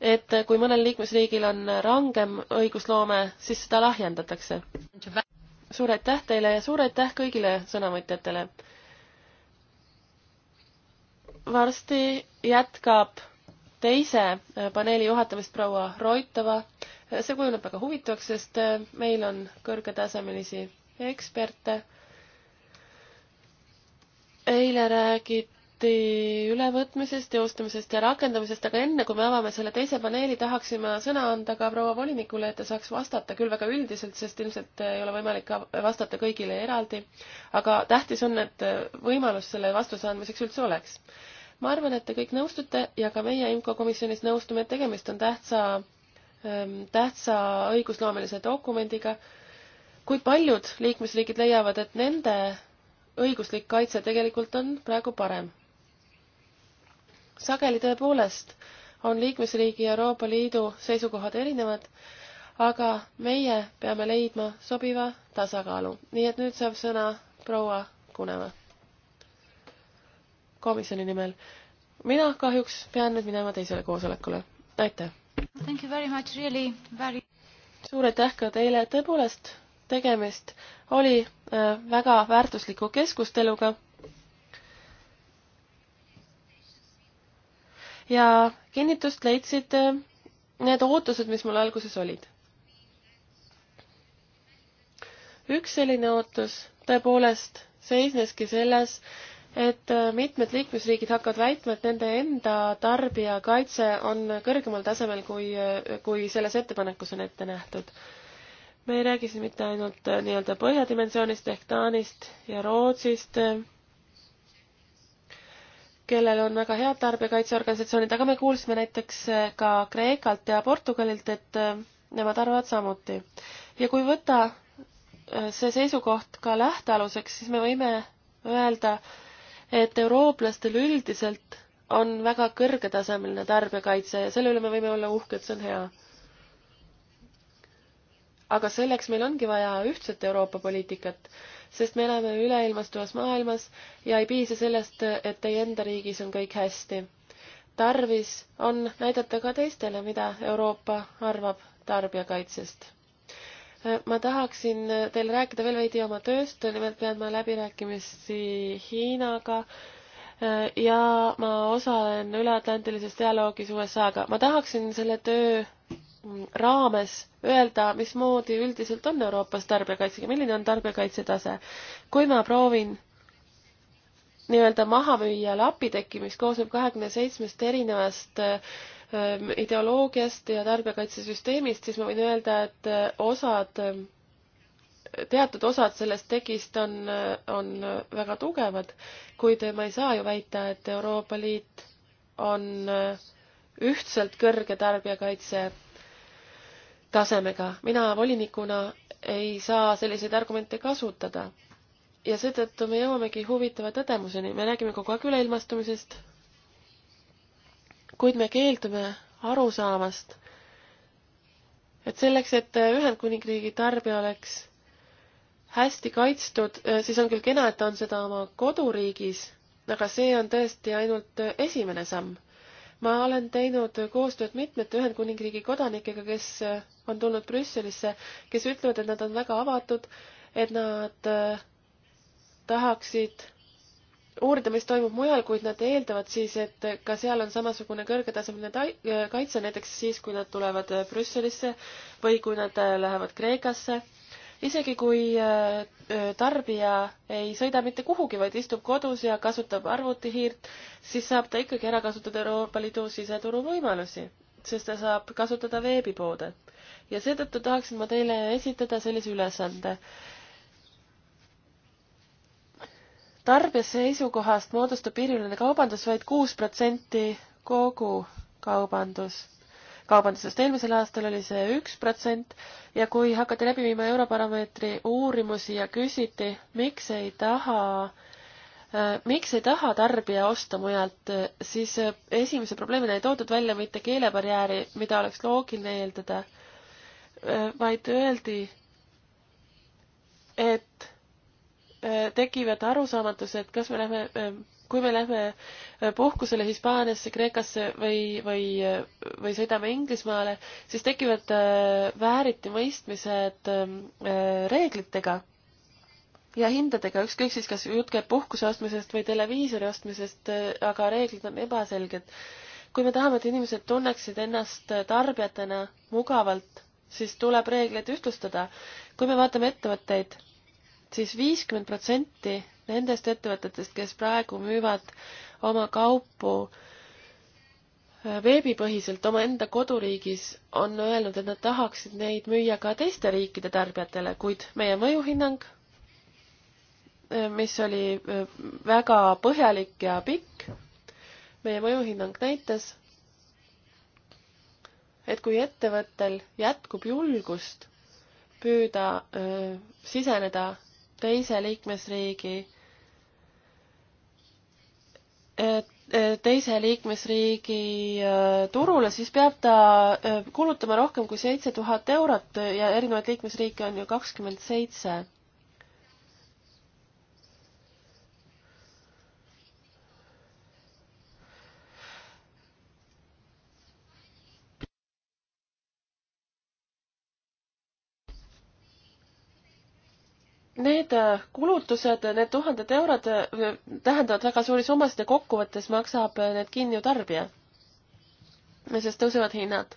et kui mõnel liikmesriigil on rangem õigusloome, siis seda lahjendatakse. suur aitäh teile ja suur aitäh kõigile sõnavõtjatele. varsti jätkab teise paneeli juhatamist proua Roitova see kujuneb väga huvitavaks, sest äh, meil on kõrgetasemelisi eksperte. eile räägiti ülevõtmisest, teostamisest ja rakendamisest, aga enne kui me avame selle teise paneeli, tahaksin ma sõna anda ka proua volinikule, et ta saaks vastata küll väga üldiselt, sest ilmselt ei ole võimalik vastata kõigile eraldi. aga tähtis on, et äh, võimalus selle vastuse andmiseks üldse oleks ma arvan, et te kõik nõustute ja ka meie IMCO komisjonis nõustume, et tegemist on tähtsa Ähm, tähtsa õigusloomelise dokumendiga, kuid paljud liikmesriigid leiavad, et nende õiguslik kaitse tegelikult on praegu parem. sageli tõepoolest on liikmesriigi ja Euroopa Liidu seisukohad erinevad, aga meie peame leidma sobiva tasakaalu. nii et nüüd saab sõna proua Kuneva komisjoni nimel. mina kahjuks pean nüüd minema teisele koosolekule. aitäh! Really, very... suur aitäh ka teile, tõepoolest tegemist oli äh, väga väärtusliku keskusteluga. ja kinnitust leidsid äh, need ootused, mis mul alguses olid. üks selline ootus tõepoolest seisneski selles, et äh, mitmed liikmesriigid hakkavad väitma, et nende enda tarbijakaitse on kõrgemal tasemel, kui, äh, kui selles ettepanekus on ette nähtud. me ei räägi siin mitte ainult äh, nii-öelda põhjadimensioonist ehk Taanist ja Rootsist, kellel on väga head tarbijakaitseorganisatsioonid, aga me kuulsime näiteks ka Kreekalt ja Portugalilt, et nemad arvavad samuti. ja kui võtta see seisukoht ka lähtealuseks, siis me võime öelda, et eurooplastel üldiselt on väga kõrgetasemeline tarbijakaitse ja selle üle me võime olla uhked, see on hea. aga selleks meil ongi vaja ühtset Euroopa poliitikat, sest me elame üleilmastuvas maailmas ja ei piisa sellest, et teie enda riigis on kõik hästi. tarvis on näidata ka teistele, mida Euroopa arvab tarbijakaitsest ma tahaksin teile rääkida veel veidi oma tööst, nimelt pean ma läbirääkimisi Hiinaga äh, ja ma osalen üleatlantilises dialoogis USA-ga. ma tahaksin selle töö mm, raames öelda, mismoodi üldiselt on Euroopas tarbijakaitsega, milline on tarbijakaitse tase. kui ma proovin nii-öelda maha müüa lapi teki, mis koosneb kahekümne seitsmest erinevast äh, Ähm, ideoloogiast ja tarbijakaitsesüsteemist, siis ma võin öelda, et äh, osad, äh, teatud osad sellest tekist on, äh, on väga tugevad, kuid ma ei saa ju väita, et Euroopa Liit on ühtselt kõrge tarbijakaitse tasemega. mina volinikuna ei saa selliseid argumente kasutada ja seetõttu me jõuamegi huvitava tõdemuseni, me räägime kogu aeg üleilmastumisest, kuid me keeldume aru saamast, et selleks, et Ühendkuningriigi tarbija oleks hästi kaitstud, eh, siis on küll kena, et ta on seda oma koduriigis, aga see on tõesti ainult eh, esimene samm. ma olen teinud koostööd mitmete Ühendkuningriigi kodanikega, kes eh, on tulnud Brüsselisse, kes ütlevad, et nad on väga avatud, et nad tahaksid uurimist toimub mujal, kuid nad eeldavad siis, et ka seal on samasugune kõrgetasemeline kaitse, näiteks siis, kui nad tulevad äh, Brüsselisse või kui nad äh, lähevad Kreekasse. isegi kui äh, tarbija ei sõida mitte kuhugi, vaid istub kodus ja kasutab arvutihiirt, siis saab ta ikkagi ära kasutada Euroopa Liidu siseturu võimalusi, sest ta saab kasutada veebipoode. ja seetõttu tahaksin ma teile esitada sellise ülesande tarbija seisukohast moodustab piiriline kaubandus vaid kuus protsenti kogu kaubandus, kaubandusest. eelmisel aastal oli see üks protsent ja kui hakati läbi viima Eurobaromeetri uurimusi ja küsiti, miks ei taha äh, miks ei taha tarbija osta mujalt, siis äh, esimese probleemina ei toodud välja mitte keelebarjääri, mida oleks loogiline eeldada, äh, vaid öeldi, et Äh, tekivad arusaamatused, kas me lähme, äh, kui me lähme äh, puhkusele Hispaaniasse, Kreekasse või, või, või sõidame Inglismaale, siis tekivad vääritimõistmised ähm, reeglitega ja hindadega, ükskõik siis, kas jutt käib puhkuse ostmisest või televiisori ostmisest, aga reeglid on ebaselged. kui me tahame, et inimesed tunneksid ennast tarbijatena mugavalt, siis tuleb reegleid ühtlustada. kui me vaatame ettevõtteid, siis viiskümmend protsenti nendest ettevõtetest, kes praegu müüvad oma kaupu äh, veebipõhiselt omaenda koduriigis, on öelnud, et nad tahaksid neid müüa ka teiste riikide tarbijatele, kuid meie mõjuhinnang, äh, mis oli äh, väga põhjalik ja pikk, meie mõjuhinnang näitas, et kui ettevõttel jätkub julgust püüda öö, siseneda teise liikmesriigi eh, teise liikmesriigi eh, turule, siis peab ta eh, kulutama rohkem kui seitse tuhat eurot ja erinevaid liikmesriike on ju kakskümmend seitse. Need äh, kulutused, need tuhanded eurod äh, tähendavad väga suuri summasid ja kokkuvõttes maksab äh, need kinni ju tarbija, sest tõusevad hinnad.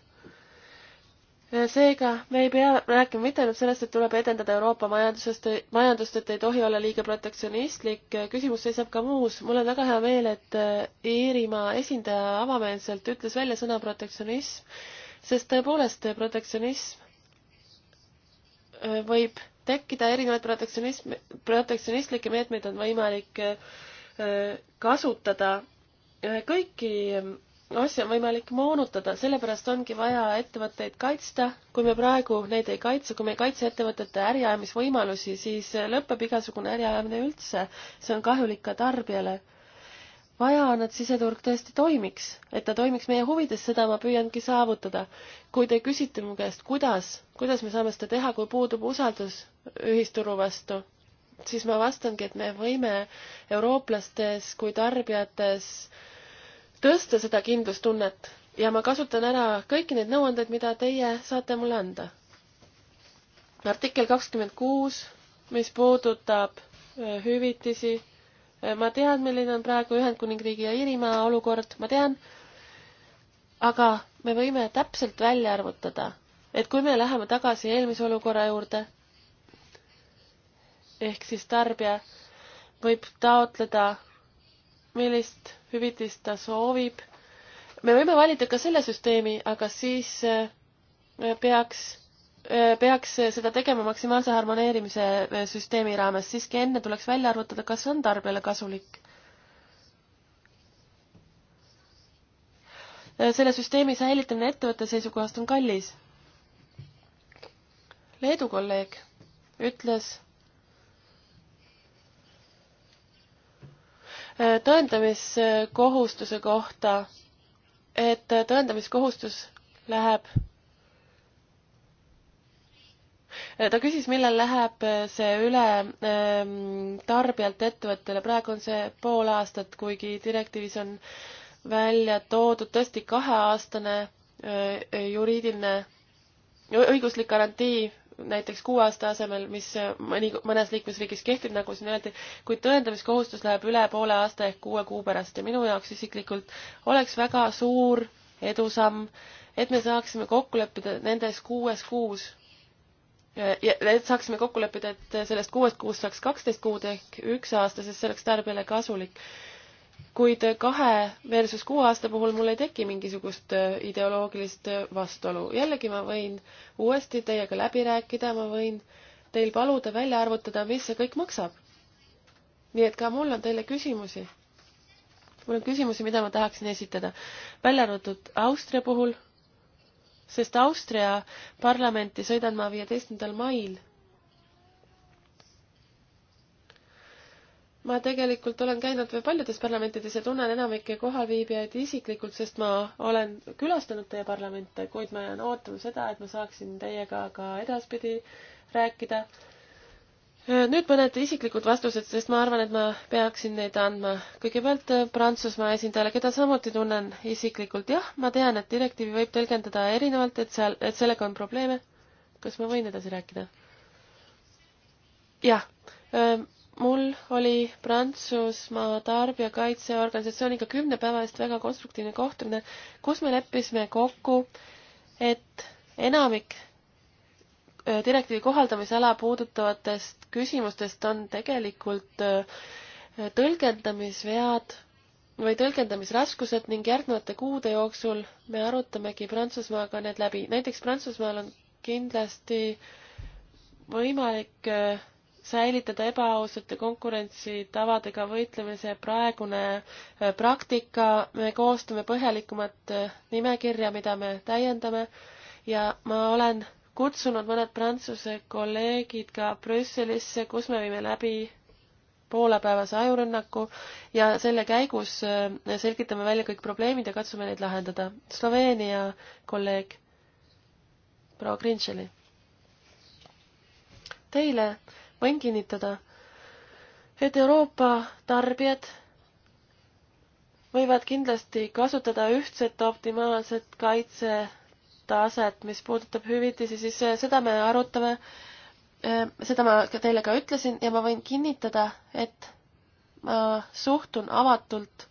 seega me ei pea rääkima mitte ainult sellest, et tuleb edendada Euroopa majandusest, majandust, et ei tohi olla liiga protektsionistlik, küsimus seisab ka muus. mul on väga hea meel, et Iirimaa esindaja avameelselt ütles välja sõna protektsionism, sest tõepoolest protektsionism Äh, võib tekkida, erinevaid protektsionism, protektsionistlikke meetmeid on võimalik äh, kasutada. Äh, kõiki ähm, asju on võimalik moonutada, sellepärast ongi vaja ettevõtteid kaitsta. kui me praegu neid ei kaitse, kui me ei kaitse ettevõtete äriajamisvõimalusi, siis lõpeb igasugune äriajamine üldse. see on kahjulik ka tarbijale vaja on, et siseturg tõesti toimiks, et ta toimiks meie huvides, seda ma püüangi saavutada. kui te küsite mu käest, kuidas, kuidas me saame seda teha, kui puudub usaldus ühisturu vastu, siis ma vastangi, et me võime eurooplastes kui tarbijates tõsta seda kindlustunnet ja ma kasutan ära kõiki neid nõuandeid, mida teie saate mulle anda. artikkel kakskümmend kuus, mis puudutab äh, hüvitisi ma tean, milline on praegu Ühendkuningriigi ja Iirimaa olukord, ma tean, aga me võime täpselt välja arvutada, et kui me läheme tagasi eelmise olukorra juurde, ehk siis tarbija võib taotleda, millist hüvitist ta soovib. me võime valida ka selle süsteemi, aga siis eh, peaks Äh, peaks seda tegema maksimaalse harmoneerimise äh, süsteemi raames, siiski enne tuleks välja arvutada, kas on tarbijale kasulik. Äh, selle süsteemi säilitamine ettevõtte seisukohast on kallis. Leedu kolleeg ütles, tõendamiskohustuse kohta, et tõendamiskohustus läheb ta küsis, millal läheb see üle ehm, tarbijalt ettevõttele, praegu on see pool aastat, kuigi direktiivis on välja toodud tõesti kaheaastane ehm, juriidiline, õiguslik garantii näiteks kuue aasta asemel, mis mõni, mõnes liikmesriigis kehtib, nagu siin öeldi, kuid tõendamiskohustus läheb üle poole aasta ehk kuue kuu pärast ja minu jaoks isiklikult oleks väga suur edusamm, et me saaksime kokku leppida nendes kuues kuus ja et saaksime kokku leppida, et sellest kuuest kuust saaks kaksteist kuud ehk üks aasta, sest see oleks tarbijale kasulik. kuid kahe versus kuue aasta puhul mul ei teki mingisugust ideoloogilist vastuolu. jällegi ma võin uuesti teiega läbi rääkida, ma võin teil paluda välja arvutada, mis see kõik maksab. nii et ka mul on teile küsimusi. mul on küsimusi, mida ma tahaksin esitada. välja arvatud Austria puhul sest Austria parlamenti sõidan ma viieteistkümnendal mail. ma tegelikult olen käinud veel paljudes parlamentides ja tunnen enamikke kohalviibijaid isiklikult, sest ma olen külastanud teie parlamente, kuid ma jään ootama seda, et ma saaksin teiega ka edaspidi rääkida Äh, nüüd mõned isiklikud vastused, sest ma arvan, et ma peaksin neid andma. kõigepealt äh, Prantsusmaa esindajale, keda samuti tunnen isiklikult. jah, ma tean, et direktiivi võib tõlgendada erinevalt, et seal, et sellega on probleeme. kas ma võin edasi rääkida? jah, äh, mul oli Prantsusmaa tarbijakaitseorganisatsiooniga kümne päeva eest väga konstruktiivne kohtumine, kus me leppisime kokku, et enamik Äh, direktiivi kohaldamisala puudutavatest küsimustest on tegelikult äh, tõlgendamisvead või tõlgendamisraskused ning järgnevate kuude jooksul me arutamegi Prantsusmaaga need läbi. näiteks Prantsusmaal on kindlasti võimalik äh, säilitada ebaausate konkurentsitavadega võitlemise praegune praktika, me koostame põhjalikumat nimekirja, mida me täiendame ja ma olen kutsunud mõned Prantsuse kolleegid ka Brüsselisse, kus me viime läbi poolepäevase ajurünnaku ja selle käigus äh, selgitame välja kõik probleemid ja katsume neid lahendada. Sloveenia kolleeg proua Grinšeli. Teile võin kinnitada, et Euroopa tarbijad võivad kindlasti kasutada ühtset optimaalset kaitse taset, mis puudutab hüvitisi, siis eh, seda me arutame, eh, seda ma ka teile ka ütlesin ja ma võin kinnitada, et ma suhtun avatult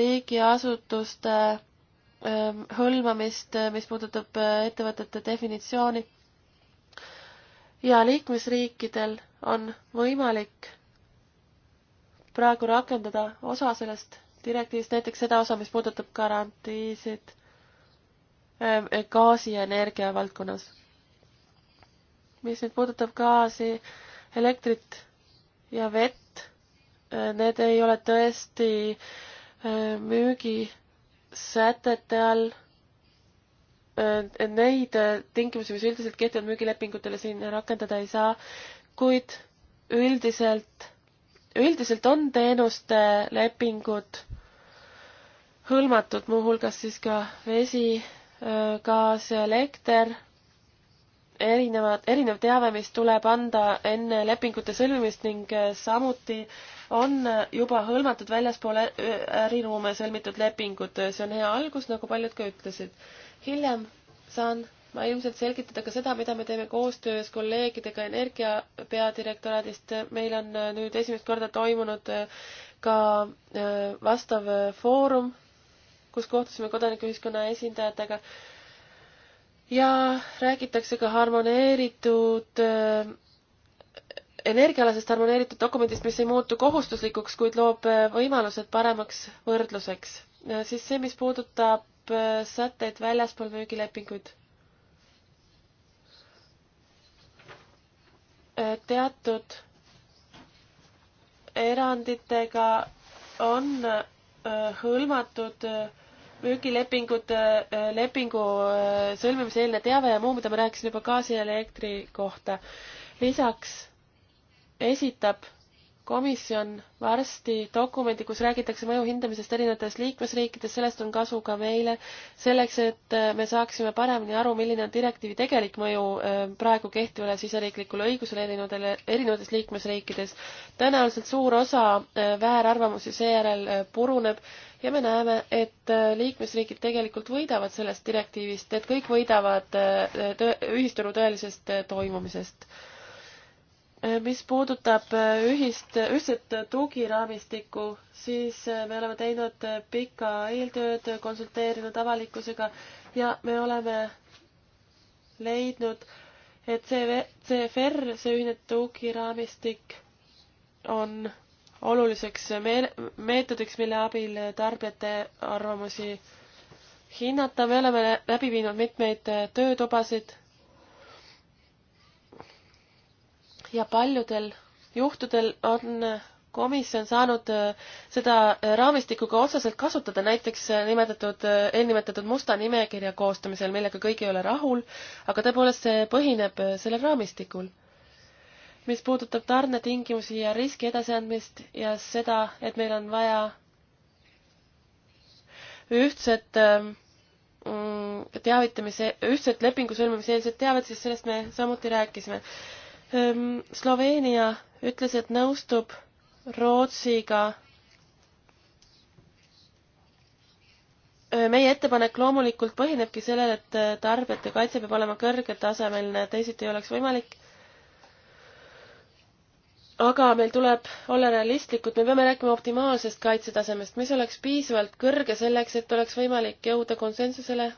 riigiasutuste eh, hõlmamist, mis puudutab ettevõtete definitsiooni. ja liikmesriikidel on võimalik praegu rakendada osa sellest direktiivist, näiteks seda osa, mis puudutab garantiisid ähm, eh, gaasi ja energia valdkonnas. mis nüüd puudutab gaasi, elektrit ja vett, äh, need ei ole tõesti äh, müügisätete all. Äh, neid tingimusi, mis üldiselt kehtivad müügilepingutele, siin rakendada ei saa, kuid üldiselt üldiselt on teenuste lepingud hõlmatud muuhulgas siis ka vesi, gaas, elekter, erinevad, erinev teave, mis tuleb anda enne lepingute sõlmimist ning äh, samuti on äh, juba hõlmatud väljaspool äriruume sõlmitud lepingud. see on hea algus, nagu paljud ka ütlesid. hiljem saan ma ilmselt selgitada ka seda, mida me teeme koostöös kolleegidega Energia peadirektoraadist. meil on äh, nüüd esimest korda toimunud äh, ka äh, vastav foorum, kus kohtusime kodanikuühiskonna esindajatega ja räägitakse ka harmoneeritud energiaalasest harmoneeritud dokumendist, mis ei muutu kohustuslikuks, kuid loob võimalused paremaks võrdluseks. siis see, mis puudutab sätteid väljaspool müügilepinguid Äh, teatud eranditega on äh, hõlmatud äh, müügilepingud, lepingu sõlmimise eelne teave ja muu, mida ma rääkisin juba gaasi ja elektri kohta. lisaks esitab komisjon varsti dokumendi, kus räägitakse mõju hindamisest erinevates liikmesriikides, sellest on kasu ka meile, selleks et äh, me saaksime paremini aru, milline on direktiivi tegelik mõju äh, praegu kehtivale siseriiklikule õigusele erinevatele, erinevates liikmesriikides. tõenäoliselt suur osa äh, väärarvamusi seejärel puruneb ja me näeme, et liikmesriigid tegelikult võidavad sellest direktiivist, et kõik võidavad ühisturu tõelisest toimumisest Äh, mis puudutab äh, ühist, äh, ühtset tugiraamistikku, siis me oleme teinud pika eeltööd, konsulteerinud avalikkusega ja me oleme leidnud, et see CFR, see ühine tugiraamistik on oluliseks me-, meetodiks, mille abil tarbijate arvamusi hinnata. me oleme läbi viinud mitmeid töötubasid ja paljudel juhtudel on komisjon saanud äh, seda äh, raamistikku ka otseselt kasutada, näiteks äh, nimetatud, eelnimetatud musta nimekirja koostamisel, millega kõik ei ole rahul, aga tõepoolest see põhineb sellel raamistikul. mis puudutab tarnetingimusi ja riski edasiandmist ja seda, et meil on vaja ühtset ähm, teavitamise, ühtset lepingu sõlmimise eelset teavet, siis sellest me samuti rääkisime Sloveenia ütles, et nõustub Rootsiga. meie ettepanek loomulikult põhinebki sellel, et äh, tarbijate kaitse peab olema kõrgetasemeline, teisiti ei oleks võimalik. aga meil tuleb olla realistlikud, me peame rääkima optimaalsest kaitsetasemest, mis oleks piisavalt kõrge selleks, et oleks võimalik jõuda konsensusele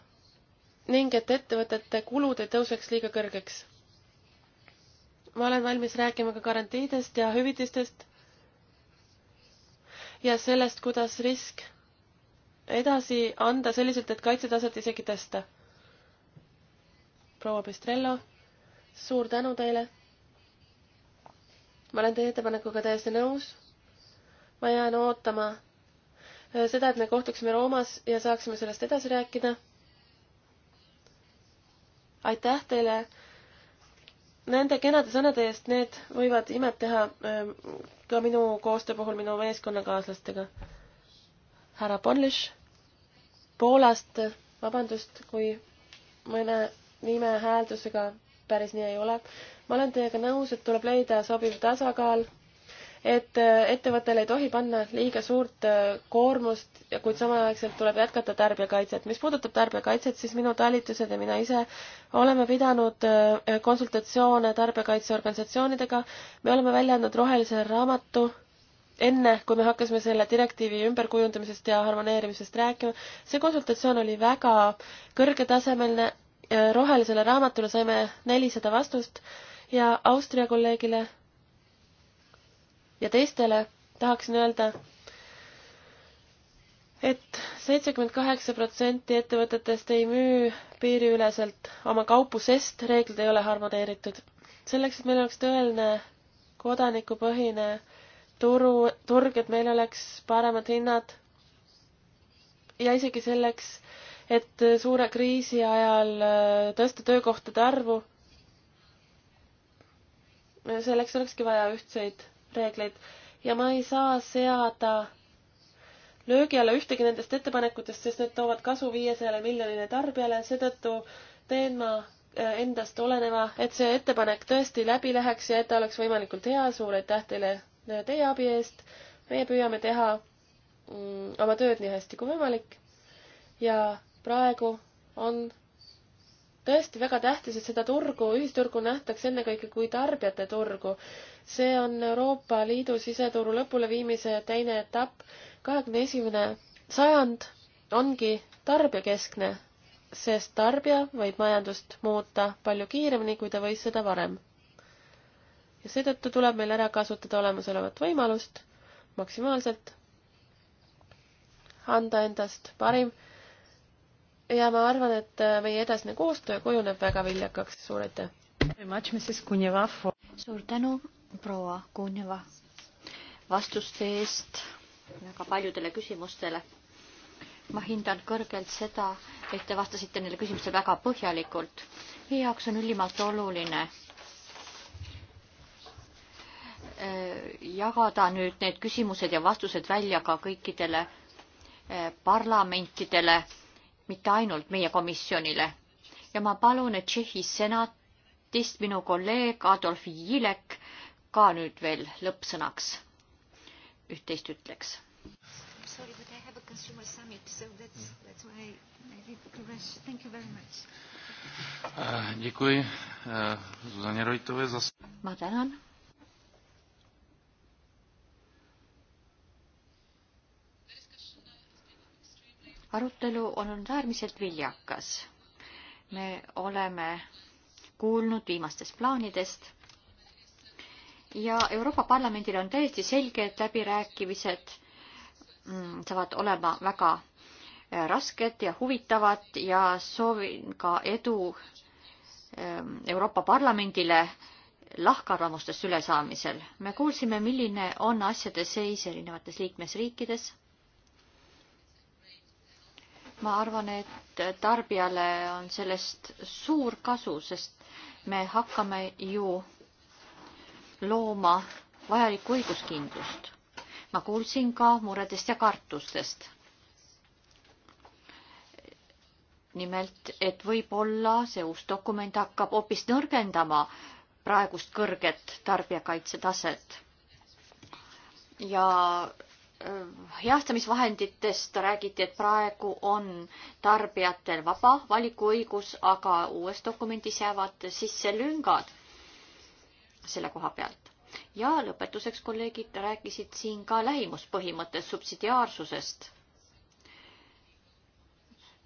ning et ettevõtete kulud ei tõuseks liiga kõrgeks ma olen valmis rääkima ka garantiidest ja hüvitistest ja sellest, kuidas risk edasi anda selliselt, et kaitsetaset isegi tõsta. proua Pistrello, suur tänu teile. ma olen teie ettepanekuga täiesti nõus. ma jään ootama äh, seda, et me kohtuksime Roomas ja saaksime sellest edasi rääkida. aitäh teile nende kenade sõnade eest, need võivad imet teha ähm, ka minu koostöö puhul minu meeskonnakaaslastega. härra Bonlish Poolast, äh, vabandust, kui mõne nime hääldusega päris nii ei ole. ma olen teiega nõus, et tuleb leida sobiv tasakaal et äh, ettevõttele ei tohi panna liiga suurt äh, koormust, kuid samaaegselt tuleb jätkata tarbijakaitset. mis puudutab tarbijakaitset, siis minu talitused ja mina ise oleme pidanud äh, konsultatsioone tarbijakaitseorganisatsioonidega. me oleme välja andnud rohelise raamatu enne, kui me hakkasime selle direktiivi ümberkujundamisest ja harmoneerimisest rääkima. see konsultatsioon oli väga kõrgetasemeline. rohelisele raamatule saime nelisada vastust ja Austria kolleegile ja teistele tahaksin öelda, et seitsekümmend kaheksa protsenti ettevõtetest ei müü piiriüleselt oma kaupu, sest reeglid ei ole harmoneeritud. selleks, et meil oleks tõeline kodanikupõhine turu, turg, et meil oleks paremad hinnad ja isegi selleks, et suure kriisi ajal äh, tõsta töökohtade arvu, selleks olekski vaja ühtseid reegleid ja ma ei saa seada löögi alla ühtegi nendest ettepanekutest, sest need toovad kasu viiesajale miljonile tarbijale, seetõttu teen ma äh, endast oleneva, et see ettepanek tõesti läbi läheks ja et ta oleks võimalikult hea, suur aitäh teile äh, teie abi eest, meie püüame teha mm, oma tööd nii hästi kui võimalik ja praegu on tõesti väga tähtis, et seda turgu, ühisturgu nähtaks ennekõike kui tarbijate turgu. see on Euroopa Liidu siseturu lõpuleviimise teine etapp. kahekümne esimene sajand ongi tarbijakeskne, sest tarbija võib majandust muuta palju kiiremini, kui ta võis seda varem. ja seetõttu tuleb meil ära kasutada olemasolevat võimalust maksimaalselt, anda endast parim ja ma arvan, et äh, meie edasine koostöö kujuneb väga viljakaks, suur aitäh! suur tänu, proua Kunjeva, vastuste eest väga paljudele küsimustele. ma hindan kõrgelt seda, et te vastasite neile küsimustele väga põhjalikult. meie jaoks on ülimalt oluline äh, jagada nüüd need küsimused ja vastused välja ka kõikidele äh, parlamentidele mitte ainult meie komisjonile. ja ma palun, et Tšehhi senatist minu kolleeg Adolf Jilek ka nüüd veel lõppsõnaks üht-teist ütleks. Sorry, but I have a consumer summit, so that's, that's why I, I need to rush. Thank you very much. Eh, děkuji eh, Zuzaně Rojtové za... Ma tänan arutelu on olnud äärmiselt viljakas. me oleme kuulnud viimastest plaanidest ja Euroopa Parlamendil on täiesti selge, et läbirääkimised mm, saavad olema väga eh, rasked ja huvitavad ja soovin ka edu ehm, Euroopa Parlamendile lahkarvamustest ülesaamisel. me kuulsime, milline on asjade seis erinevates liikmesriikides ma arvan, et tarbijale on sellest suur kasu, sest me hakkame ju looma vajalikku õiguskindlust. ma kuulsin ka muredest ja kartustest. nimelt, et võib-olla see uus dokument hakkab hoopis nõrgendama praegust kõrget tarbijakaitse taset. ja heastamisvahenditest räägiti, et praegu on tarbijatel vaba valikuõigus, aga uues dokumendis jäävad sisse lüngad selle koha pealt. ja lõpetuseks kolleegid rääkisid siin ka lähimuspõhimõttest, subsidiaarsusest.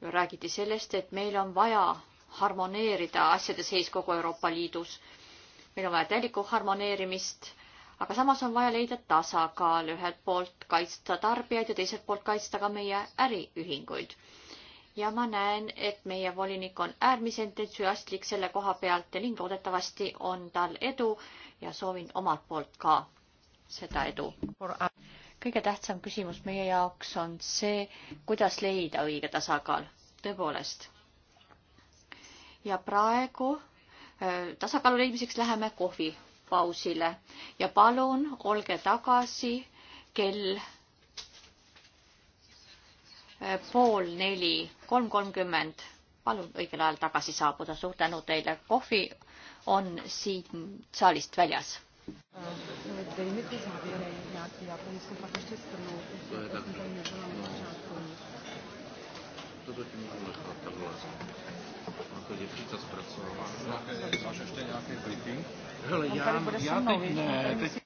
räägiti sellest, et meil on vaja harmoneerida asjade seis kogu Euroopa Liidus. meil on vaja täielikku harmoneerimist aga samas on vaja leida tasakaal, ühelt poolt kaitsta tarbijaid ja teiselt poolt kaitsta ka meie äriühinguid. ja ma näen, et meie volinik on äärmiselt entusiastlik selle koha pealt ja ning loodetavasti on tal edu ja soovin omalt poolt ka seda edu. kõige tähtsam küsimus meie jaoks on see, kuidas leida õige tasakaal, tõepoolest. ja praegu äh, tasakaalu leidmiseks läheme kohvi pausile ja palun olge tagasi kell pool neli, kolm kolmkümmend. palun õigel ajal tagasi saabuda, suur tänu teile. kohvi on siin saalist väljas. Кто-то не может оторваться. Hele, já, já teď ne, teď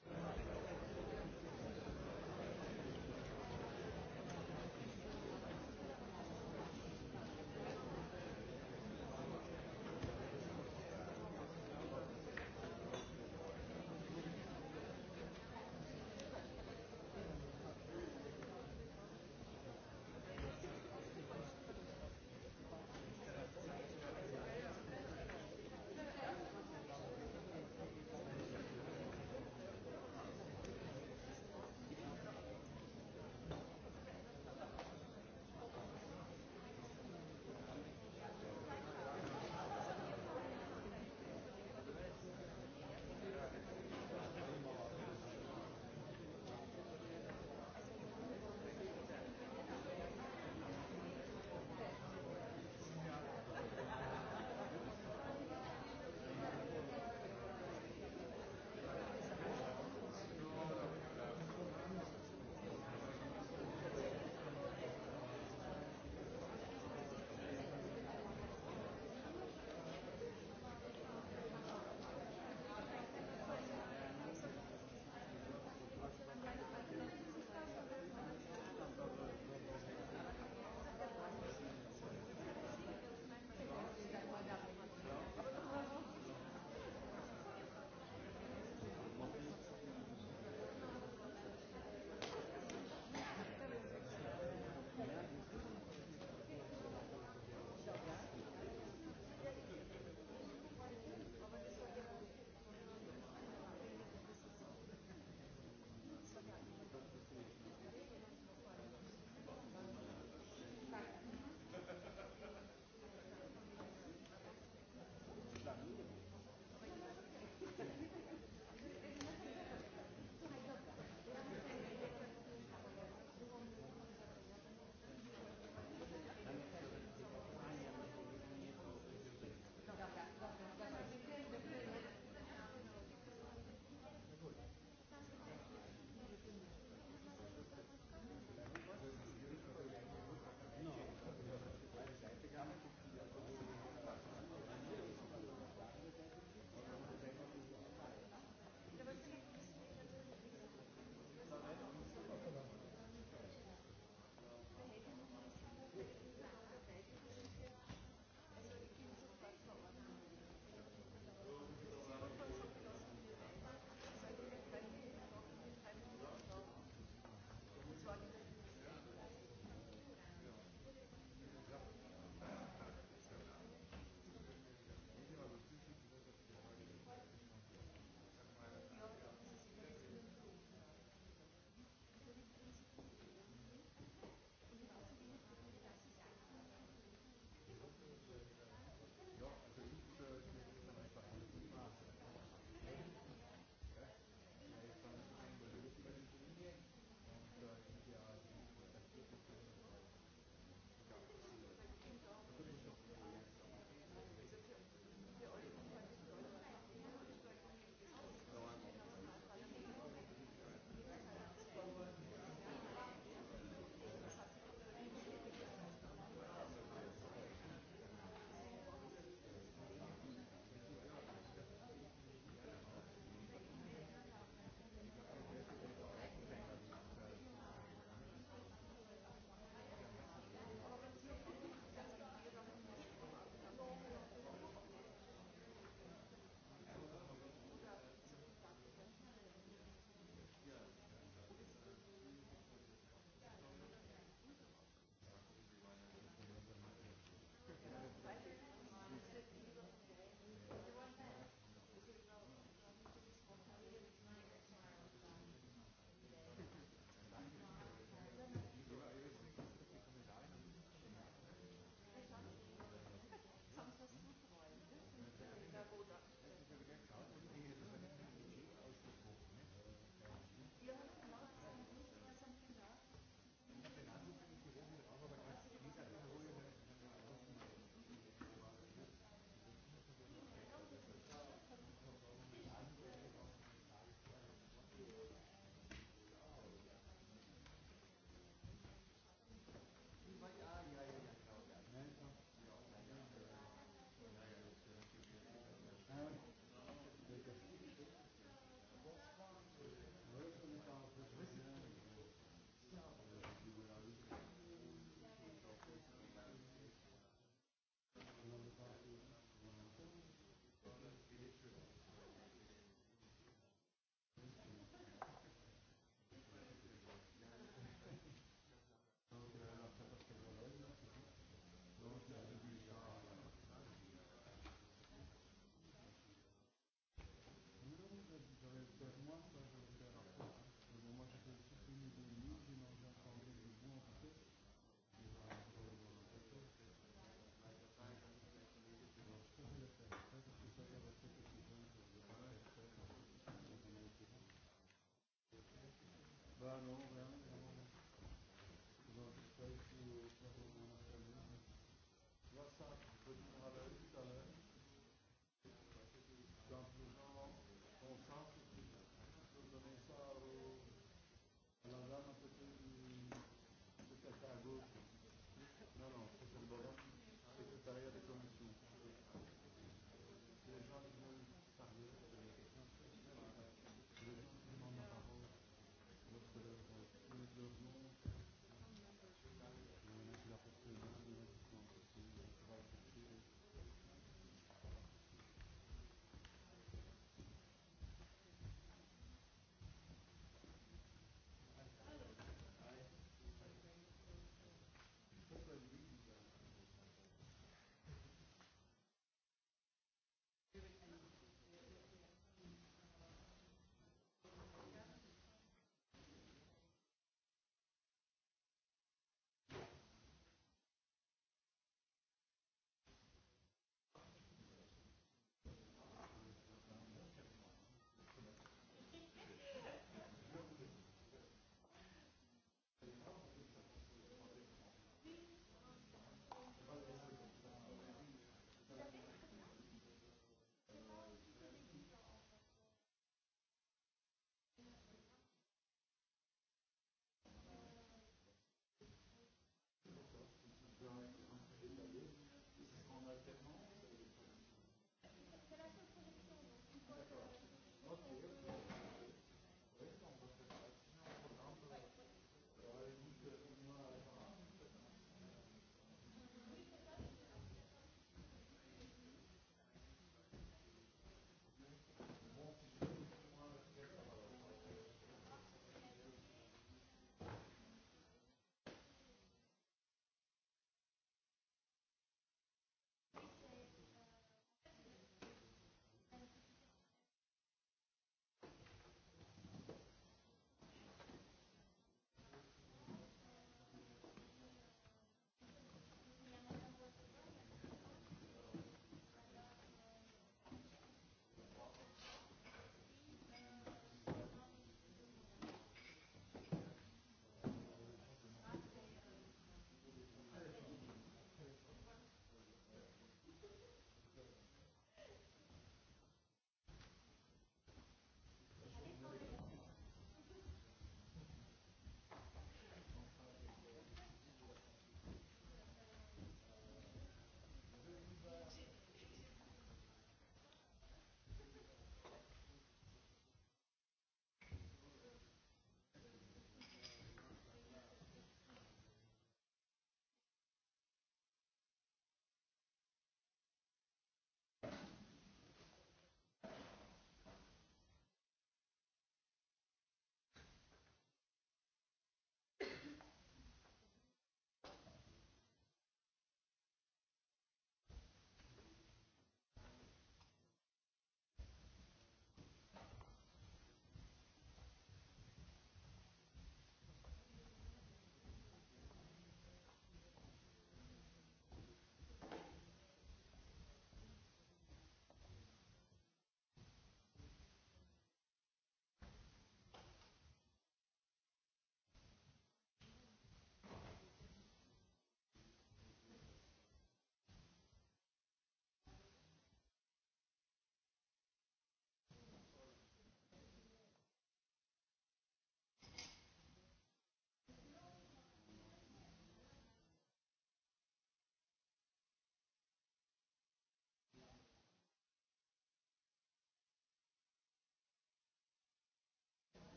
know.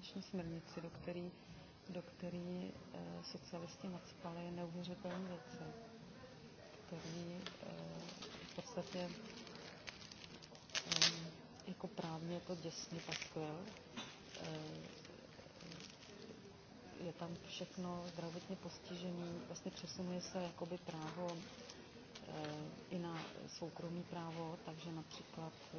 finanční směrnici, do který, do který eh, socialisti nadspali neuvěřitelné věci, který eh, v podstatě eh, jako právně je to děsně paskvěl. Eh, je tam všechno zdravotně postižený, vlastně přesunuje se jakoby právo e, i na soukromý právo, takže například e,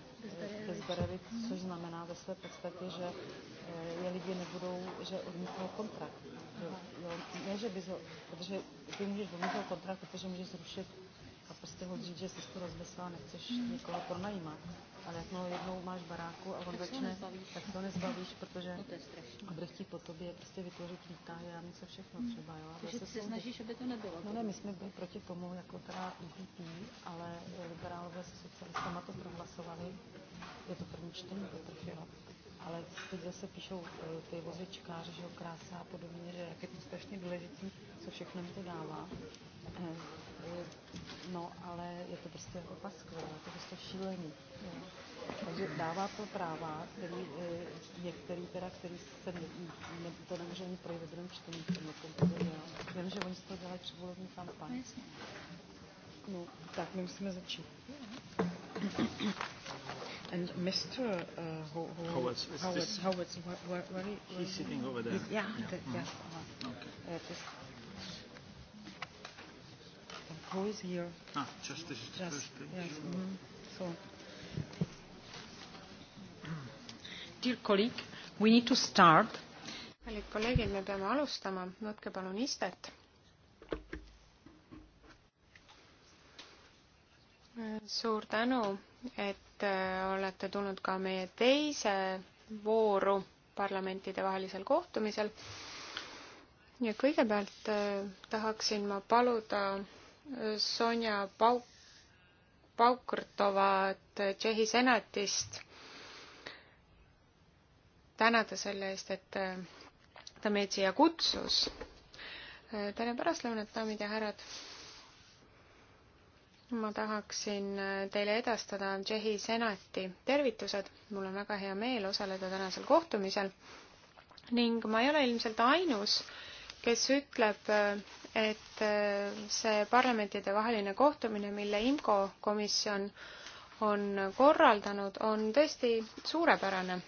bezbarevit, což znamená ve své podstatě, že eh, je lidi nebudou, že odmítnou kontrakt. Jo, jo, ne, že bys ho, protože ty můžeš odmítnout kontrakt, protože můžeš zrušit prostě od že jsi to rozmyslela, nechceš hmm. někoho pronajímat. Ale jakmile jednou máš baráku a on tak začne, to tak to nezbavíš, protože no to je a bude chtít po tobě prostě vytvořit výtahy a něco všechno hmm. třeba. Jo? Takže ty se snažíš, aby to nebylo. No ne, my jsme byli proti tomu, jako teda IPP, e ale liberálové se socialistama to prohlasovali. Je to první čtení, to trfilo ale teď zase píšou e, ty vozečkáři, že jo, krása a podobně, že jak je to strašně důležitý, co všechno mi to dává. E, No, ale je to prostě jako paskvil, je to prostě šílený. Jo. Takže dává to práva, který, e, některý teda, který se ne, ne, to nemůže ani projít ve druhém čtení, Vím, že oni z toho dělají předvolební kampaň. No, tak my musíme začít. And Mr. Uh, Ho, Ho, Howard, Howard, Howard, where, where, where, where he's sitting over there. Yeah, yeah. The, yeah. Uh-huh. Okay. Uh, who is here? Ah, just this is the just, first page. Yes, mm-hmm. so. Dear colleague, we need to start. kallid kolleegid, me peame alustama, võtke palun istet. suur tänu, et äh, olete tulnud ka meie teise vooru parlamentidevahelisel kohtumisel ja kõigepealt äh, tahaksin ma paluda Sonja Pauk-, Paukrtovat Tšehhi senatist tänada selle eest, et ta meid siia kutsus. tere pärastlõunat, daamid ja härrad! ma tahaksin teile edastada Tšehhi senati tervitused. mul on väga hea meel osaleda tänasel kohtumisel ning ma ei ole ilmselt ainus äh, kes ütleb, et see parlamentidevaheline kohtumine, mille IMCO komisjon on korraldanud, on tõesti suurepärane.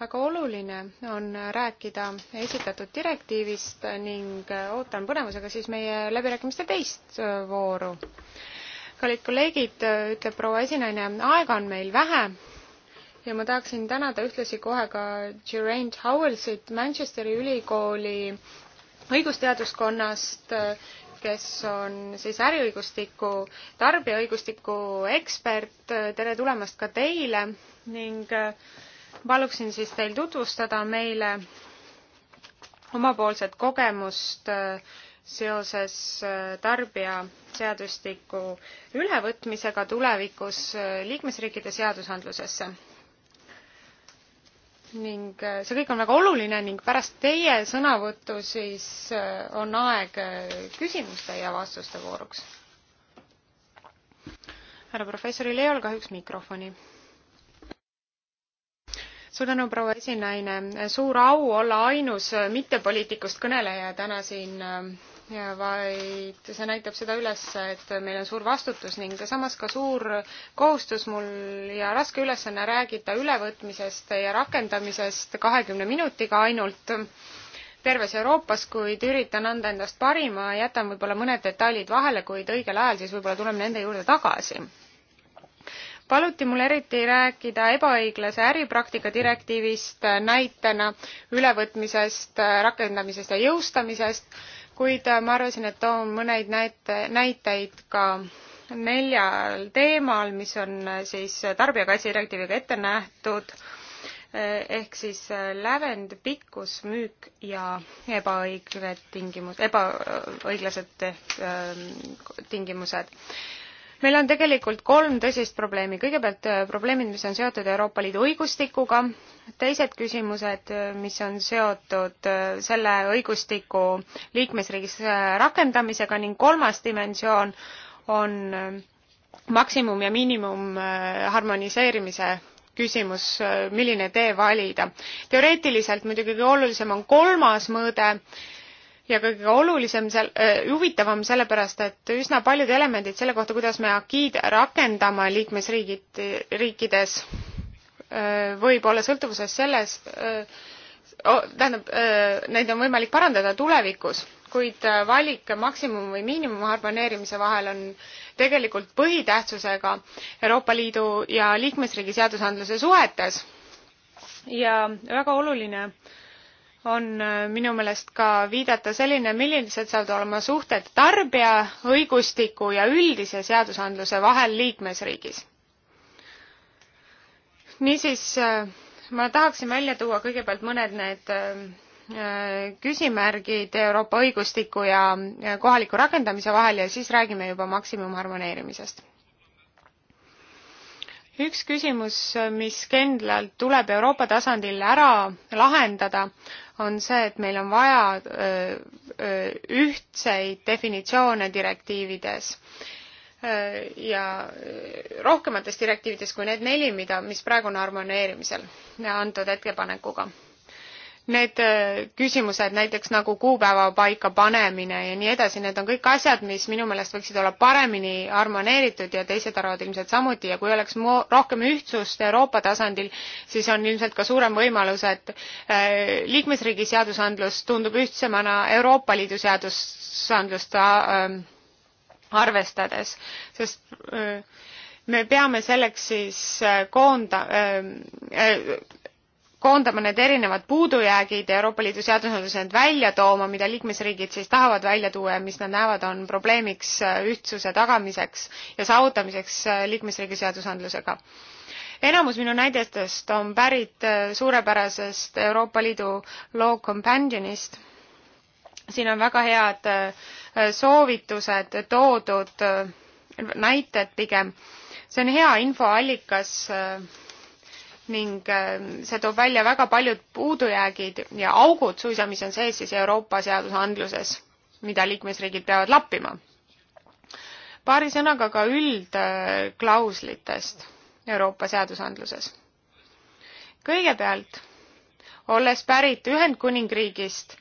väga oluline on rääkida esitatud direktiivist ning ootan põnevusega siis meie läbirääkimiste teist vooru. kallid kolleegid, ütleb proua esinaine, aega on meil vähe ja ma tahaksin tänada ühtlasi kohe ka Geraint Howellsit Manchesteri ülikooli õigusteaduskonnast, kes on siis äriõigustiku, tarbijaõigustiku ekspert. tere tulemast ka teile ning äh, paluksin siis teil tutvustada meile omapoolset kogemust äh, seoses äh, tarbijaseadustiku ülevõtmisega tulevikus liikmesriikide seadusandlusesse ning äh, see kõik on väga oluline ning pärast teie sõnavõttu siis äh, on aeg äh, küsimuste ja vastuste vooruks. härra professoril ei ole kahjuks mikrofoni. suur tänu, proua esinaine, suur au olla ainus mittepoliitikust kõneleja täna siin äh, vaid see näitab seda üles, et meil on suur vastutus ning samas ka suur kohustus mul ja raske ülesanne räägida ülevõtmisest ja rakendamisest kahekümne minutiga ainult terves Euroopas, kuid üritan anda endast parima, jätan võib-olla mõned detailid vahele, kuid õigel ajal siis võib-olla tuleme nende juurde tagasi. paluti mul eriti rääkida ebaõiglase äripraktika direktiivist näitena ülevõtmisest, rakendamisest ja jõustamisest kuid äh, ma arvasin, et toon mõneid näite, näiteid ka neljal teemal, mis on äh, siis äh, tarbijakaitse direktiiviga ette nähtud, ehk siis lävend, pikkus, müük ja ebaõigled tingimus, ebaõiglased tingimused meil on tegelikult kolm tõsist probleemi kõigepealt äh, probleemid mis on seotud euroopa liidu õigustikuga teised küsimused äh, mis on seotud äh, selle õigustiku liikmesriigis rakendamisega ning kolmas dimensioon on maksimum ja miinimum harmoniseerimise küsimus milline tee valida teoreetiliselt muidugi kõige olulisem on kolmas mõõde ja kõige olulisem seal äh,, huvitavam sellepärast, et üsna paljud elemendid selle kohta, kuidas me akiid rakendame liikmesriigid, riikides äh,, võib olla sõltuvuses selles äh,, tähendab äh,, neid on võimalik parandada tulevikus, kuid äh, valik maksimum või miinimum harmoneerimise vahel on tegelikult põhitähtsusega Euroopa Liidu ja liikmesriigi seadusandluse suhetes. ja väga oluline äh, on äh, minu meelest ka viidata selline, millised saavad olema suhted tarbija, õigustiku ja üldise seadusandluse vahel liikmesriigis. niisiis, äh, ma tahaksin välja tuua kõigepealt mõned need äh, küsimärgid Euroopa õigustiku ja kohaliku rakendamise vahel ja siis räägime juba maksimumharmoneerimisest üks küsimus mis kindlalt tuleb euroopa tasandil ära lahendada on see, et meil on vaja ühtseid definitsioone direktiivides ja rohkemates direktiivides kui need neli, mida, mis praegu on harmoneerimisel antud ettepanekuga need äh, küsimused näiteks nagu kuupäeva paika panemine ja nii edasi, need on kõik asjad, mis minu meelest võiksid olla paremini harmoneeritud ja teised arvavad ilmselt samuti ja kui oleks mo-, rohkem ühtsust Euroopa tasandil, siis on ilmselt ka suurem võimalus, et äh, liikmesriigi seadusandlus tundub ühtsemana Euroopa Liidu seadusandlust ähm, arvestades, sest äh, me peame selleks siis koonda-, koondama need erinevad puudujäägid Euroopa Liidu seadusandluses need välja tooma, mida liikmesriigid siis tahavad välja tuua ja mis nad näevad, on probleemiks äh, ühtsuse tagamiseks ja saavutamiseks äh, liikmesriigi seadusandlusega. enamus minu näidetest on pärit äh, suurepärasest Euroopa Liidu Law Companionist. siin on väga head soovitused toodud, näited pigem. see on hea infoallikas ning ähm, see toob välja väga paljud puudujäägid ja augud suisa, mis on sees siis Euroopa seadusandluses, mida liikmesriigid peavad lappima. paari sõnaga ka üldklauslitest Euroopa seadusandluses. kõigepealt, olles pärit Ühendkuningriigist,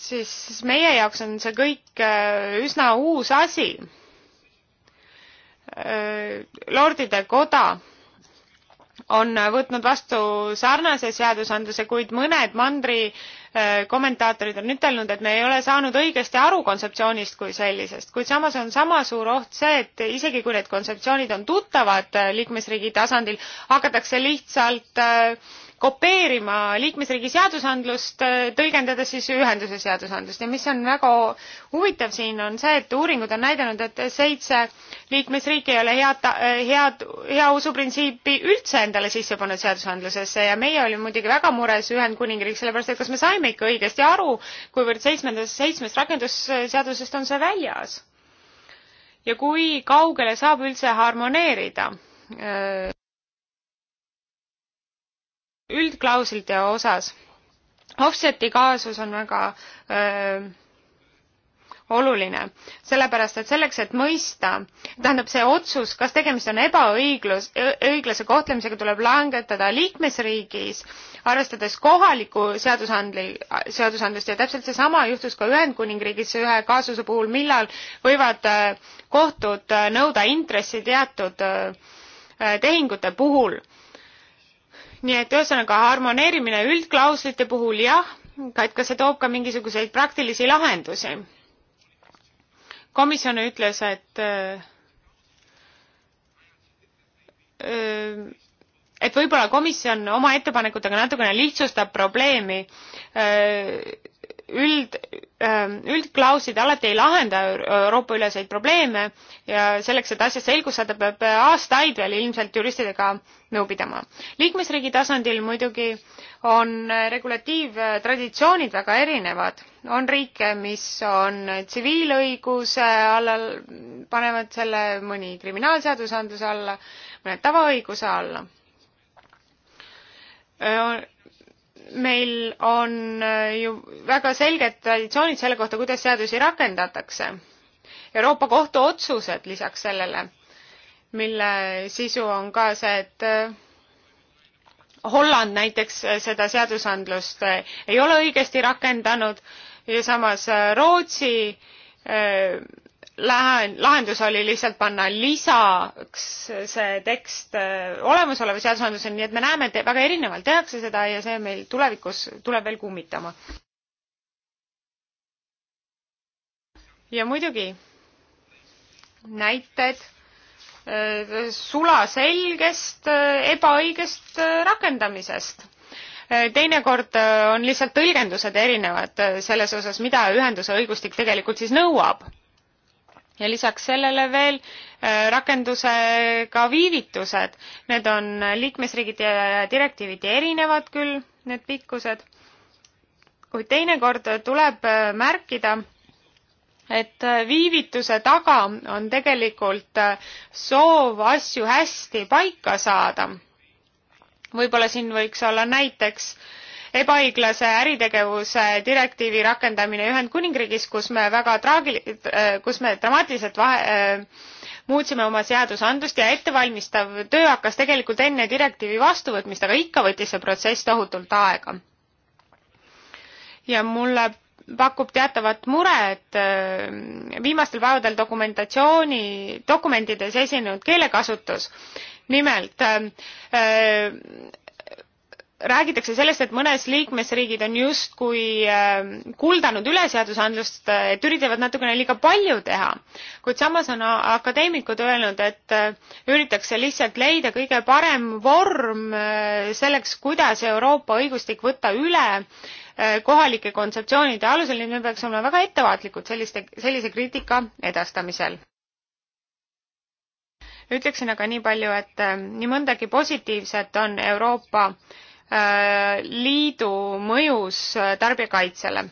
siis meie jaoks on see kõik äh, üsna uus asi. Äh, Lordide koda on võtnud vastu sarnase seadusandluse, kuid mõned mandri äh, kommentaatorid on ütelnud, et me ei ole saanud õigesti aru kontseptsioonist kui sellisest, kuid samas on sama suur oht see, et isegi kui need kontseptsioonid on tuttavad äh, liikmesriigi tasandil, hakatakse lihtsalt äh, kopeerima liikmesriigi seadusandlust, tõlgendades siis ühenduse seadusandlust ja mis on väga huvitav siin, on see, et uuringud on näidanud, et seitse liikmesriiki ei ole head, head, hea usuprintsiipi üldse endale sisse pannud seadusandlusesse ja meie olime muidugi väga mures Ühendkuningriik, sellepärast et kas me saime ikka õigesti aru, kuivõrd seitsmendast, seitsmest rakendusseadusest on see väljas. ja kui kaugele saab üldse harmoneerida? üldklauslite osas. Offseti kaasus on väga öö, oluline, sellepärast et selleks, et mõista, tähendab see otsus, kas tegemist on ebaõiglus, õiglase kohtlemisega, tuleb langetada liikmesriigis, arvestades kohalikku seadusandli, seadusandlust ja täpselt seesama juhtus ka Ühendkuningriigis ühe kaasuse puhul, millal võivad kohtud nõuda intressi teatud tehingute puhul nii et ühesõnaga harmoneerimine üldklauslite puhul jah, aga et kas see toob ka mingisuguseid praktilisi lahendusi? komisjon ütles, et äh, et võib-olla komisjon oma ettepanekutega natukene lihtsustab probleemi äh, üld, ähm, üldklauslid alati ei lahenda Euroopa üleseid probleeme ja selleks, et asjast selgust saada, peab aastaid veel ilmselt juristidega nõu pidama. liikmesriigi tasandil muidugi on regulatiivtraditsioonid väga erinevad. on riike, mis on tsiviilõiguse alla, panevad selle mõni kriminaalseadusandluse alla, mõned tavaõiguse alla meil on äh, ju väga selged traditsioonid selle kohta, kuidas seadusi rakendatakse. Euroopa Kohtu otsused lisaks sellele, mille sisu on ka see, et äh, Holland näiteks äh, seda seadusandlust ei ole õigesti rakendanud ja samas Rootsi lahendus oli lihtsalt panna lisaks see tekst äh, olemasoleva seadusandluseni, nii et me näeme, et väga erinevalt tehakse seda ja see meil tulevikus tuleb veel kummitama. ja muidugi näited äh, sulaselgest äh, ebaõigest rakendamisest teinekord on lihtsalt tõlgendused erinevad selles osas, mida ühenduse õigustik tegelikult siis nõuab ja lisaks sellele veel äh, rakendusega viivitused. Need on liikmesriigid ja direktiivid erinevad küll, need pikkused, kuid teinekord tuleb äh, märkida, et äh, viivituse taga on tegelikult soov asju hästi paika saada. võib-olla siin võiks olla näiteks äh, ebaõiglase äritegevuse direktiivi rakendamine Ühendkuningriigis, kus me väga traagil-, äh, kus me dramaatiliselt vahe, äh, muutsime oma seadusandlust ja ettevalmistav töö hakkas tegelikult enne direktiivi vastuvõtmist, aga ikka võttis see protsess tohutult aega. ja mulle pakub teatavat muret äh, viimastel päevadel dokumentatsiooni, dokumentides esinenud keelekasutus. nimelt räägitakse sellest, et mõnes liikmesriigid on justkui ähm, kuldanud üle seadusandlust, äh, et üritavad natukene liiga palju teha. kuid samas on akadeemikud öelnud, et äh, üritatakse lihtsalt leida kõige parem vorm äh, selleks, kuidas Euroopa õigustik võtta üle kohalike kontseptsioonide alusel, nii et me peaks olema väga ettevaatlikud selliste, sellise kriitika edastamisel ütleksin aga nii palju, et nii mõndagi positiivset on Euroopa liidu mõjus äh, tarbijakaitsele.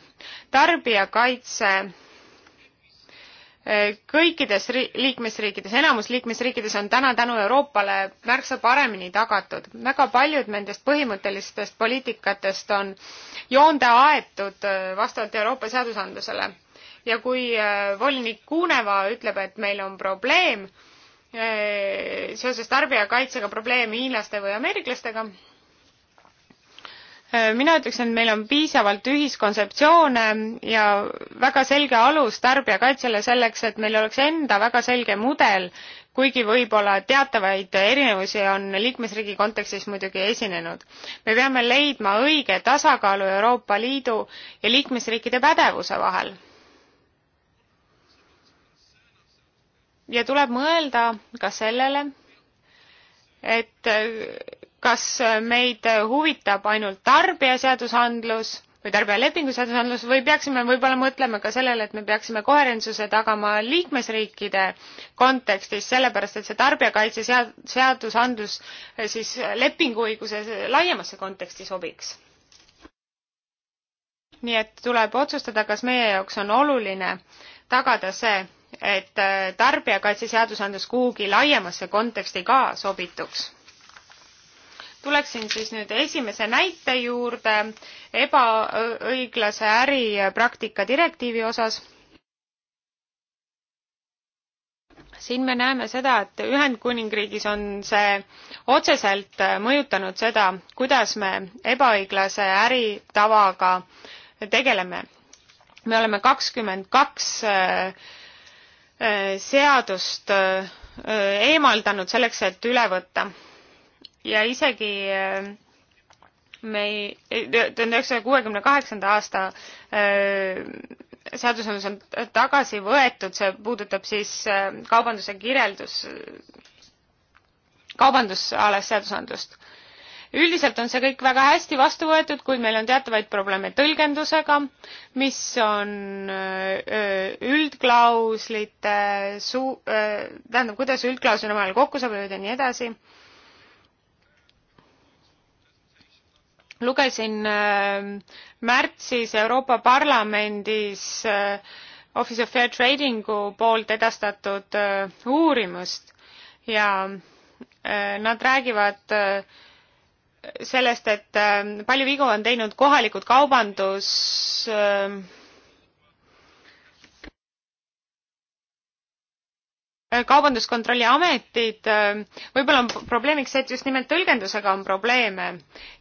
tarbijakaitse äh, kõikides liikmesriikides, enamus liikmesriikides on täna tänu Euroopale märksa paremini tagatud. väga paljud nendest põhimõttelistest poliitikatest on joonde aetud äh, vastavalt Euroopa seadusandlusele. ja kui volinik Kuneva ütleb, et meil on probleem seoses tarbijakaitsega, probleem hiinlaste või ameeriklastega, Äh, mina ütleksin, et meil on piisavalt ühiskontseptsioone ja väga selge alus tarbijakaitsele selleks, et meil oleks enda väga selge mudel, kuigi võib-olla teatavaid erinevusi on liikmesriigi kontekstis muidugi esinenud. me peame leidma õige tasakaalu Euroopa Liidu ja liikmesriikide pädevuse vahel. ja tuleb mõelda ka sellele, et kas meid huvitab ainult tarbijaseadusandlus või tarbijalepingu seadusandlus või peaksime võib-olla mõtlema ka sellele, et me peaksime koherentsuse tagama liikmesriikide kontekstis, sellepärast et see tarbijakaitse sead-, seadusandlus eh, siis lepinguõiguse laiemasse konteksti sobiks. nii et tuleb otsustada, kas meie jaoks on oluline tagada see, et eh, tarbijakaitse seadusandlus kuhugi laiemasse konteksti ka sobituks tuleksin siis nüüd esimese näite juurde ebaõiglase äripraktika direktiivi osas. siin me näeme seda, et Ühendkuningriigis on see otseselt mõjutanud seda, kuidas me ebaõiglase äritavaga tegeleme. me oleme kakskümmend kaks äh, äh, seadust äh, eemaldanud selleks, et üle võtta ja isegi äh, me ei, tuhande üheksasaja kuuekümne kaheksanda aasta äh, seadusandlus on tagasi võetud, see puudutab siis äh, kaubanduse kirjeldus, kaubandusalast seadusandlust. üldiselt on see kõik väga hästi vastu võetud, kuid meil on teatavaid probleeme tõlgendusega, mis on üldklauslite suu-, tähendab, kuidas üldklauslid omavahel kokku sobivad ja nii edasi lugesin ähm, märtsis Euroopa Parlamendis äh, Office of Fair Tradingu poolt edastatud äh, uurimust ja äh, nad räägivad sellest, et palju vigu on teinud kohalikud kaubandus Äh, kaubanduskontrolli ametid, äh, võib-olla on probleemiks see, et just nimelt tõlgendusega on probleeme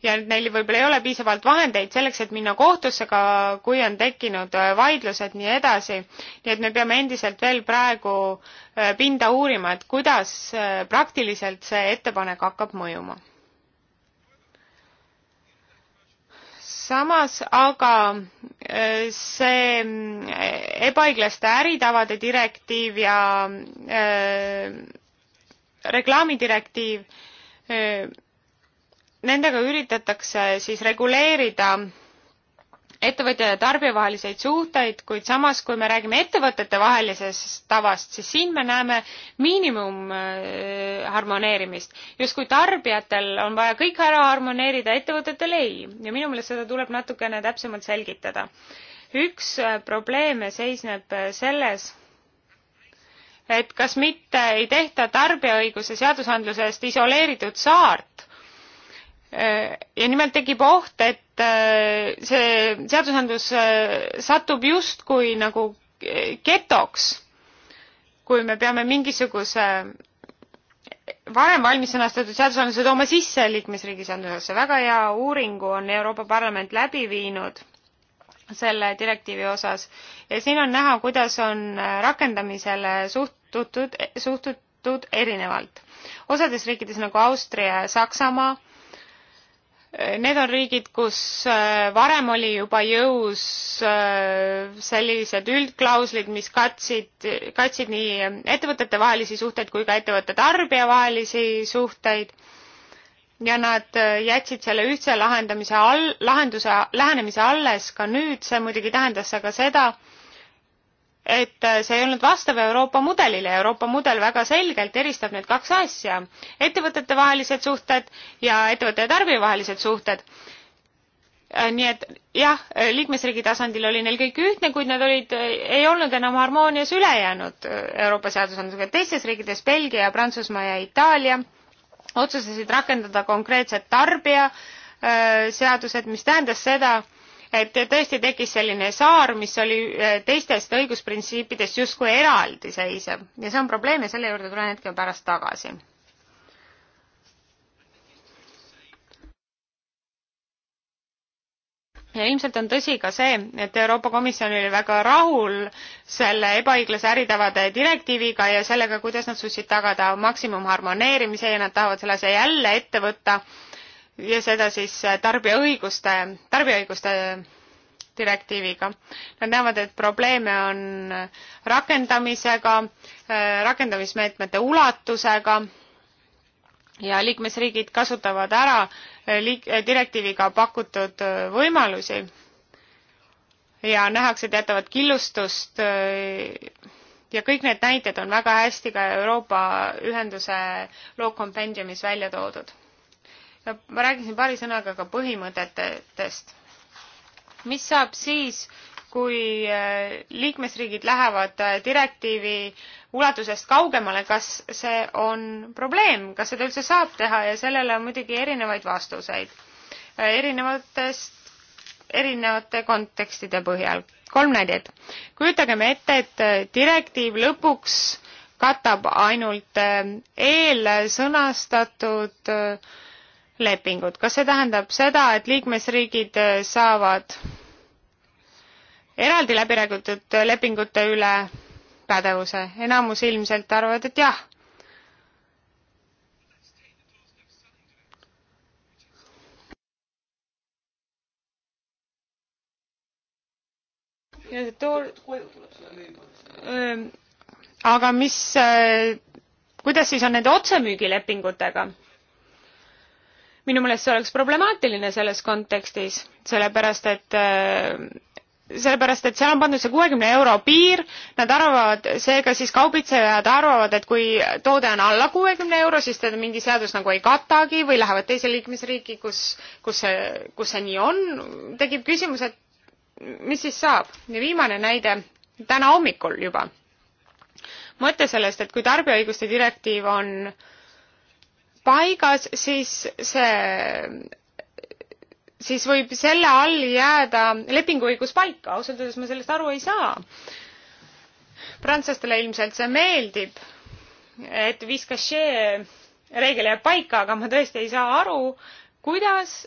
ja neil võib-olla ei ole piisavalt vahendeid selleks, et minna kohtusse ka, kui on tekkinud äh, vaidlused, nii edasi. nii et me peame endiselt veel praegu pinda uurima, et kuidas praktiliselt see ettepanek hakkab mõjuma samas aga äh, see äh, ebaõiglaste äritavade direktiiv ja äh, reklaamidirektiiv äh,, nendega üritatakse siis reguleerida ettevõtja ja tarbija vaheliseid suhteid, kuid samas, kui me räägime ettevõtete vahelisest tavast, siis siin me näeme miinimum äh, harmoneerimist. justkui tarbijatel on vaja kõik ära harmoneerida, ettevõtetel ei ja minu meelest seda tuleb natukene täpsemalt selgitada. üks äh, probleeme seisneb äh, selles, et kas mitte ei tehta tarbijaõiguse seadusandlusest isoleeritud saart Äh, ja nimelt tekib oht, et äh, see seadusandlus äh, satub justkui nagu getoks, kui me peame mingisuguse varem valmis sõnastatud seadusandluse tooma sisse liikmesriigi seadusesse. väga hea uuringu on Euroopa Parlament läbi viinud selle direktiivi osas ja siin on näha, kuidas on rakendamisele suhtutud, suhtutud erinevalt. osades riikides nagu Austria ja Saksamaa Need on riigid, kus äh, varem oli juba jõus äh, sellised üldklauslid, mis katsid, katsid nii ettevõtetevahelisi suhteid kui ka ettevõtte tarbijavahelisi suhteid ja nad äh, jätsid selle ühtse lahendamise all, lahenduse, lähenemise alles ka nüüd, see muidugi tähendas aga seda, et äh, see ei olnud vastav Euroopa mudelile. Euroopa mudel väga selgelt eristab need kaks asja, ettevõtetevahelised suhted ja ettevõtte ja tarbija vahelised suhted. Äh, nii et jah, liikmesriigi tasandil oli neil kõik ühtne, kuid nad olid, äh, ei olnud enam harmoonias ülejäänud Euroopa seadusandlusega. teistes riikides Belgia, Prantsusmaa ja Itaalia otsustasid rakendada konkreetsed tarbija seadused, mis tähendas seda, et tõesti tekkis selline saar, mis oli äh, teistest õigusprintsiipidest justkui eraldiseisev ja see on probleem ja selle juurde tulen hetke pärast tagasi. ja ilmselt on tõsi ka see, et Euroopa Komisjon oli väga rahul selle ebaõiglase äritavade direktiiviga ja sellega, kuidas nad suutsid tagada maksimumharmoneerimise ja nad tahavad selle asja jälle ette võtta ja seda siis äh, tarbija õiguste, tarbija õiguste direktiiviga. Nad näevad, et probleeme on äh, rakendamisega, äh, rakendamismeetmete ulatusega ja liikmesriigid kasutavad ära liik-, direktiiviga pakutud võimalusi ja nähakse teatavat killustust ja kõik need näited on väga hästi ka Euroopa Ühenduse loo kompendiumis välja toodud ma räägiksin paari sõnaga ka põhimõtetest. mis saab siis, kui äh, liikmesriigid lähevad äh, direktiivi ulatusest kaugemale, kas see on probleem, kas seda üldse saab teha ja sellele on muidugi erinevaid vastuseid äh, erinevatest, erinevate kontekstide põhjal. kolm näidet. kujutagem ette, et direktiiv lõpuks katab ainult eelsõnastatud äh, lepingut. kas see tähendab seda, et liikmesriigid äh, saavad eraldi läbi räägitud lepingute üle pädevuse? enamus ilmselt arvavad, et jah. ja see tool aga mis, äh, kuidas siis on nende otsemüügilepingutega? minu meelest see oleks problemaatiline selles kontekstis, sellepärast et äh, sellepärast, et seal on pandud see kuuekümne euro piir, nad arvavad, seega siis kaubitsejad arvavad, et kui toode on alla kuuekümne euro, siis teda mingi seadus nagu ei katagi või lähevad teise liikmesriiki, kus, kus see, kus see nii on, tekib küsimus, et mis siis saab. ja viimane näide täna hommikul juba. mõte sellest, et kui tarbijaõiguste direktiiv on äh, paigas, siis see, siis võib selle all jääda lepinguõigus paika, ausalt öeldes ma sellest aru ei saa. prantslastele ilmselt see meeldib, et reegel jääb paika, aga ma tõesti ei saa aru, kuidas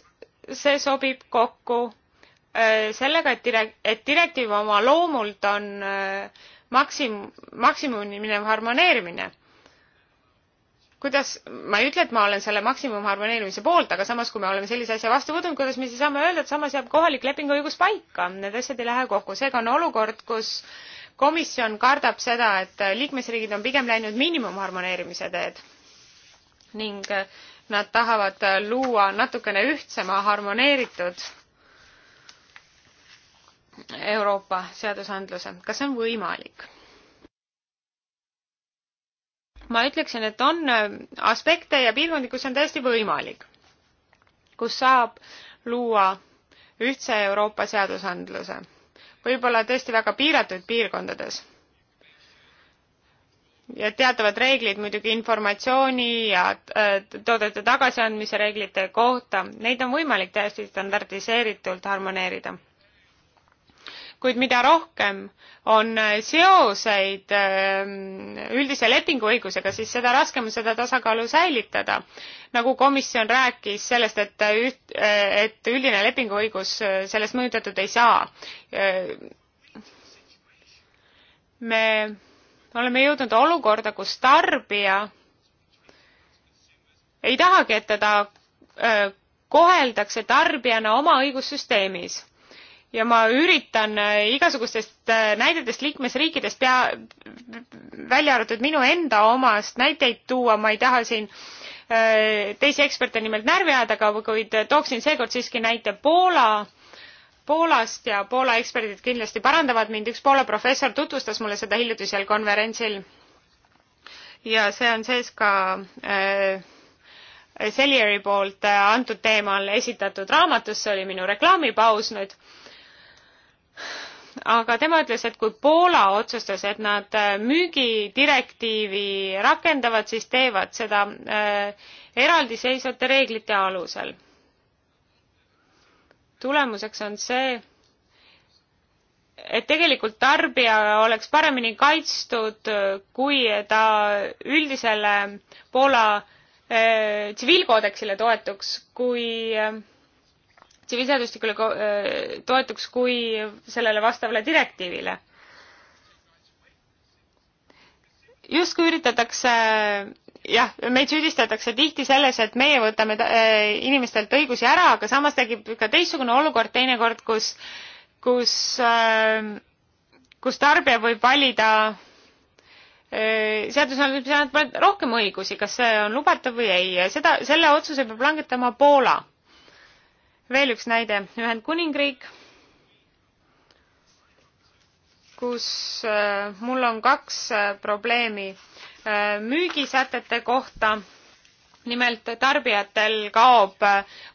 see sobib kokku äh, sellega, et direk-, et direktiiv oma loomult on äh, maksim-, maksimumini minev harmoneerimine kuidas, ma ei ütle, et ma olen selle maksimumharmoneerimise poolt, aga samas, kui me oleme sellise asja vastu võtnud, kuidas me siis saame öelda, et samas jääb kohalik lepinguõigus paika, need asjad ei lähe kokku, seega on olukord, kus komisjon kardab seda, et liikmesriigid on pigem läinud miinimumharmoneerimise teed ning nad tahavad luua natukene ühtsema harmoneeritud Euroopa seadusandluse. kas see on võimalik? ma ütleksin, et on äh, aspekte ja piirkondi, kus see on täiesti võimalik, kus saab luua ühtse Euroopa seadusandluse, võib-olla tõesti väga piiratud piirkondades. ja teatavad reeglid muidugi informatsiooni ja äh, toodete tagasiandmise reeglite kohta, neid on võimalik täiesti standardiseeritult harmoneerida kuid mida rohkem on seoseid ähm, üldise lepinguõigusega, siis seda raskem on seda tasakaalu säilitada. nagu komisjon rääkis sellest, et üht, äh, et üldine lepinguõigus äh, sellest mõjutatud ei saa. Äh, me oleme jõudnud olukorda, kus tarbija ei tahagi, et teda koheldakse tarbijana oma õigussüsteemis ja ma üritan äh, igasugustest äh, näidetest liikmesriikidest pea, välja arvatud minu enda omast näiteid tuua, ma ei taha siin äh, teisi eksperte nimelt närvi ajada, aga kuid tooksin seekord siiski näite Poola, Poolast ja Poola eksperdid kindlasti parandavad mind, üks Poola professor tutvustas mulle seda hiljutisel konverentsil. ja see on sees ka äh, Selieri poolt antud teemal esitatud raamatus, see oli minu reklaamipaus nüüd aga tema ütles, et kui Poola otsustas, et nad äh, müügidirektiivi rakendavad, siis teevad seda äh, eraldiseisvate reeglite alusel. tulemuseks on see, et tegelikult tarbija oleks paremini kaitstud, äh, kui ta üldisele Poola tsiviilkoodeksile toetuks, kui äh, tsiviilseadustikule äh, toetuks kui sellele vastavale direktiivile. justkui üritatakse jah, meid süüdistatakse tihti selles, et meie võtame äh, inimestelt õigusi ära, aga samas tekib ka teistsugune olukord teinekord, kus, kus, äh, kus tarbija võib valida seadusandlus, mis annab rohkem õigusi, kas see on lubatav või ei ja seda, selle otsuse peab langetama Poola veel üks näide, Ühendkuningriik, kus äh, mul on kaks äh, probleemi äh, müügisätete kohta. nimelt tarbijatel kaob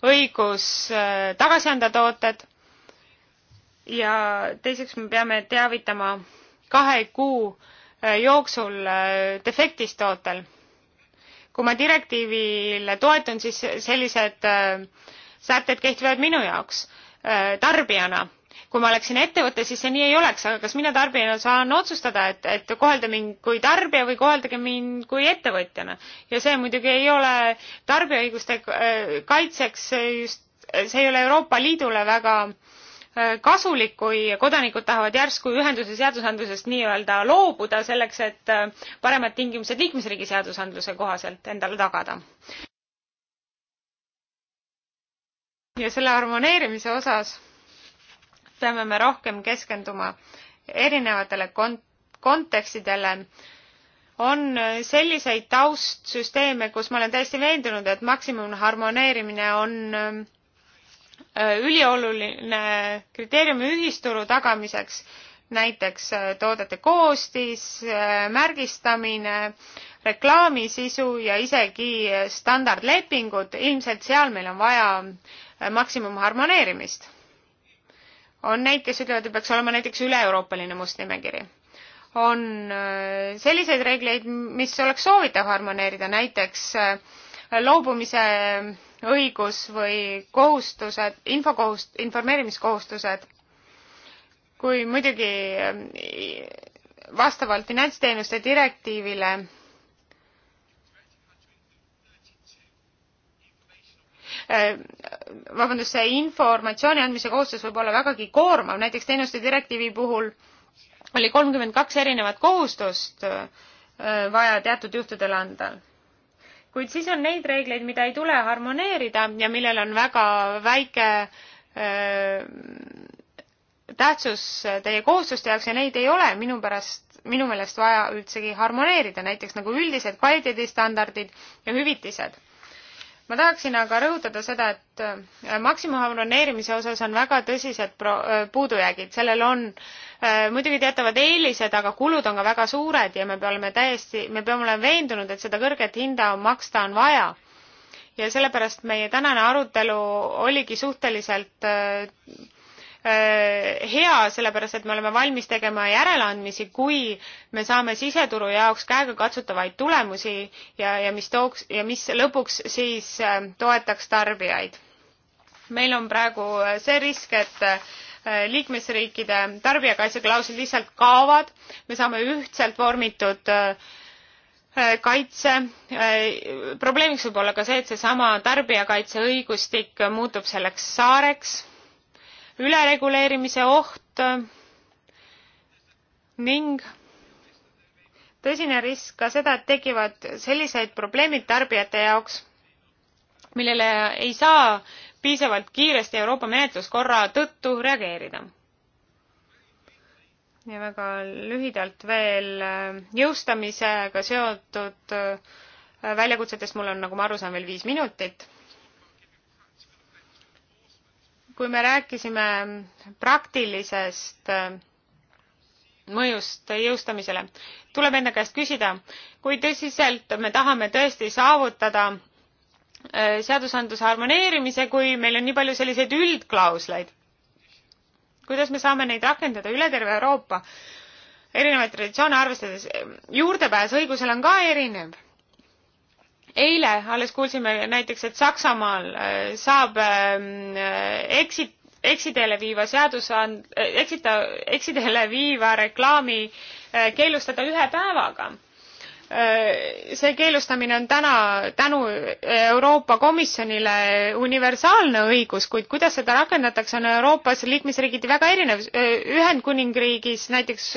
õigus tagasi anda tooted ja teiseks me peame teavitama kahe kuu jooksul defektist tootel. kui ma direktiivile toetun, siis sellised äh, sätted kehtivad minu jaoks äh, tarbijana kui ma oleksin ettevõte, siis see nii ei oleks, aga kas mina tarbijana saan otsustada, et, et kohelda mind kui tarbija või koheldage mind kui ettevõtjana. ja see muidugi ei ole tarbijaõiguste äh, kaitseks just, see ei ole Euroopa Liidule väga äh, kasulik, kui kodanikud tahavad järsku ühenduse seadusandlusest nii-öelda loobuda selleks, et paremad tingimused liikmesriigi seadusandluse kohaselt endale tagada ja selle harmoneerimise osas peame me rohkem keskenduma erinevatele kont-, kontekstidele. on selliseid taustsüsteeme, kus ma olen täiesti veendunud, et maksimumharmoneerimine on äh, ülioluline kriteeriumi ühisturu tagamiseks, näiteks äh, toodete koostis, äh, märgistamine, reklaamisisu ja isegi standardlepingud, ilmselt seal meil on vaja maksimumharmoneerimist. on neid, kes ütlevad, et peaks olema näiteks üle-euroopaline must nimekiri. on äh, selliseid reegleid, mis oleks soovitav harmoneerida, näiteks äh, loobumise õigus või kohustused, infokohust-, informeerimiskohustused, kui muidugi äh, vastavalt finantsteenuste direktiivile Äh, vabandust, see informatsiooni andmise kohustus võib olla vägagi koormav, näiteks teenuste direktiivi puhul oli kolmkümmend kaks erinevat kohustust äh, vaja teatud juhtudel anda. kuid siis on neid reegleid, mida ei tule harmoneerida ja millel on väga väike äh, tähtsus teie kohustuste jaoks ja neid ei ole minu pärast, minu meelest vaja üldsegi harmoneerida, näiteks nagu üldised kvaliteedistandardid ja hüvitised ma tahaksin aga rõhutada seda, et äh, maksimumharmoneerimise osas on väga tõsised pro-, äh, puudujäägid, sellel on äh, muidugi teatavad eelised, aga kulud on ka väga suured ja me peame täiesti, me peame olema veendunud, et seda kõrget hinda on maksta on vaja. ja sellepärast meie tänane arutelu oligi suhteliselt Äh, hea, sellepärast et me oleme valmis tegema järeleandmisi, kui me saame siseturu jaoks käegakatsutavaid tulemusi ja, ja mis tooks ja mis lõpuks siis äh, toetaks tarbijaid. meil on praegu äh, see risk, et liikmesriikide tarbijakaitseklauslid lihtsalt kaovad, me saame ühtselt vormitud kaitse. probleemiks võib olla ka see, et seesama tarbijakaitseõigustik muutub selleks saareks ülereguleerimise oht ning tõsine risk ka seda, et tekivad sellised probleemid tarbijate jaoks, millele ei saa piisavalt kiiresti Euroopa menetluskorra tõttu reageerida. ja väga lühidalt veel äh, jõustamisega seotud äh, väljakutsetest, mul on, nagu ma aru saan, veel viis minutit kui me rääkisime praktilisest äh, mõjust jõustamisele, tuleb enda käest küsida, kui tõsiselt me tahame tõesti saavutada äh, seadusandluse harmoneerimise, kui meil on nii palju selliseid üldklausleid. kuidas me saame neid rakendada üle terve Euroopa, erinevaid traditsioone arvestades, äh, juurdepääs õigusele on ka erinev eile alles kuulsime näiteks, et Saksamaal äh, saab ähm, äh, eksit-, eksiteele viiva seadusand-, äh, eksita-, eksiteele viiva reklaami keelustada ühe päevaga. see keelustamine on täna tänu Euroopa Komisjonile universaalne õigus, kuid kuidas seda rakendatakse, on Euroopas liikmesriigiti väga erinev. Ühendkuningriigis näiteks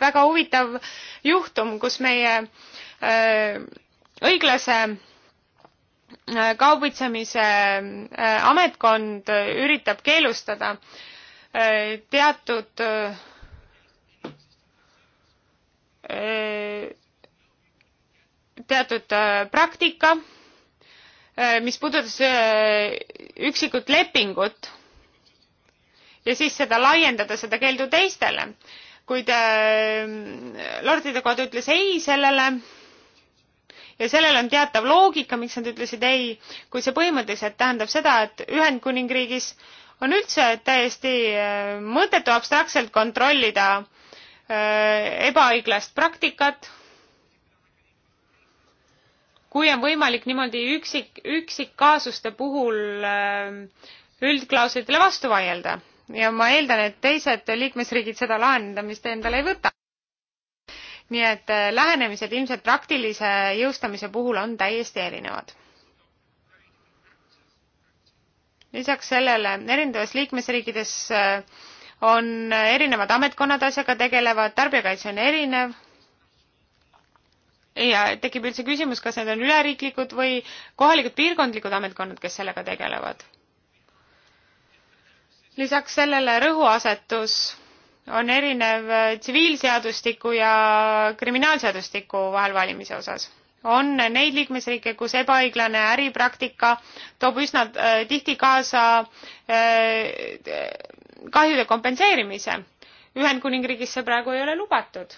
väga huvitav juhtum, kus meie öö, õiglase äh, kaubitsemise äh, ametkond äh, üritab keelustada teatud teatud praktika, mis puudutas üksikut lepingut ja siis seda laiendada, seda keeldu teistele. kuid Lordide Koda ütles ei sellele ja sellel on teatav loogika, miks nad ütlesid ei, kui see põhimõtteliselt tähendab seda, et Ühendkuningriigis on üldse täiesti äh, mõttetu abstraktselt kontrollida äh, ebaõiglast praktikat. kui on võimalik niimoodi üksik, üksikkaasuste puhul äh, üldklauslitele vastu vaielda ja ma eeldan, et teised liikmesriigid seda lahendamist endale ei võta nii et äh, lähenemised ilmselt praktilise jõustamise puhul on täiesti erinevad. lisaks sellele erinevates liikmesriikides äh, on erinevad ametkonnad asjaga tegelevad, tarbijakaitse on erinev ja tekib üldse küsimus, kas need on üleriiklikud või kohalikud piirkondlikud ametkonnad, kes sellega tegelevad. lisaks sellele rõhuasetus on erinev äh, tsiviilseadustiku ja kriminaalseadustiku vahel valimise osas. on neid liikmesriike, kus ebaõiglane äripraktika toob üsna äh, tihti kaasa äh, kahjude kompenseerimise. Ühendkuningriigis see praegu ei ole lubatud.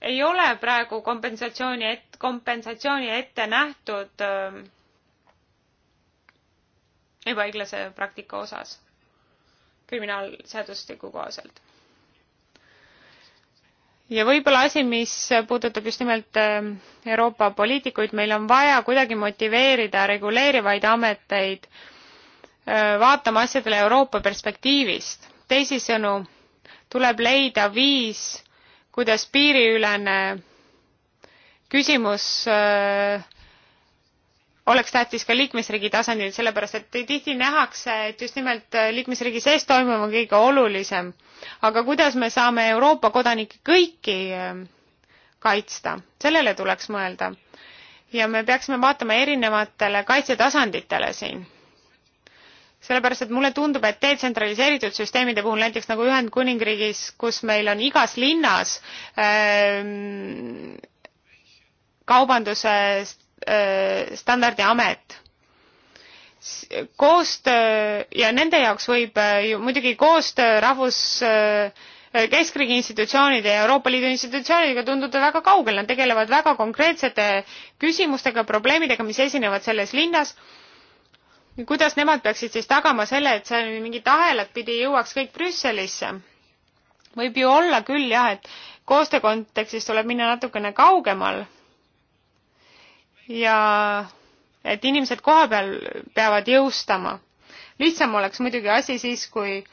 ei ole praegu kompensatsiooni, et kompensatsiooni ette nähtud ähm, ebaõiglase praktika osas kriminaalseadustiku kohaselt. ja võib-olla asi, mis puudutab just nimelt ähm, Euroopa poliitikuid, meil on vaja kuidagi motiveerida reguleerivaid ameteid äh, vaatama asjadele Euroopa perspektiivist. teisisõnu, tuleb leida viis, kuidas piiriülene küsimus äh, oleks tähtis ka liikmesriigi tasandil, sellepärast et tihti nähakse, et just nimelt äh, liikmesriigi sees toimuv on kõige olulisem. aga kuidas me saame Euroopa kodanikke kõiki äh, kaitsta, sellele tuleks mõelda. ja me peaksime vaatama erinevatele kaitsetasanditele siin sellepärast et mulle tundub et detsentraliseeritud süsteemide puhul näiteks nagu ühendkuningriigis kus meil on igas linnas ähm, kaubandusest Äh, standardiamet koostöö ja nende jaoks võib äh, ju muidugi koostöö rahvus äh, keskriigi institutsioonide ja Euroopa Liidu institutsioonidega tunduda väga kaugel, nad tegelevad väga konkreetsete küsimustega, probleemidega, mis esinevad selles linnas. kuidas nemad peaksid siis tagama selle, et see mingit ahelat pidi jõuaks kõik Brüsselisse? võib ju olla küll jah, et koostöö kontekstis tuleb minna natukene kaugemal ja et inimesed kohapeal peavad jõustama. lihtsam oleks muidugi asi siis, kui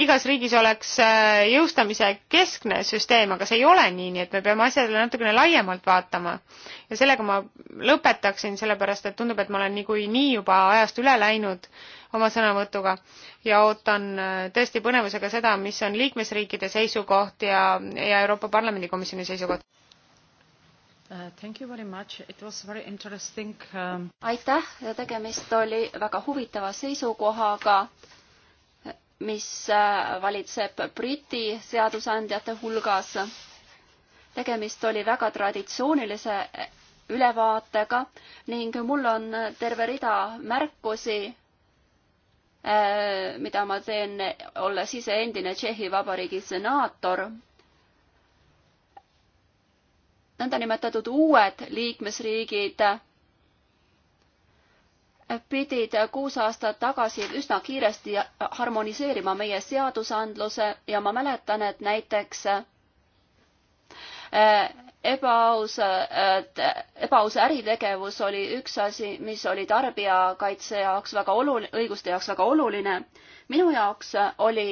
igas riigis oleks äh, jõustamise keskne süsteem, aga see ei ole nii, nii et me peame asjadele natukene laiemalt vaatama. ja sellega ma lõpetaksin, sellepärast et tundub, et ma olen niikuinii nii juba ajast üle läinud oma sõnavõtuga ja ootan äh, tõesti põnevusega seda, mis on liikmesriikide seisukoht ja, ja Euroopa Parlamendi komisjoni seisukoht. Uh, um... aitäh, tegemist oli väga huvitava seisukohaga, mis äh, valitseb Briti seadusandjate hulgas. tegemist oli väga traditsioonilise e, ülevaatega ning mul on terve rida märkusi, äh, mida ma teen, olles ise endine Tšehhi Vabariigi senaator nõndanimetatud uued liikmesriigid pidid kuus aastat tagasi üsna kiiresti harmoniseerima meie seadusandluse ja ma mäletan, et näiteks eh, ebaaus, eh, ebaaus äritegevus oli üks asi, mis oli tarbijakaitse jaoks väga oluline, õiguste jaoks väga oluline. minu jaoks oli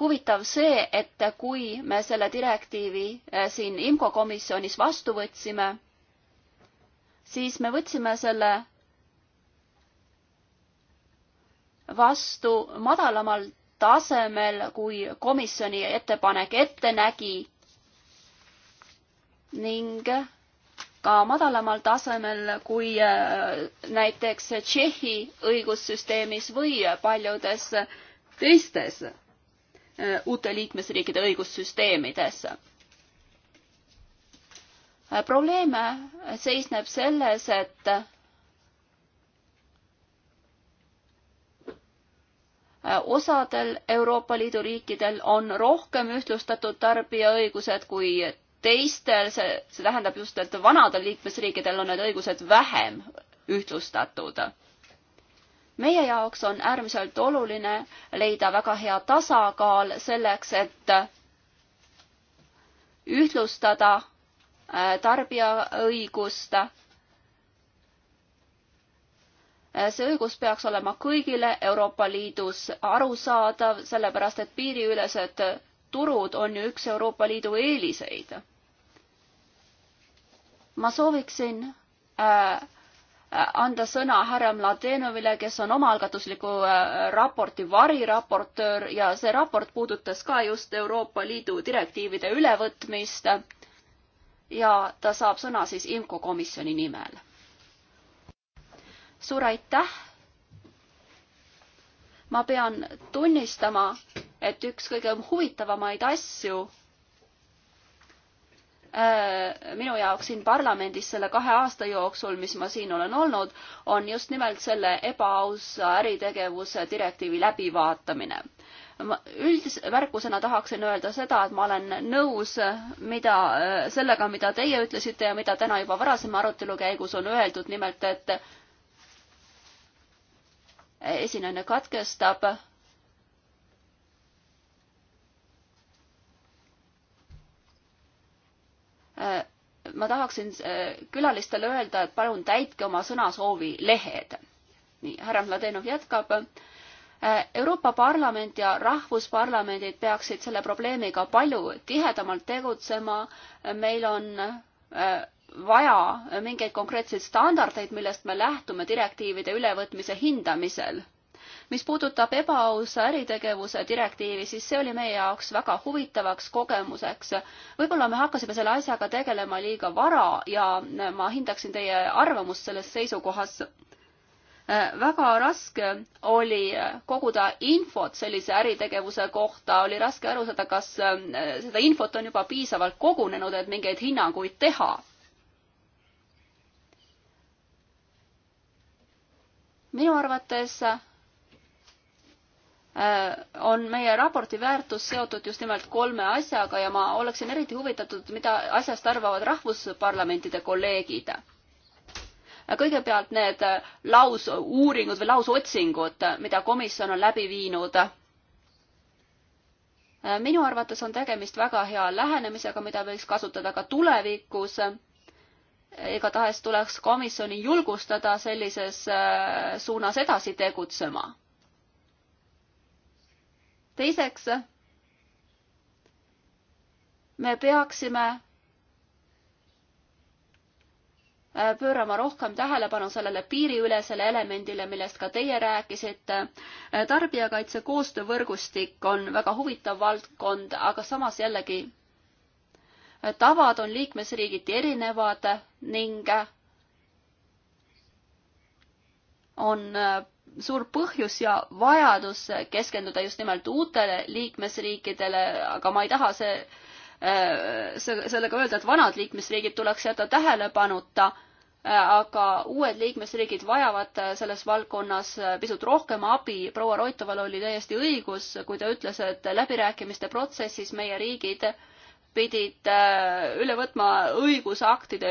huvitav see, et kui me selle direktiivi eh, siin IMCO komisjonis vastu võtsime, siis me võtsime selle vastu madalamal tasemel, kui komisjoni ettepanek ette nägi ning ka madalamal tasemel kui eh, näiteks Tšehhi õigussüsteemis või paljudes teistes Äh, uute liikmesriikide õigussüsteemidesse. Äh, probleem seisneb selles, et äh, osadel Euroopa Liidu riikidel on rohkem ühtlustatud tarbijaõigused kui teistel, see, see tähendab just, et vanadel liikmesriikidel on need õigused vähem ühtlustatud meie jaoks on äärmiselt oluline leida väga hea tasakaal selleks, et ühtlustada äh, tarbijaõigust. Äh, see õigus peaks olema kõigile Euroopa Liidus arusaadav, sellepärast et piiriülesed turud on ju üks Euroopa Liidu eeliseid. ma sooviksin äh, Äh, anda sõna härra Mladenovile, kes on omaalgatusliku äh, raporti variraportöör ja see raport puudutas ka just Euroopa Liidu direktiivide ülevõtmist. ja ta saab sõna siis IMCO komisjoni nimel. suur aitäh. ma pean tunnistama, et üks kõige huvitavamaid asju Äh, minu jaoks siin parlamendis selle kahe aasta jooksul, mis ma siin olen olnud, on just nimelt selle ebaausa äritegevuse direktiivi läbivaatamine. üldise märkusena tahaksin öelda seda, et ma olen nõus, mida, äh, sellega, mida teie ütlesite ja mida täna juba varasema arutelu käigus on öeldud, nimelt et äh, esinejana katkestab Äh, ma tahaksin äh, külalistele öelda, et palun täitke oma sõnasoovi lehed. nii, härra Mladenov jätkab. Äh, Euroopa Parlament ja rahvusparlamendid peaksid selle probleemiga palju tihedamalt tegutsema. meil on vaja mingeid konkreetseid standardeid, millest me lähtume direktiivide ülevõtmise hindamisel mis puudutab ebaausa äritegevuse direktiivi, siis see oli meie jaoks väga huvitavaks kogemuseks. võib-olla me hakkasime selle asjaga tegelema liiga vara ja ma hindaksin teie arvamust selles seisukohas. väga raske oli koguda infot sellise äritegevuse kohta, oli raske aru saada, kas seda infot on juba piisavalt kogunenud, et mingeid hinnanguid teha minu arvates Äh, on meie raporti väärtus seotud just nimelt kolme asjaga ja ma oleksin eriti huvitatud, mida asjast arvavad rahvusparlamentide kolleegid. Äh, kõigepealt need äh, lausuuringud või lausotsingud, mida komisjon on läbi viinud. minu arvates on tegemist väga hea lähenemisega, mida võiks kasutada ka tulevikus igatahes tuleks komisjoni julgustada sellises suunas edasi tegutsema teiseks, me peaksime äh, pöörama rohkem tähelepanu sellele piiriülesele elemendile, millest ka teie rääkisite. Äh, tarbijakaitse koostöövõrgustik on väga huvitav valdkond, aga samas jällegi äh, tavad on liikmesriigiti erinevad ning on suur põhjus ja vajadus keskenduda just nimelt uutele liikmesriikidele, aga ma ei taha see, äh, see, sellega öelda, et vanad liikmesriigid tuleks jätta tähelepanuta, äh, aga uued liikmesriigid vajavad äh, selles valdkonnas pisut rohkem abi. proua Roitoval oli täiesti õigus, kui ta ütles, et läbirääkimiste protsessis meie riigid pidid üle võtma õigusaktide,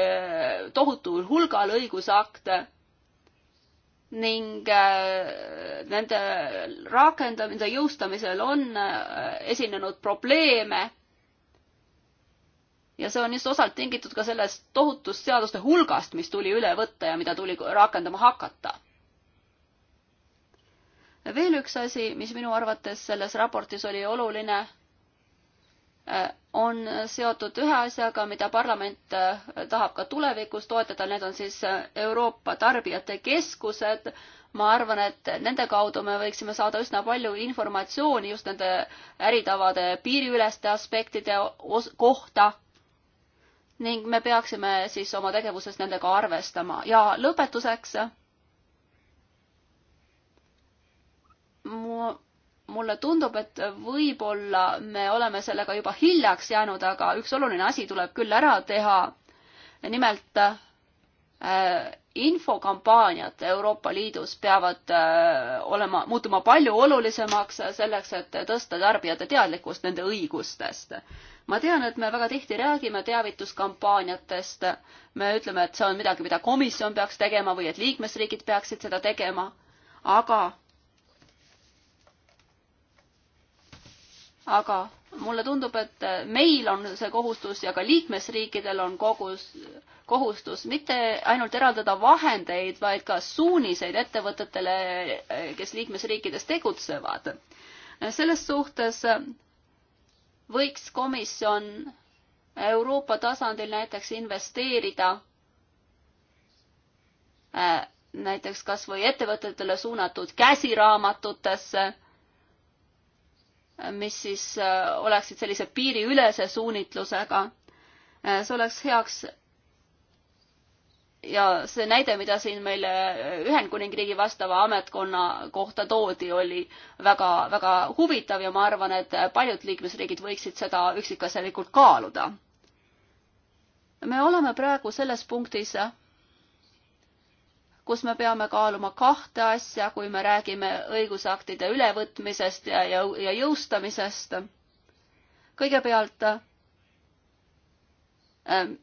tohutul hulgal õigusakte ning äh, nende rakendamise, jõustamisel on äh, esinenud probleeme. ja see on just osalt tingitud ka sellest tohutust seaduste hulgast, mis tuli üle võtta ja mida tuli rakendama hakata. veel üks asi, mis minu arvates selles raportis oli oluline on seotud ühe asjaga, mida parlament äh, tahab ka tulevikus toetada, need on siis äh, Euroopa Tarbijate Keskused. ma arvan, et nende kaudu me võiksime saada üsna palju informatsiooni just nende äritavade piiriüleste aspektide kohta. ning me peaksime siis oma tegevuses nendega arvestama ja lõpetuseks mu mulle tundub, et võib-olla me oleme sellega juba hiljaks jäänud, aga üks oluline asi tuleb küll ära teha. nimelt äh, infokampaaniad Euroopa Liidus peavad äh, olema, muutuma palju olulisemaks selleks, et tõsta tarbijate teadlikkust nende õigustest. ma tean, et me väga tihti räägime teavituskampaaniatest, me ütleme, et see on midagi, mida komisjon peaks tegema või et liikmesriigid peaksid seda tegema, aga aga mulle tundub, et meil on see kohustus ja ka liikmesriikidel on kogus, kohustus mitte ainult eraldada vahendeid, vaid ka suuniseid ettevõtetele, kes liikmesriikides tegutsevad. selles suhtes võiks komisjon Euroopa tasandil näiteks investeerida äh, näiteks kas või ettevõtetele suunatud käsiraamatutesse mis siis äh, oleksid sellise piiriülese suunitlusega. Äh, see oleks heaks ja see näide, mida siin meile äh, Ühendkuningriigi vastava ametkonna kohta toodi, oli väga, väga huvitav ja ma arvan, et paljud liikmesriigid võiksid seda üksikasjalikult kaaluda. me oleme praegu selles punktis, kus me peame kaaluma kahte asja, kui me räägime õigusaktide ülevõtmisest ja, ja, ja jõustamisest. kõigepealt ähm,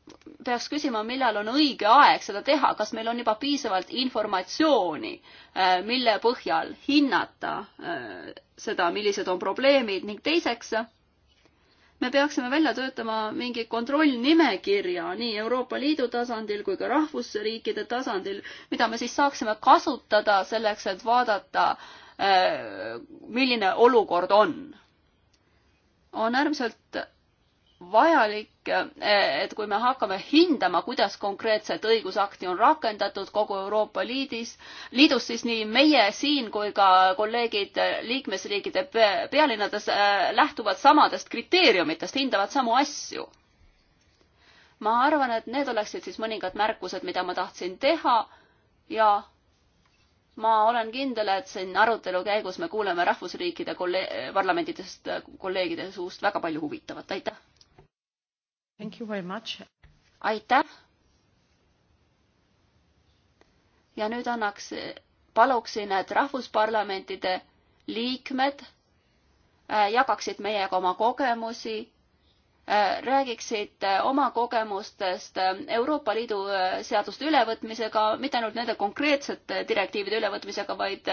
peaks küsima, millal on õige aeg seda teha, kas meil on juba piisavalt informatsiooni, äh, mille põhjal hinnata äh, seda, millised on probleemid ning teiseks me peaksime välja töötama mingi kontrollnimekirja nii Euroopa Liidu tasandil kui ka rahvusriikide tasandil, mida me siis saaksime kasutada selleks, et vaadata, äh, milline olukord on. on äärmiselt vajalik, et kui me hakkame hindama, kuidas konkreetset õigusakti on rakendatud kogu Euroopa Liidis, liidus, siis nii meie siin kui ka kolleegid liikmesriikide pealinnades äh, lähtuvad samadest kriteeriumitest, hindavad samu asju. ma arvan, et need oleksid siis mõningad märkused, mida ma tahtsin teha ja ma olen kindel, et siin arutelu käigus me kuuleme rahvusriikide kolle-, parlamentidest kolleegide suust väga palju huvitavat, aitäh! aitäh. ja nüüd annaks, paluksin, et rahvusparlamentide liikmed äh, jagaksid meiega oma kogemusi, äh, räägiksid äh, oma kogemustest Euroopa Liidu seaduste ülevõtmisega, mitte ainult nende konkreetsete direktiivide ülevõtmisega, vaid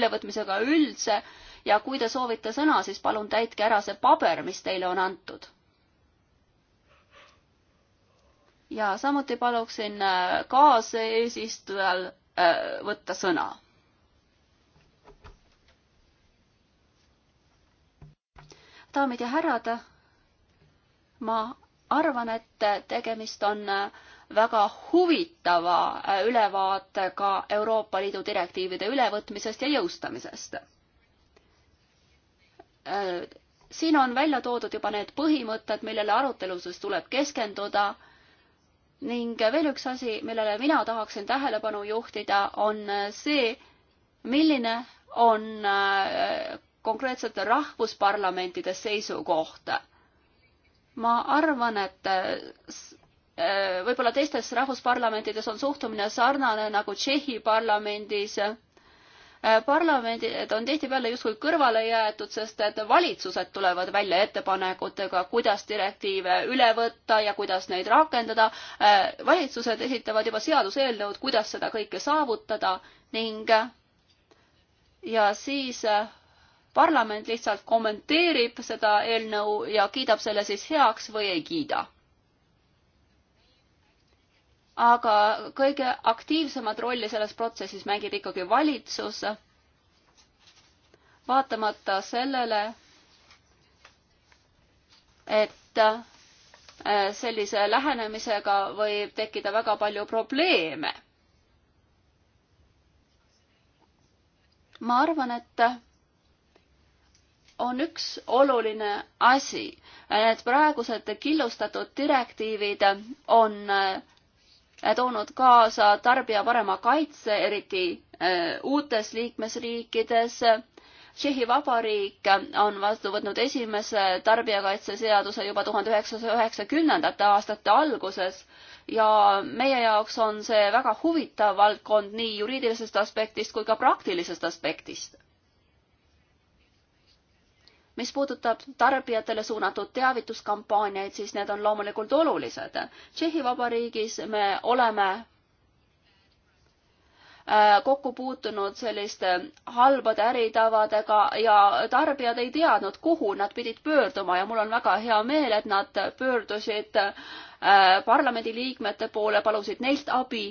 ülevõtmisega üldse. ja kui te soovite sõna, siis palun täitke ära see paber, mis teile on antud ja samuti paluksin äh, kaaseesistujal äh, võtta sõna. daamid ja härrad, ma arvan, et tegemist on äh, väga huvitava ülevaatega Euroopa Liidu direktiivide ülevõtmisest ja jõustamisest. siin on välja toodud juba need põhimõtted, millele aruteluses tuleb keskenduda ning veel üks asi, millele mina tahaksin tähelepanu juhtida, on see, milline on äh, konkreetselt rahvusparlamentide seisukoht. ma arvan, et äh, äh, võib-olla teistes rahvusparlamentides on suhtumine sarnane nagu Tšehhi parlamendis Äh, parlamendid on tihtipeale justkui kõrvale jäetud, sest et valitsused tulevad välja ettepanekutega, kuidas direktiive üle võtta ja kuidas neid rakendada. Äh, valitsused esitavad juba seaduseelnõud, kuidas seda kõike saavutada ning ja siis äh, parlament lihtsalt kommenteerib seda eelnõu ja kiidab selle siis heaks või ei kiida aga kõige aktiivsemat rolli selles protsessis mängib ikkagi valitsus. vaatamata sellele, et äh, sellise lähenemisega võib tekkida väga palju probleeme. ma arvan, et on üks oluline asi, et praegused killustatud direktiivid on äh, Äh, toonud kaasa tarbija parema kaitse, eriti äh, uutes liikmesriikides. Tšehhi Vabariik on vastu võtnud esimese tarbijakaitseseaduse juba tuhande üheksasaja üheksakümnendate aastate alguses ja meie jaoks on see väga huvitav valdkond nii juriidilisest aspektist kui ka praktilisest aspektist mis puudutab tarbijatele suunatud teavituskampaaniaid, siis need on loomulikult olulised. Tšehhi Vabariigis me oleme äh, kokku puutunud selliste halbade äritavadega ja tarbijad ei teadnud, kuhu nad pidid pöörduma ja mul on väga hea meel, et nad pöördusid äh, parlamendiliikmete poole, palusid neilt abi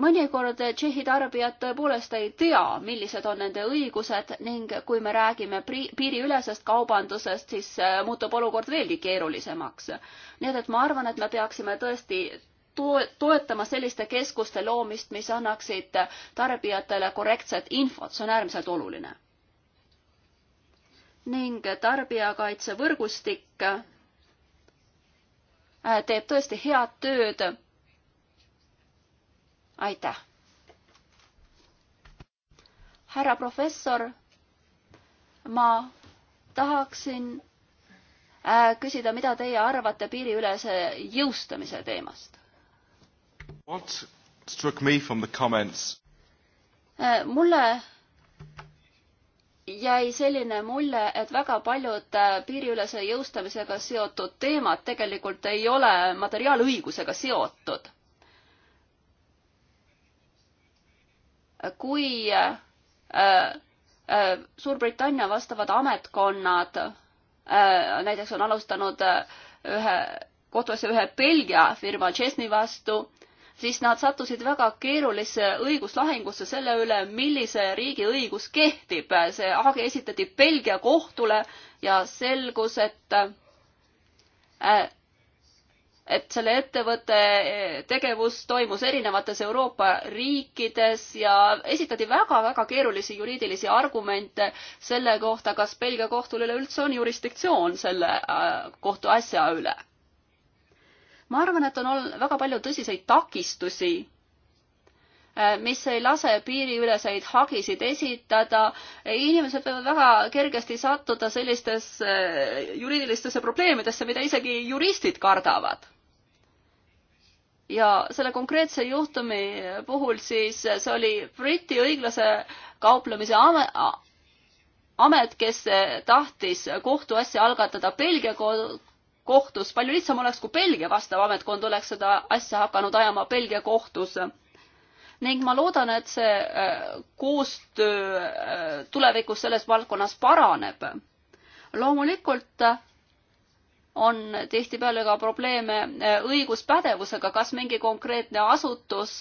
mõnikord Tšehhi tarbijad tõepoolest ei tea, millised on nende õigused ning kui me räägime piiriülesest kaubandusest, siis äh, muutub olukord veelgi keerulisemaks. nii et, et ma arvan, et me peaksime tõesti to-, toetama selliste keskuste loomist, mis annaksid tarbijatele korrektset infot, see on äärmiselt oluline. ning tarbijakaitsevõrgustik äh, teeb tõesti head tööd aitäh! härra professor, ma tahaksin äh, küsida, mida teie arvate piiriülese jõustamise teemast? Äh, mulle jäi selline mulje, et väga paljud äh, piiriülese jõustamisega seotud teemad tegelikult ei ole materiaalõigusega seotud kui äh, äh, Suurbritannia vastavad ametkonnad äh, näiteks on alustanud ühe, kohtuasja ühe Belgia firma Chesney vastu, siis nad sattusid väga keerulisse õiguslahingusse selle üle, millise riigi õigus kehtib. see hagi esitati Belgia kohtule ja selgus, et et selle ettevõtte eh, tegevus toimus erinevates Euroopa riikides ja esitati väga-väga keerulisi juriidilisi argumente selle kohta, kas Belgia kohtul üleüldse on jurisdiktsioon selle äh, kohtuasja üle. ma arvan, et on olnud väga palju tõsiseid takistusi Äh, mis ei lase piiriüleseid hagisid esitada. inimesed võivad väga kergesti sattuda sellistesse äh, juriidilistesse probleemidesse, mida isegi juristid kardavad. ja selle konkreetse juhtumi puhul siis äh, see oli Briti õiglase kauplemise amet, amet, kes tahtis kohtuasja algatada Belgia kohtus, palju lihtsam oleks, kui Belgia vastav ametkond oleks seda asja hakanud ajama Belgia kohtus ning ma loodan, et see äh, koostöö äh, tulevikus selles valdkonnas paraneb. loomulikult äh, on tihtipeale ka probleeme õiguspädevusega, kas mingi konkreetne asutus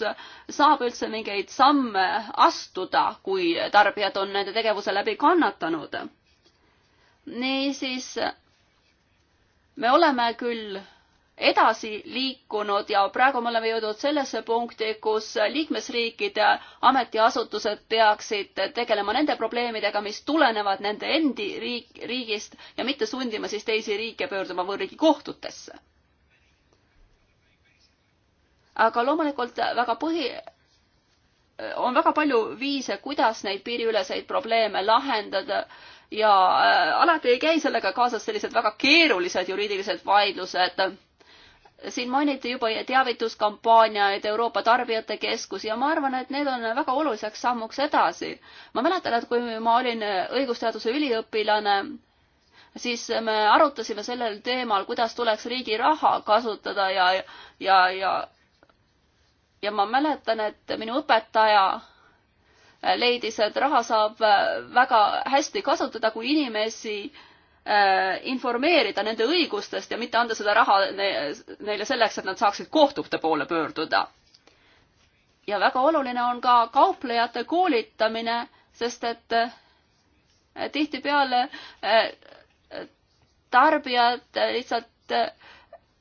saab üldse mingeid samme astuda, kui tarbijad on nende tegevuse läbi kannatanud. niisiis, me oleme küll edasi liikunud ja praegu me oleme jõudnud sellesse punkti, kus liikmesriikide ametiasutused peaksid tegelema nende probleemidega, mis tulenevad nende endi riik, riigist ja mitte sundima siis teisi riike pöörduma võõrriigi kohtutesse. aga loomulikult väga põhi, on väga palju viise, kuidas neid piiriüleseid probleeme lahendada ja äh, alati ei käi sellega kaasas sellised väga keerulised juriidilised vaidlused siin mainiti juba teavituskampaaniaid, Euroopa Tarbijate Keskus ja ma arvan, et need on väga oluliseks sammuks edasi. ma mäletan, et kui ma olin õigusteaduse üliõpilane, siis me arutasime sellel teemal, kuidas tuleks riigi raha kasutada ja, ja, ja ja ma mäletan, et minu õpetaja leidis, et raha saab väga hästi kasutada, kui inimesi äh, Äh, informeerida nende õigustest ja mitte anda seda raha neile selleks, et nad saaksid kohtute poole pöörduda. ja väga oluline on ka kauplejate koolitamine, sest et äh, tihtipeale äh, tarbijad lihtsalt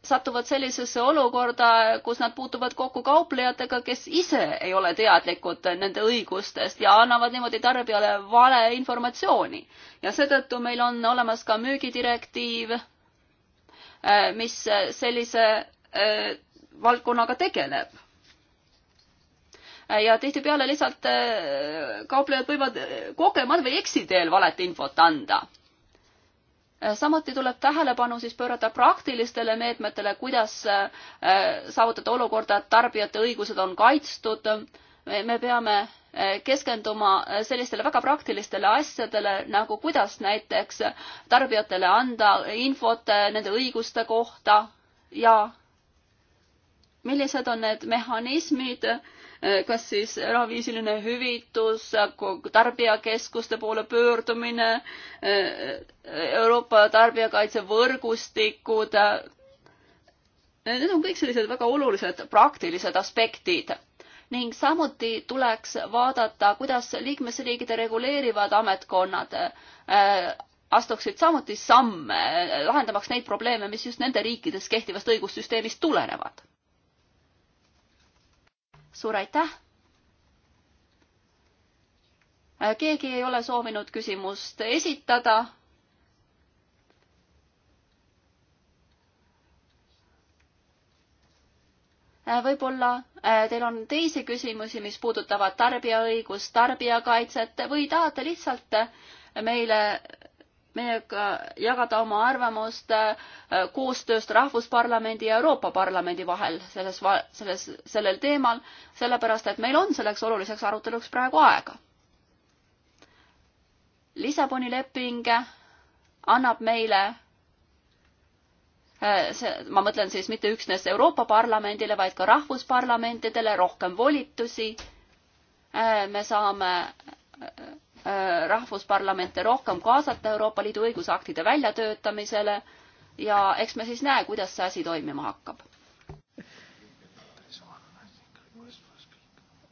satuvad sellisesse olukorda, kus nad puutuvad kokku kauplejatega, kes ise ei ole teadlikud nende õigustest ja annavad niimoodi tarbijale valeinformatsiooni. ja seetõttu meil on olemas ka müügidirektiiv, eh, mis sellise eh, valdkonnaga tegeleb. Eh, ja tihtipeale lihtsalt kauplejad võivad kogemata või eksiteel valet infot anda samuti tuleb tähelepanu siis pöörata praktilistele meetmetele, kuidas äh, saavutada olukorda, et tarbijate õigused on kaitstud. me peame äh, keskenduma äh, sellistele väga praktilistele asjadele nagu kuidas näiteks tarbijatele anda infot nende õiguste kohta ja millised on need mehhanismid, Eh, kas siis rahaviisiline hüvitus, tarbijakeskuste poole pöördumine, eh, Euroopa tarbijakaitsevõrgustikud. Eh, need on kõik sellised väga olulised praktilised aspektid ning samuti tuleks vaadata, kuidas liikmesriigid reguleerivad ametkonnad astuksid samuti samme, lahendamaks neid probleeme, mis just nende riikides kehtivast õigussüsteemist tulenevad suur aitäh! Äh, keegi ei ole soovinud küsimust esitada. Äh, võib-olla äh, teil on teisi küsimusi, mis puudutavad tarbijaõigust, tarbijakaitset või tahate lihtsalt meile meiega jagada oma arvamust äh, koostööst Rahvusparlamendi ja Euroopa Parlamendi vahel selles, selles, sellel teemal, sellepärast et meil on selleks oluliseks aruteluks praegu aega. Lissaboni leping annab meile äh, see, ma mõtlen siis mitte üksnes Euroopa Parlamendile, vaid ka rahvusparlamentidele rohkem volitusi. Äh, me saame Äh, rahvusparlamente rohkem kaasata Euroopa Liidu õigusaktide väljatöötamisele ja eks me siis näe, kuidas see asi toimima hakkab.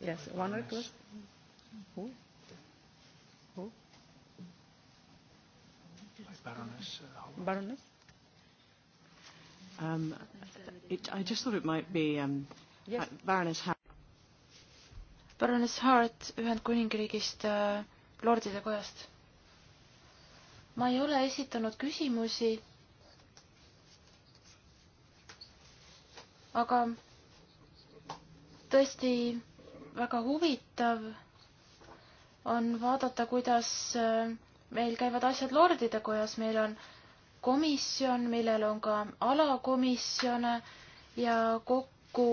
Yes, one request. Who? Who? Baroness. Uh, Baroness. Um, it, I just thought it might be um, yes. Baroness Hart. Baroness Hart Ühendkuningriigist uh, Lordide Kojast. ma ei ole esitanud küsimusi, aga tõesti väga huvitav on vaadata, kuidas äh, meil käivad asjad Lordide Kojas, meil on komisjon, millel on ka alakomisjone ja kokku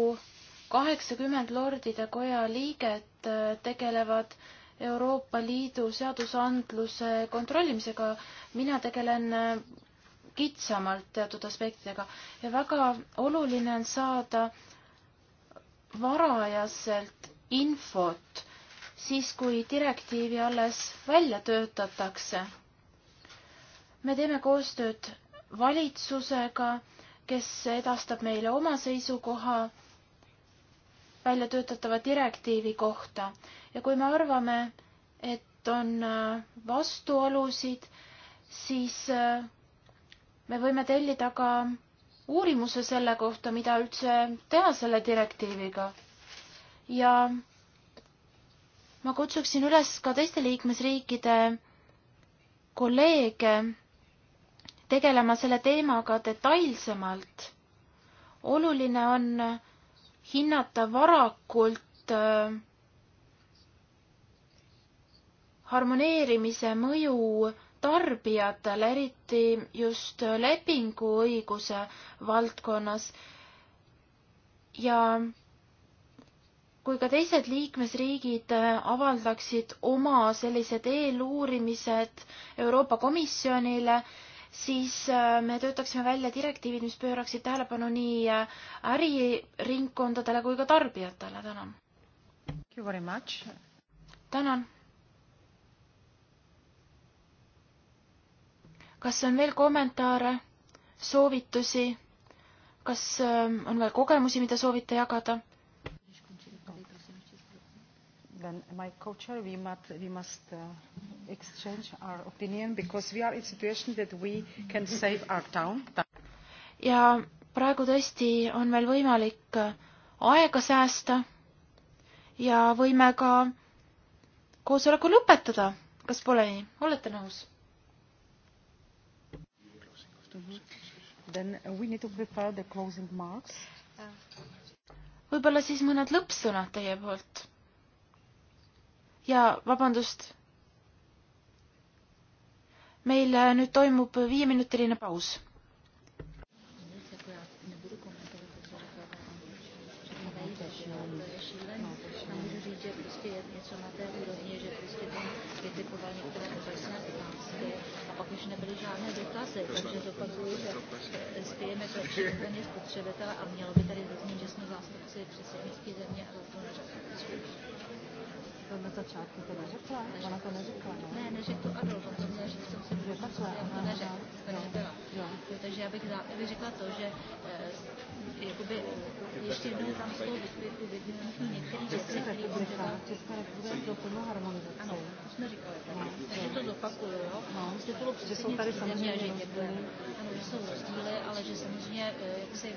kaheksakümmend Lordide Koja liiget äh, tegelevad Euroopa Liidu seadusandluse kontrollimisega, mina tegelen äh, kitsamalt teatud aspektidega ja väga oluline on saada varajaselt infot siis, kui direktiivi alles välja töötatakse. me teeme koostööd valitsusega, kes edastab meile oma seisukoha välja töötatava direktiivi kohta ja kui me arvame, et on äh, vastuolusid, siis äh, me võime tellida ka uurimuse selle kohta, mida üldse teha selle direktiiviga. ja ma kutsuksin üles ka teiste liikmesriikide kolleege tegelema selle teemaga detailsemalt. oluline on hinnata varakult äh, harmoneerimise mõju tarbijatele, eriti just lepinguõiguse valdkonnas. ja kui ka teised liikmesriigid äh, avaldaksid oma sellised eeluurimised Euroopa Komisjonile, siis äh, me töötaksime välja direktiivid, mis pööraksid tähelepanu nii äh, äriringkondadele kui ka tarbijatele. tänan. tänan. kas on veel kommentaare, soovitusi? kas äh, on veel kogemusi, mida soovite jagada? than my co-chair, we must, we must uh, exchange our opinion because we are in situation that we can save our town. ja praegu tõesti on meil võimalik uh, aega säästa ja võime ka koosoleku lõpetada, kas pole nii, olete nõus? Then we need to prepare the closing marks. võib-olla siis mõned lõppsõnad teie poolt ja vabandust, meil äh, nüüd toimub viieminutiline paus. něco na té úrovni, že prostě tam kritikovali některé obecné otázky a pak už nebyly žádné dotazy, takže zopakuju, že spějeme ke ochraně spotřebitele a mělo by tady zaznít, že jsme zástupci předsednictví země a rozhodně To na začátku to neřekla, ona to neřekla, ne? Ne, neřekla, ano, protože jsem si že takhle, to neřekla, takže byla. No, takže já bych, za, bych řekla to, že eh, jakoby, ještě jednou tam z toho vyzdvihnutí některých věcí, které třeba... Česká republika je doplnou harmonizaci. Ano, to jsme říkali. No, takže to zopakuju, jo? No, že bylo že jsou tady samozřejmě země, že Ano, že jsou rozdíly, ale že samozřejmě, eh, jak si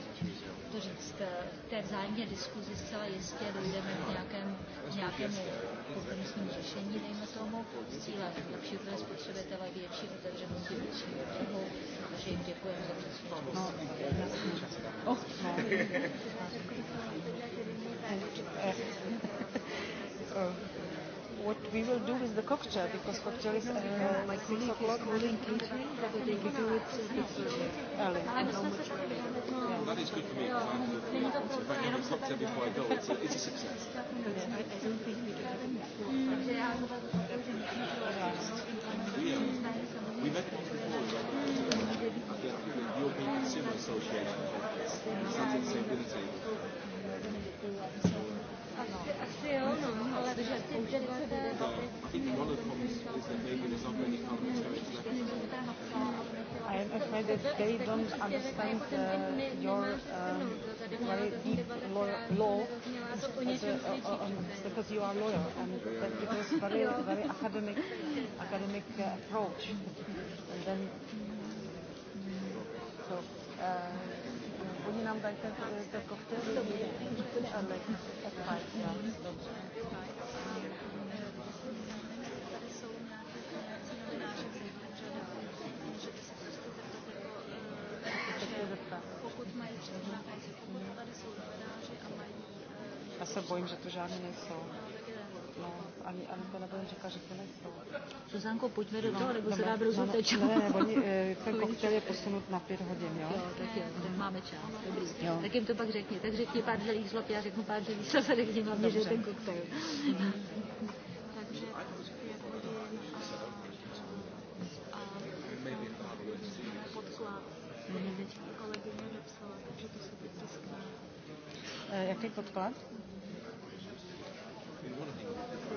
to říct, k eh, té vzájemné diskuzi zcela jistě dojdeme k nějakém, nějakému kompromisnímu řešení, dejme tomu, s cílem lepší ochrany spotřebitele, větší otevřenosti vůči trhu, what we will do with the cocktail because cocktail is uh, my colleague is calling catering whether they can do it a bit early and how much early. Well, that is good for me because I'm uh, if I have a cocktail before I go, it's a, it's a success. Yeah, I, I don't think we can have it before. association it's not in stability I am afraid that they don't understand uh, your um, very deep law as, as a, uh, uh, um, because you are a lawyer and that it was very, very academic, academic uh, approach. And then Ehm, oni nám dají ten, ten koktejl, ale tak fajn, já. Dobře. Tady jsou nějaké konec novináře, že by se prostě zeptat, pokud mají přednášky, pokud tady jsou novináři a mají... Já se bojím, že to žádné nejsou no, ani, ani to nebudeme říkat, že to nejsou. Zuzanko, pojďme do toho, nebo se dá brzo teď. Ne, ne, oni, eh, ten koktel je posunut na pět hodin, jo? Jo, tak jo, tak máme čas, dobrý. Jo. Tak jim to pak řekni, tak řekni pár želých zlob, já řeknu pár želých zlob a řekni hlavně, že je ten koktel. Takže eh, pět hodin a, a podklad. Kolegyně napsala, takže to se vytiskne. Jaký podklad? in one of the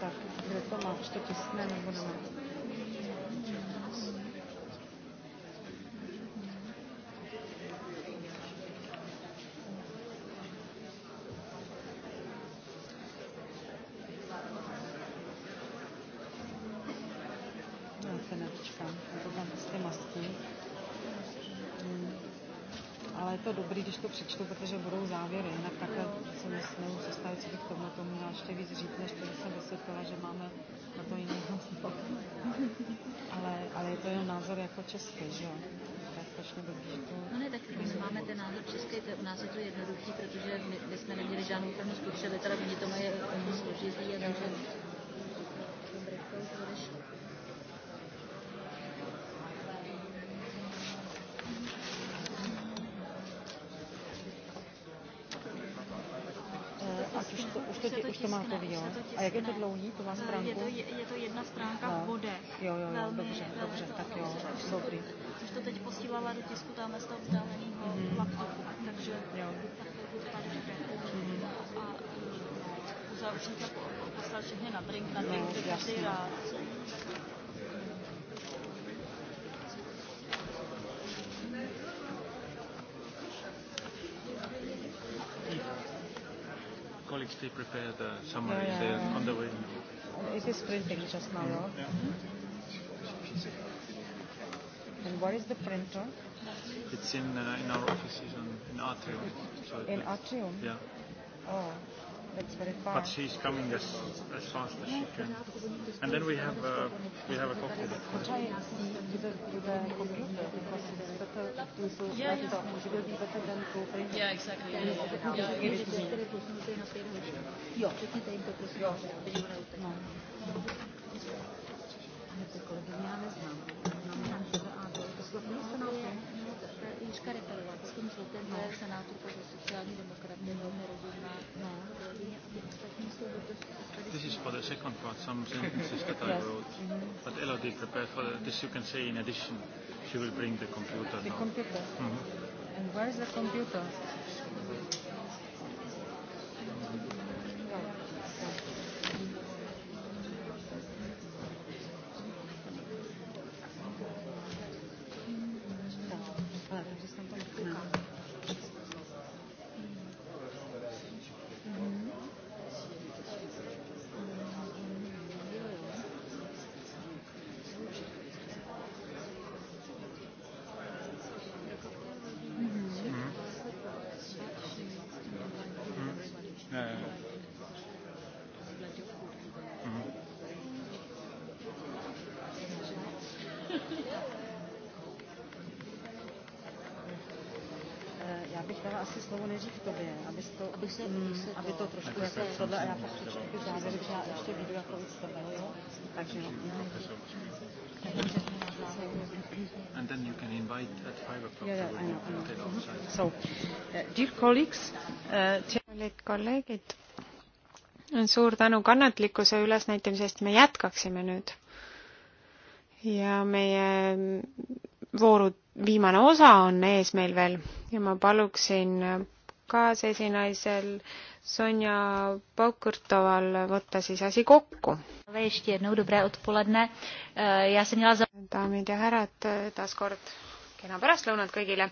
tak, kde to má, už to tiskne, nebo nemá. Já se nevyčkám, to tam prostě mastí. Mm. Ale je to dobrý, když to přečtu, protože budou závěry, jinak takhle musíme snahu zastavit se k tomu, tomu návštěvy zříct, než to jsem vysvětlila, že máme na to jiný názor. ale, ale je to jenom názor jako český, že jo? To je strašně dobrý, že to... No ne, tak my máme ten názor český, to, u nás je to jednoduchý, protože my, my jsme neměli žádnou první zkušenost, teda oni to mají složitý a takže to, to, už to máte, jo. A jak je to dlouhý, to má stránku? Je to, je, je to jedna stránka no. v bode. Jo, jo, jo, velmi, dobře, velmi dobře, to, tak jo, což, dobrý. Což to teď posílala do tisku tamhle z toho vzdáleného mm-hmm. laptopu, takže jo. tak to bude mm-hmm. A e, uzavřít a poslal všechny na drink, na drink, no, každý rád. nicely prepared uh, summary yeah, yeah, there yeah. on the way. It is printing just now. Mm-hmm. Yeah. Mm-hmm. And what is the printer? It's in uh, in our offices on, in Atrium. So in Atrium. Yeah. Oh. That's very far. But she's coming as, as fast as she can. And then we have uh, we have a cocktail. Yeah, yeah. yeah exactly. Yeah, yeah. Yeah, give it to me. Io. Io. No. Kolegyně, já neznám. Znamená, že A do Slovenska mișcare pe Relax, cum se întâmplă Senatul pentru Socialni Democrat de Lume Rozumna? No. This is for the second part, some sentences that I yes. wrote. Mm -hmm. But Elodie prepared for the, this, you can say in addition, she will bring the computer the now. The computer? Mm -hmm. And where is the computer? Mm -hmm. aby se, mm, aby, se to, aby to trošku jako tohle, a já pak přečtu ty závěry, protože já ještě vidu jako už to jo. Takže jo. And then you can invite at five o'clock. Yeah, yeah, I know, I know. Mm -hmm. So, uh, dear colleagues, uh, kolleegid, suur tänu kannatlikkuse ülesnäitamise eest, me jätkaksime nüüd. ja meie vooru viimane osa on ees meil veel ja ma paluksin kaasesinaisel Sonja Paukurtoval võtta siis asi kokku. Eh, daamid ja härrad, taaskord kena pärastlõunat kõigile.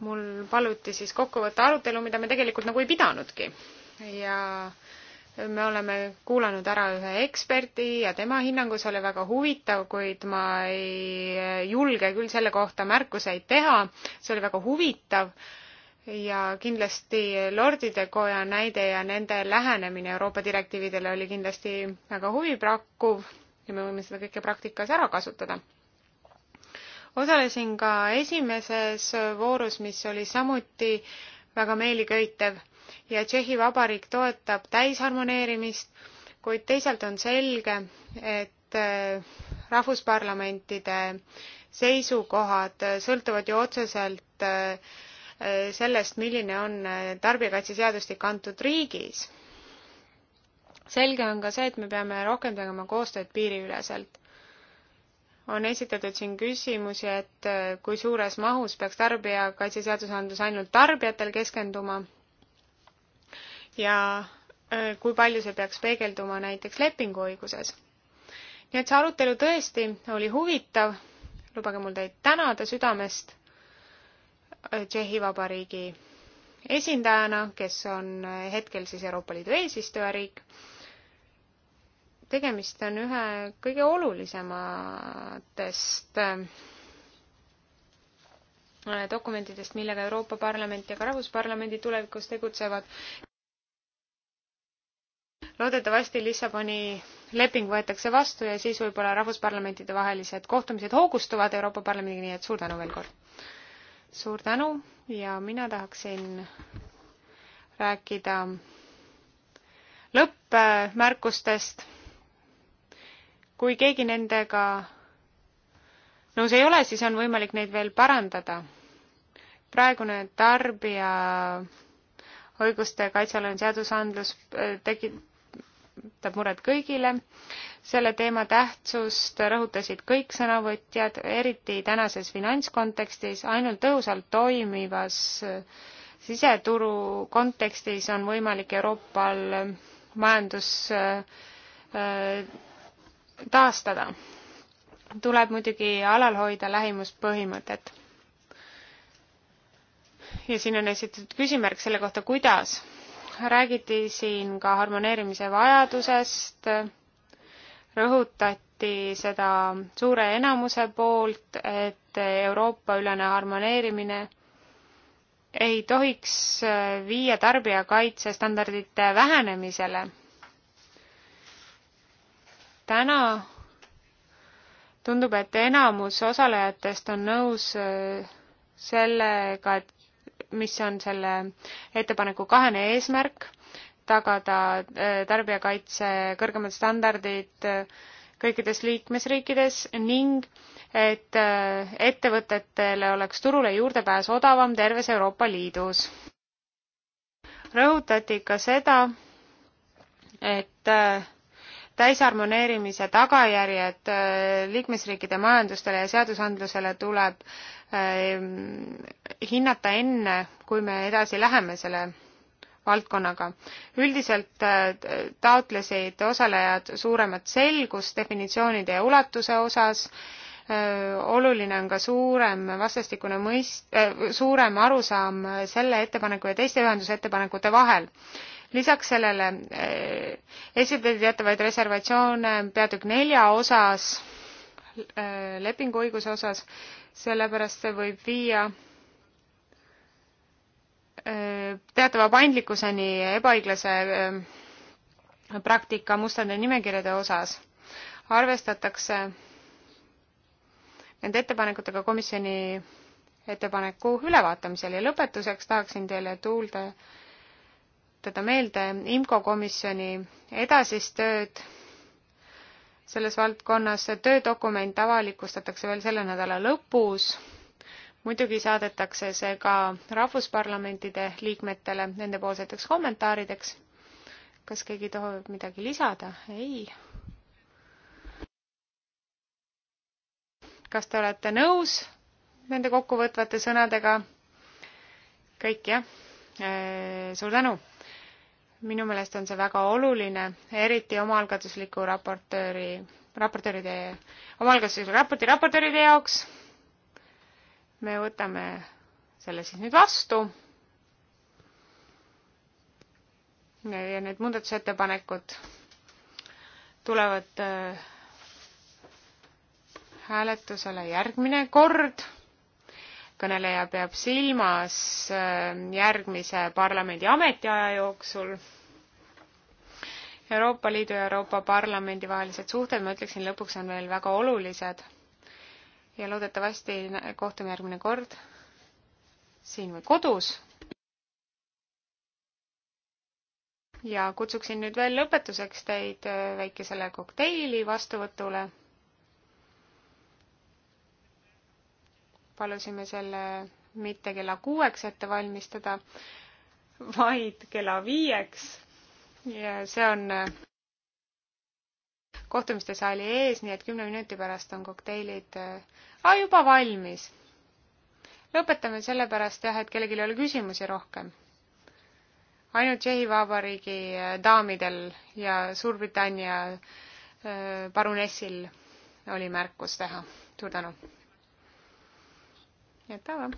mul paluti siis kokku võtta arutelu, mida me tegelikult nagu ei pidanudki ja me oleme kuulanud ära ühe eksperdi ja tema hinnangus oli väga huvitav, kuid ma ei julge küll selle kohta märkuseid teha. see oli väga huvitav ja kindlasti Lordide Koja näide ja nende lähenemine Euroopa direktiividele oli kindlasti väga huvipakkuv ja me võime seda kõike praktikas ära kasutada. osalesin ka esimeses voorus, mis oli samuti väga meeliköitev ja Tšehhi Vabariik toetab täisharmoneerimist, kuid teisalt on selge, et äh, rahvusparlamentide seisukohad sõltuvad ju otseselt äh, Eh, sellest, milline on eh, tarbijakaitseseadustik antud riigis. selge on ka see, et me peame rohkem tegema koostööd piiriüleselt. on esitatud siin küsimusi, et eh, kui suures mahus peaks tarbijakaitseseadusandlus ainult tarbijatel keskenduma ja kui palju see peaks peegelduma näiteks lepinguõiguses. nii et see arutelu tõesti oli huvitav, lubage mul teid tänada südamest Tšehhi Vabariigi esindajana, kes on hetkel siis Euroopa Liidu eesistujariik. tegemist on ühe kõige olulisematest äh, dokumentidest, millega Euroopa Parlament ja ka Rahvusparlamendi tulevikus tegutsevad. loodetavasti Lissaboni leping võetakse vastu ja siis võib-olla rahvusparlamentide vahelised kohtumised hoogustuvad Euroopa Parlamendiga, nii et suur tänu veel kord! suur tänu ja mina tahaksin rääkida lõppmärkustest. kui keegi nendega nõus ei ole, siis on võimalik neid veel parandada. praegune tarbija õiguste kaitsealane seadusandlus äh, tegi, teeb muret kõigile. selle teema tähtsust rõhutasid kõik sõnavõtjad, eriti tänases finantskontekstis, ainult tõhusalt toimivas siseturu kontekstis on võimalik Euroopal majandus äh, taastada. tuleb muidugi alal hoida lähimuspõhimõtet. ja siin on esitatud küsimärk selle kohta, kuidas räägiti siin ka harmoneerimise vajadusest, rõhutati seda suure enamuse poolt, et Euroopa-ülene harmoneerimine ei tohiks viia tarbijakaitsestandardite vähenemisele. täna tundub, et enamus osalejatest on nõus sellega, et mis on selle ettepaneku kahene eesmärk, tagada äh, tarbijakaitse kõrgemad standardid äh, kõikides liikmesriikides ning et äh, ettevõtetele oleks turule juurdepääs odavam terves Euroopa Liidus. rõhutati ka seda, et täisharmoneerimise tagajärjed liikmesriikide majandustele ja seadusandlusele tuleb Ehm, hinnata enne, kui me edasi läheme selle valdkonnaga. üldiselt äh, taotlesid osalejad suuremat selgust definitsioonide ja ulatuse osas, äh, oluline on ka suurem vastastikune mõist- äh,, suurem arusaam selle ettepaneku ja teiste ühendusettepanekute vahel. lisaks sellele äh, esitati teatavaid reservatsioone peatükk nelja osas äh,, lepinguõiguse osas, sellepärast see võib viia äh, teatava paindlikkuseni ebaõiglase äh, praktika mustade nimekirjade osas arvestatakse nende ettepanekutega komisjoni ettepaneku ülevaatamisel ja lõpetuseks tahaksin teile tuulde, teda meelde IMCO komisjoni edasist tööd selles valdkonnas. töödokument avalikustatakse veel selle nädala lõpus. muidugi saadetakse see ka rahvusparlamentide liikmetele nendepoolseteks kommentaarideks. kas keegi tohib midagi lisada? ei. kas te olete nõus nende kokkuvõtvate sõnadega? kõik jah? suur tänu! minu meelest on see väga oluline, eriti omaalgatusliku raportööri, raportööride, omaalgatusliku raporti raportööride jaoks. me võtame selle siis nüüd vastu. ja need muudatusettepanekud tulevad äh, hääletusele järgmine kord kõneleja peab silmas äh, järgmise parlamendi ametiaja jooksul Euroopa Liidu ja Euroopa Parlamendi vahelised suhted, ma ütleksin, lõpuks on veel väga olulised ja loodetavasti kohtume järgmine kord siin või kodus. ja kutsuksin nüüd veel lõpetuseks teid äh, väikesele kokteili vastuvõtule. palusime selle mitte kella kuueks ette valmistada, vaid kella viieks ja see on äh, kohtumiste saali ees, nii et kümne minuti pärast on kokteilid äh, ah, juba valmis. lõpetame sellepärast jah, et kellelgi ei ole küsimusi rohkem. ainult Tšehhi Vabariigi äh, daamidel ja Suurbritannia parunessil oli märkus teha. suur tänu! head päeva!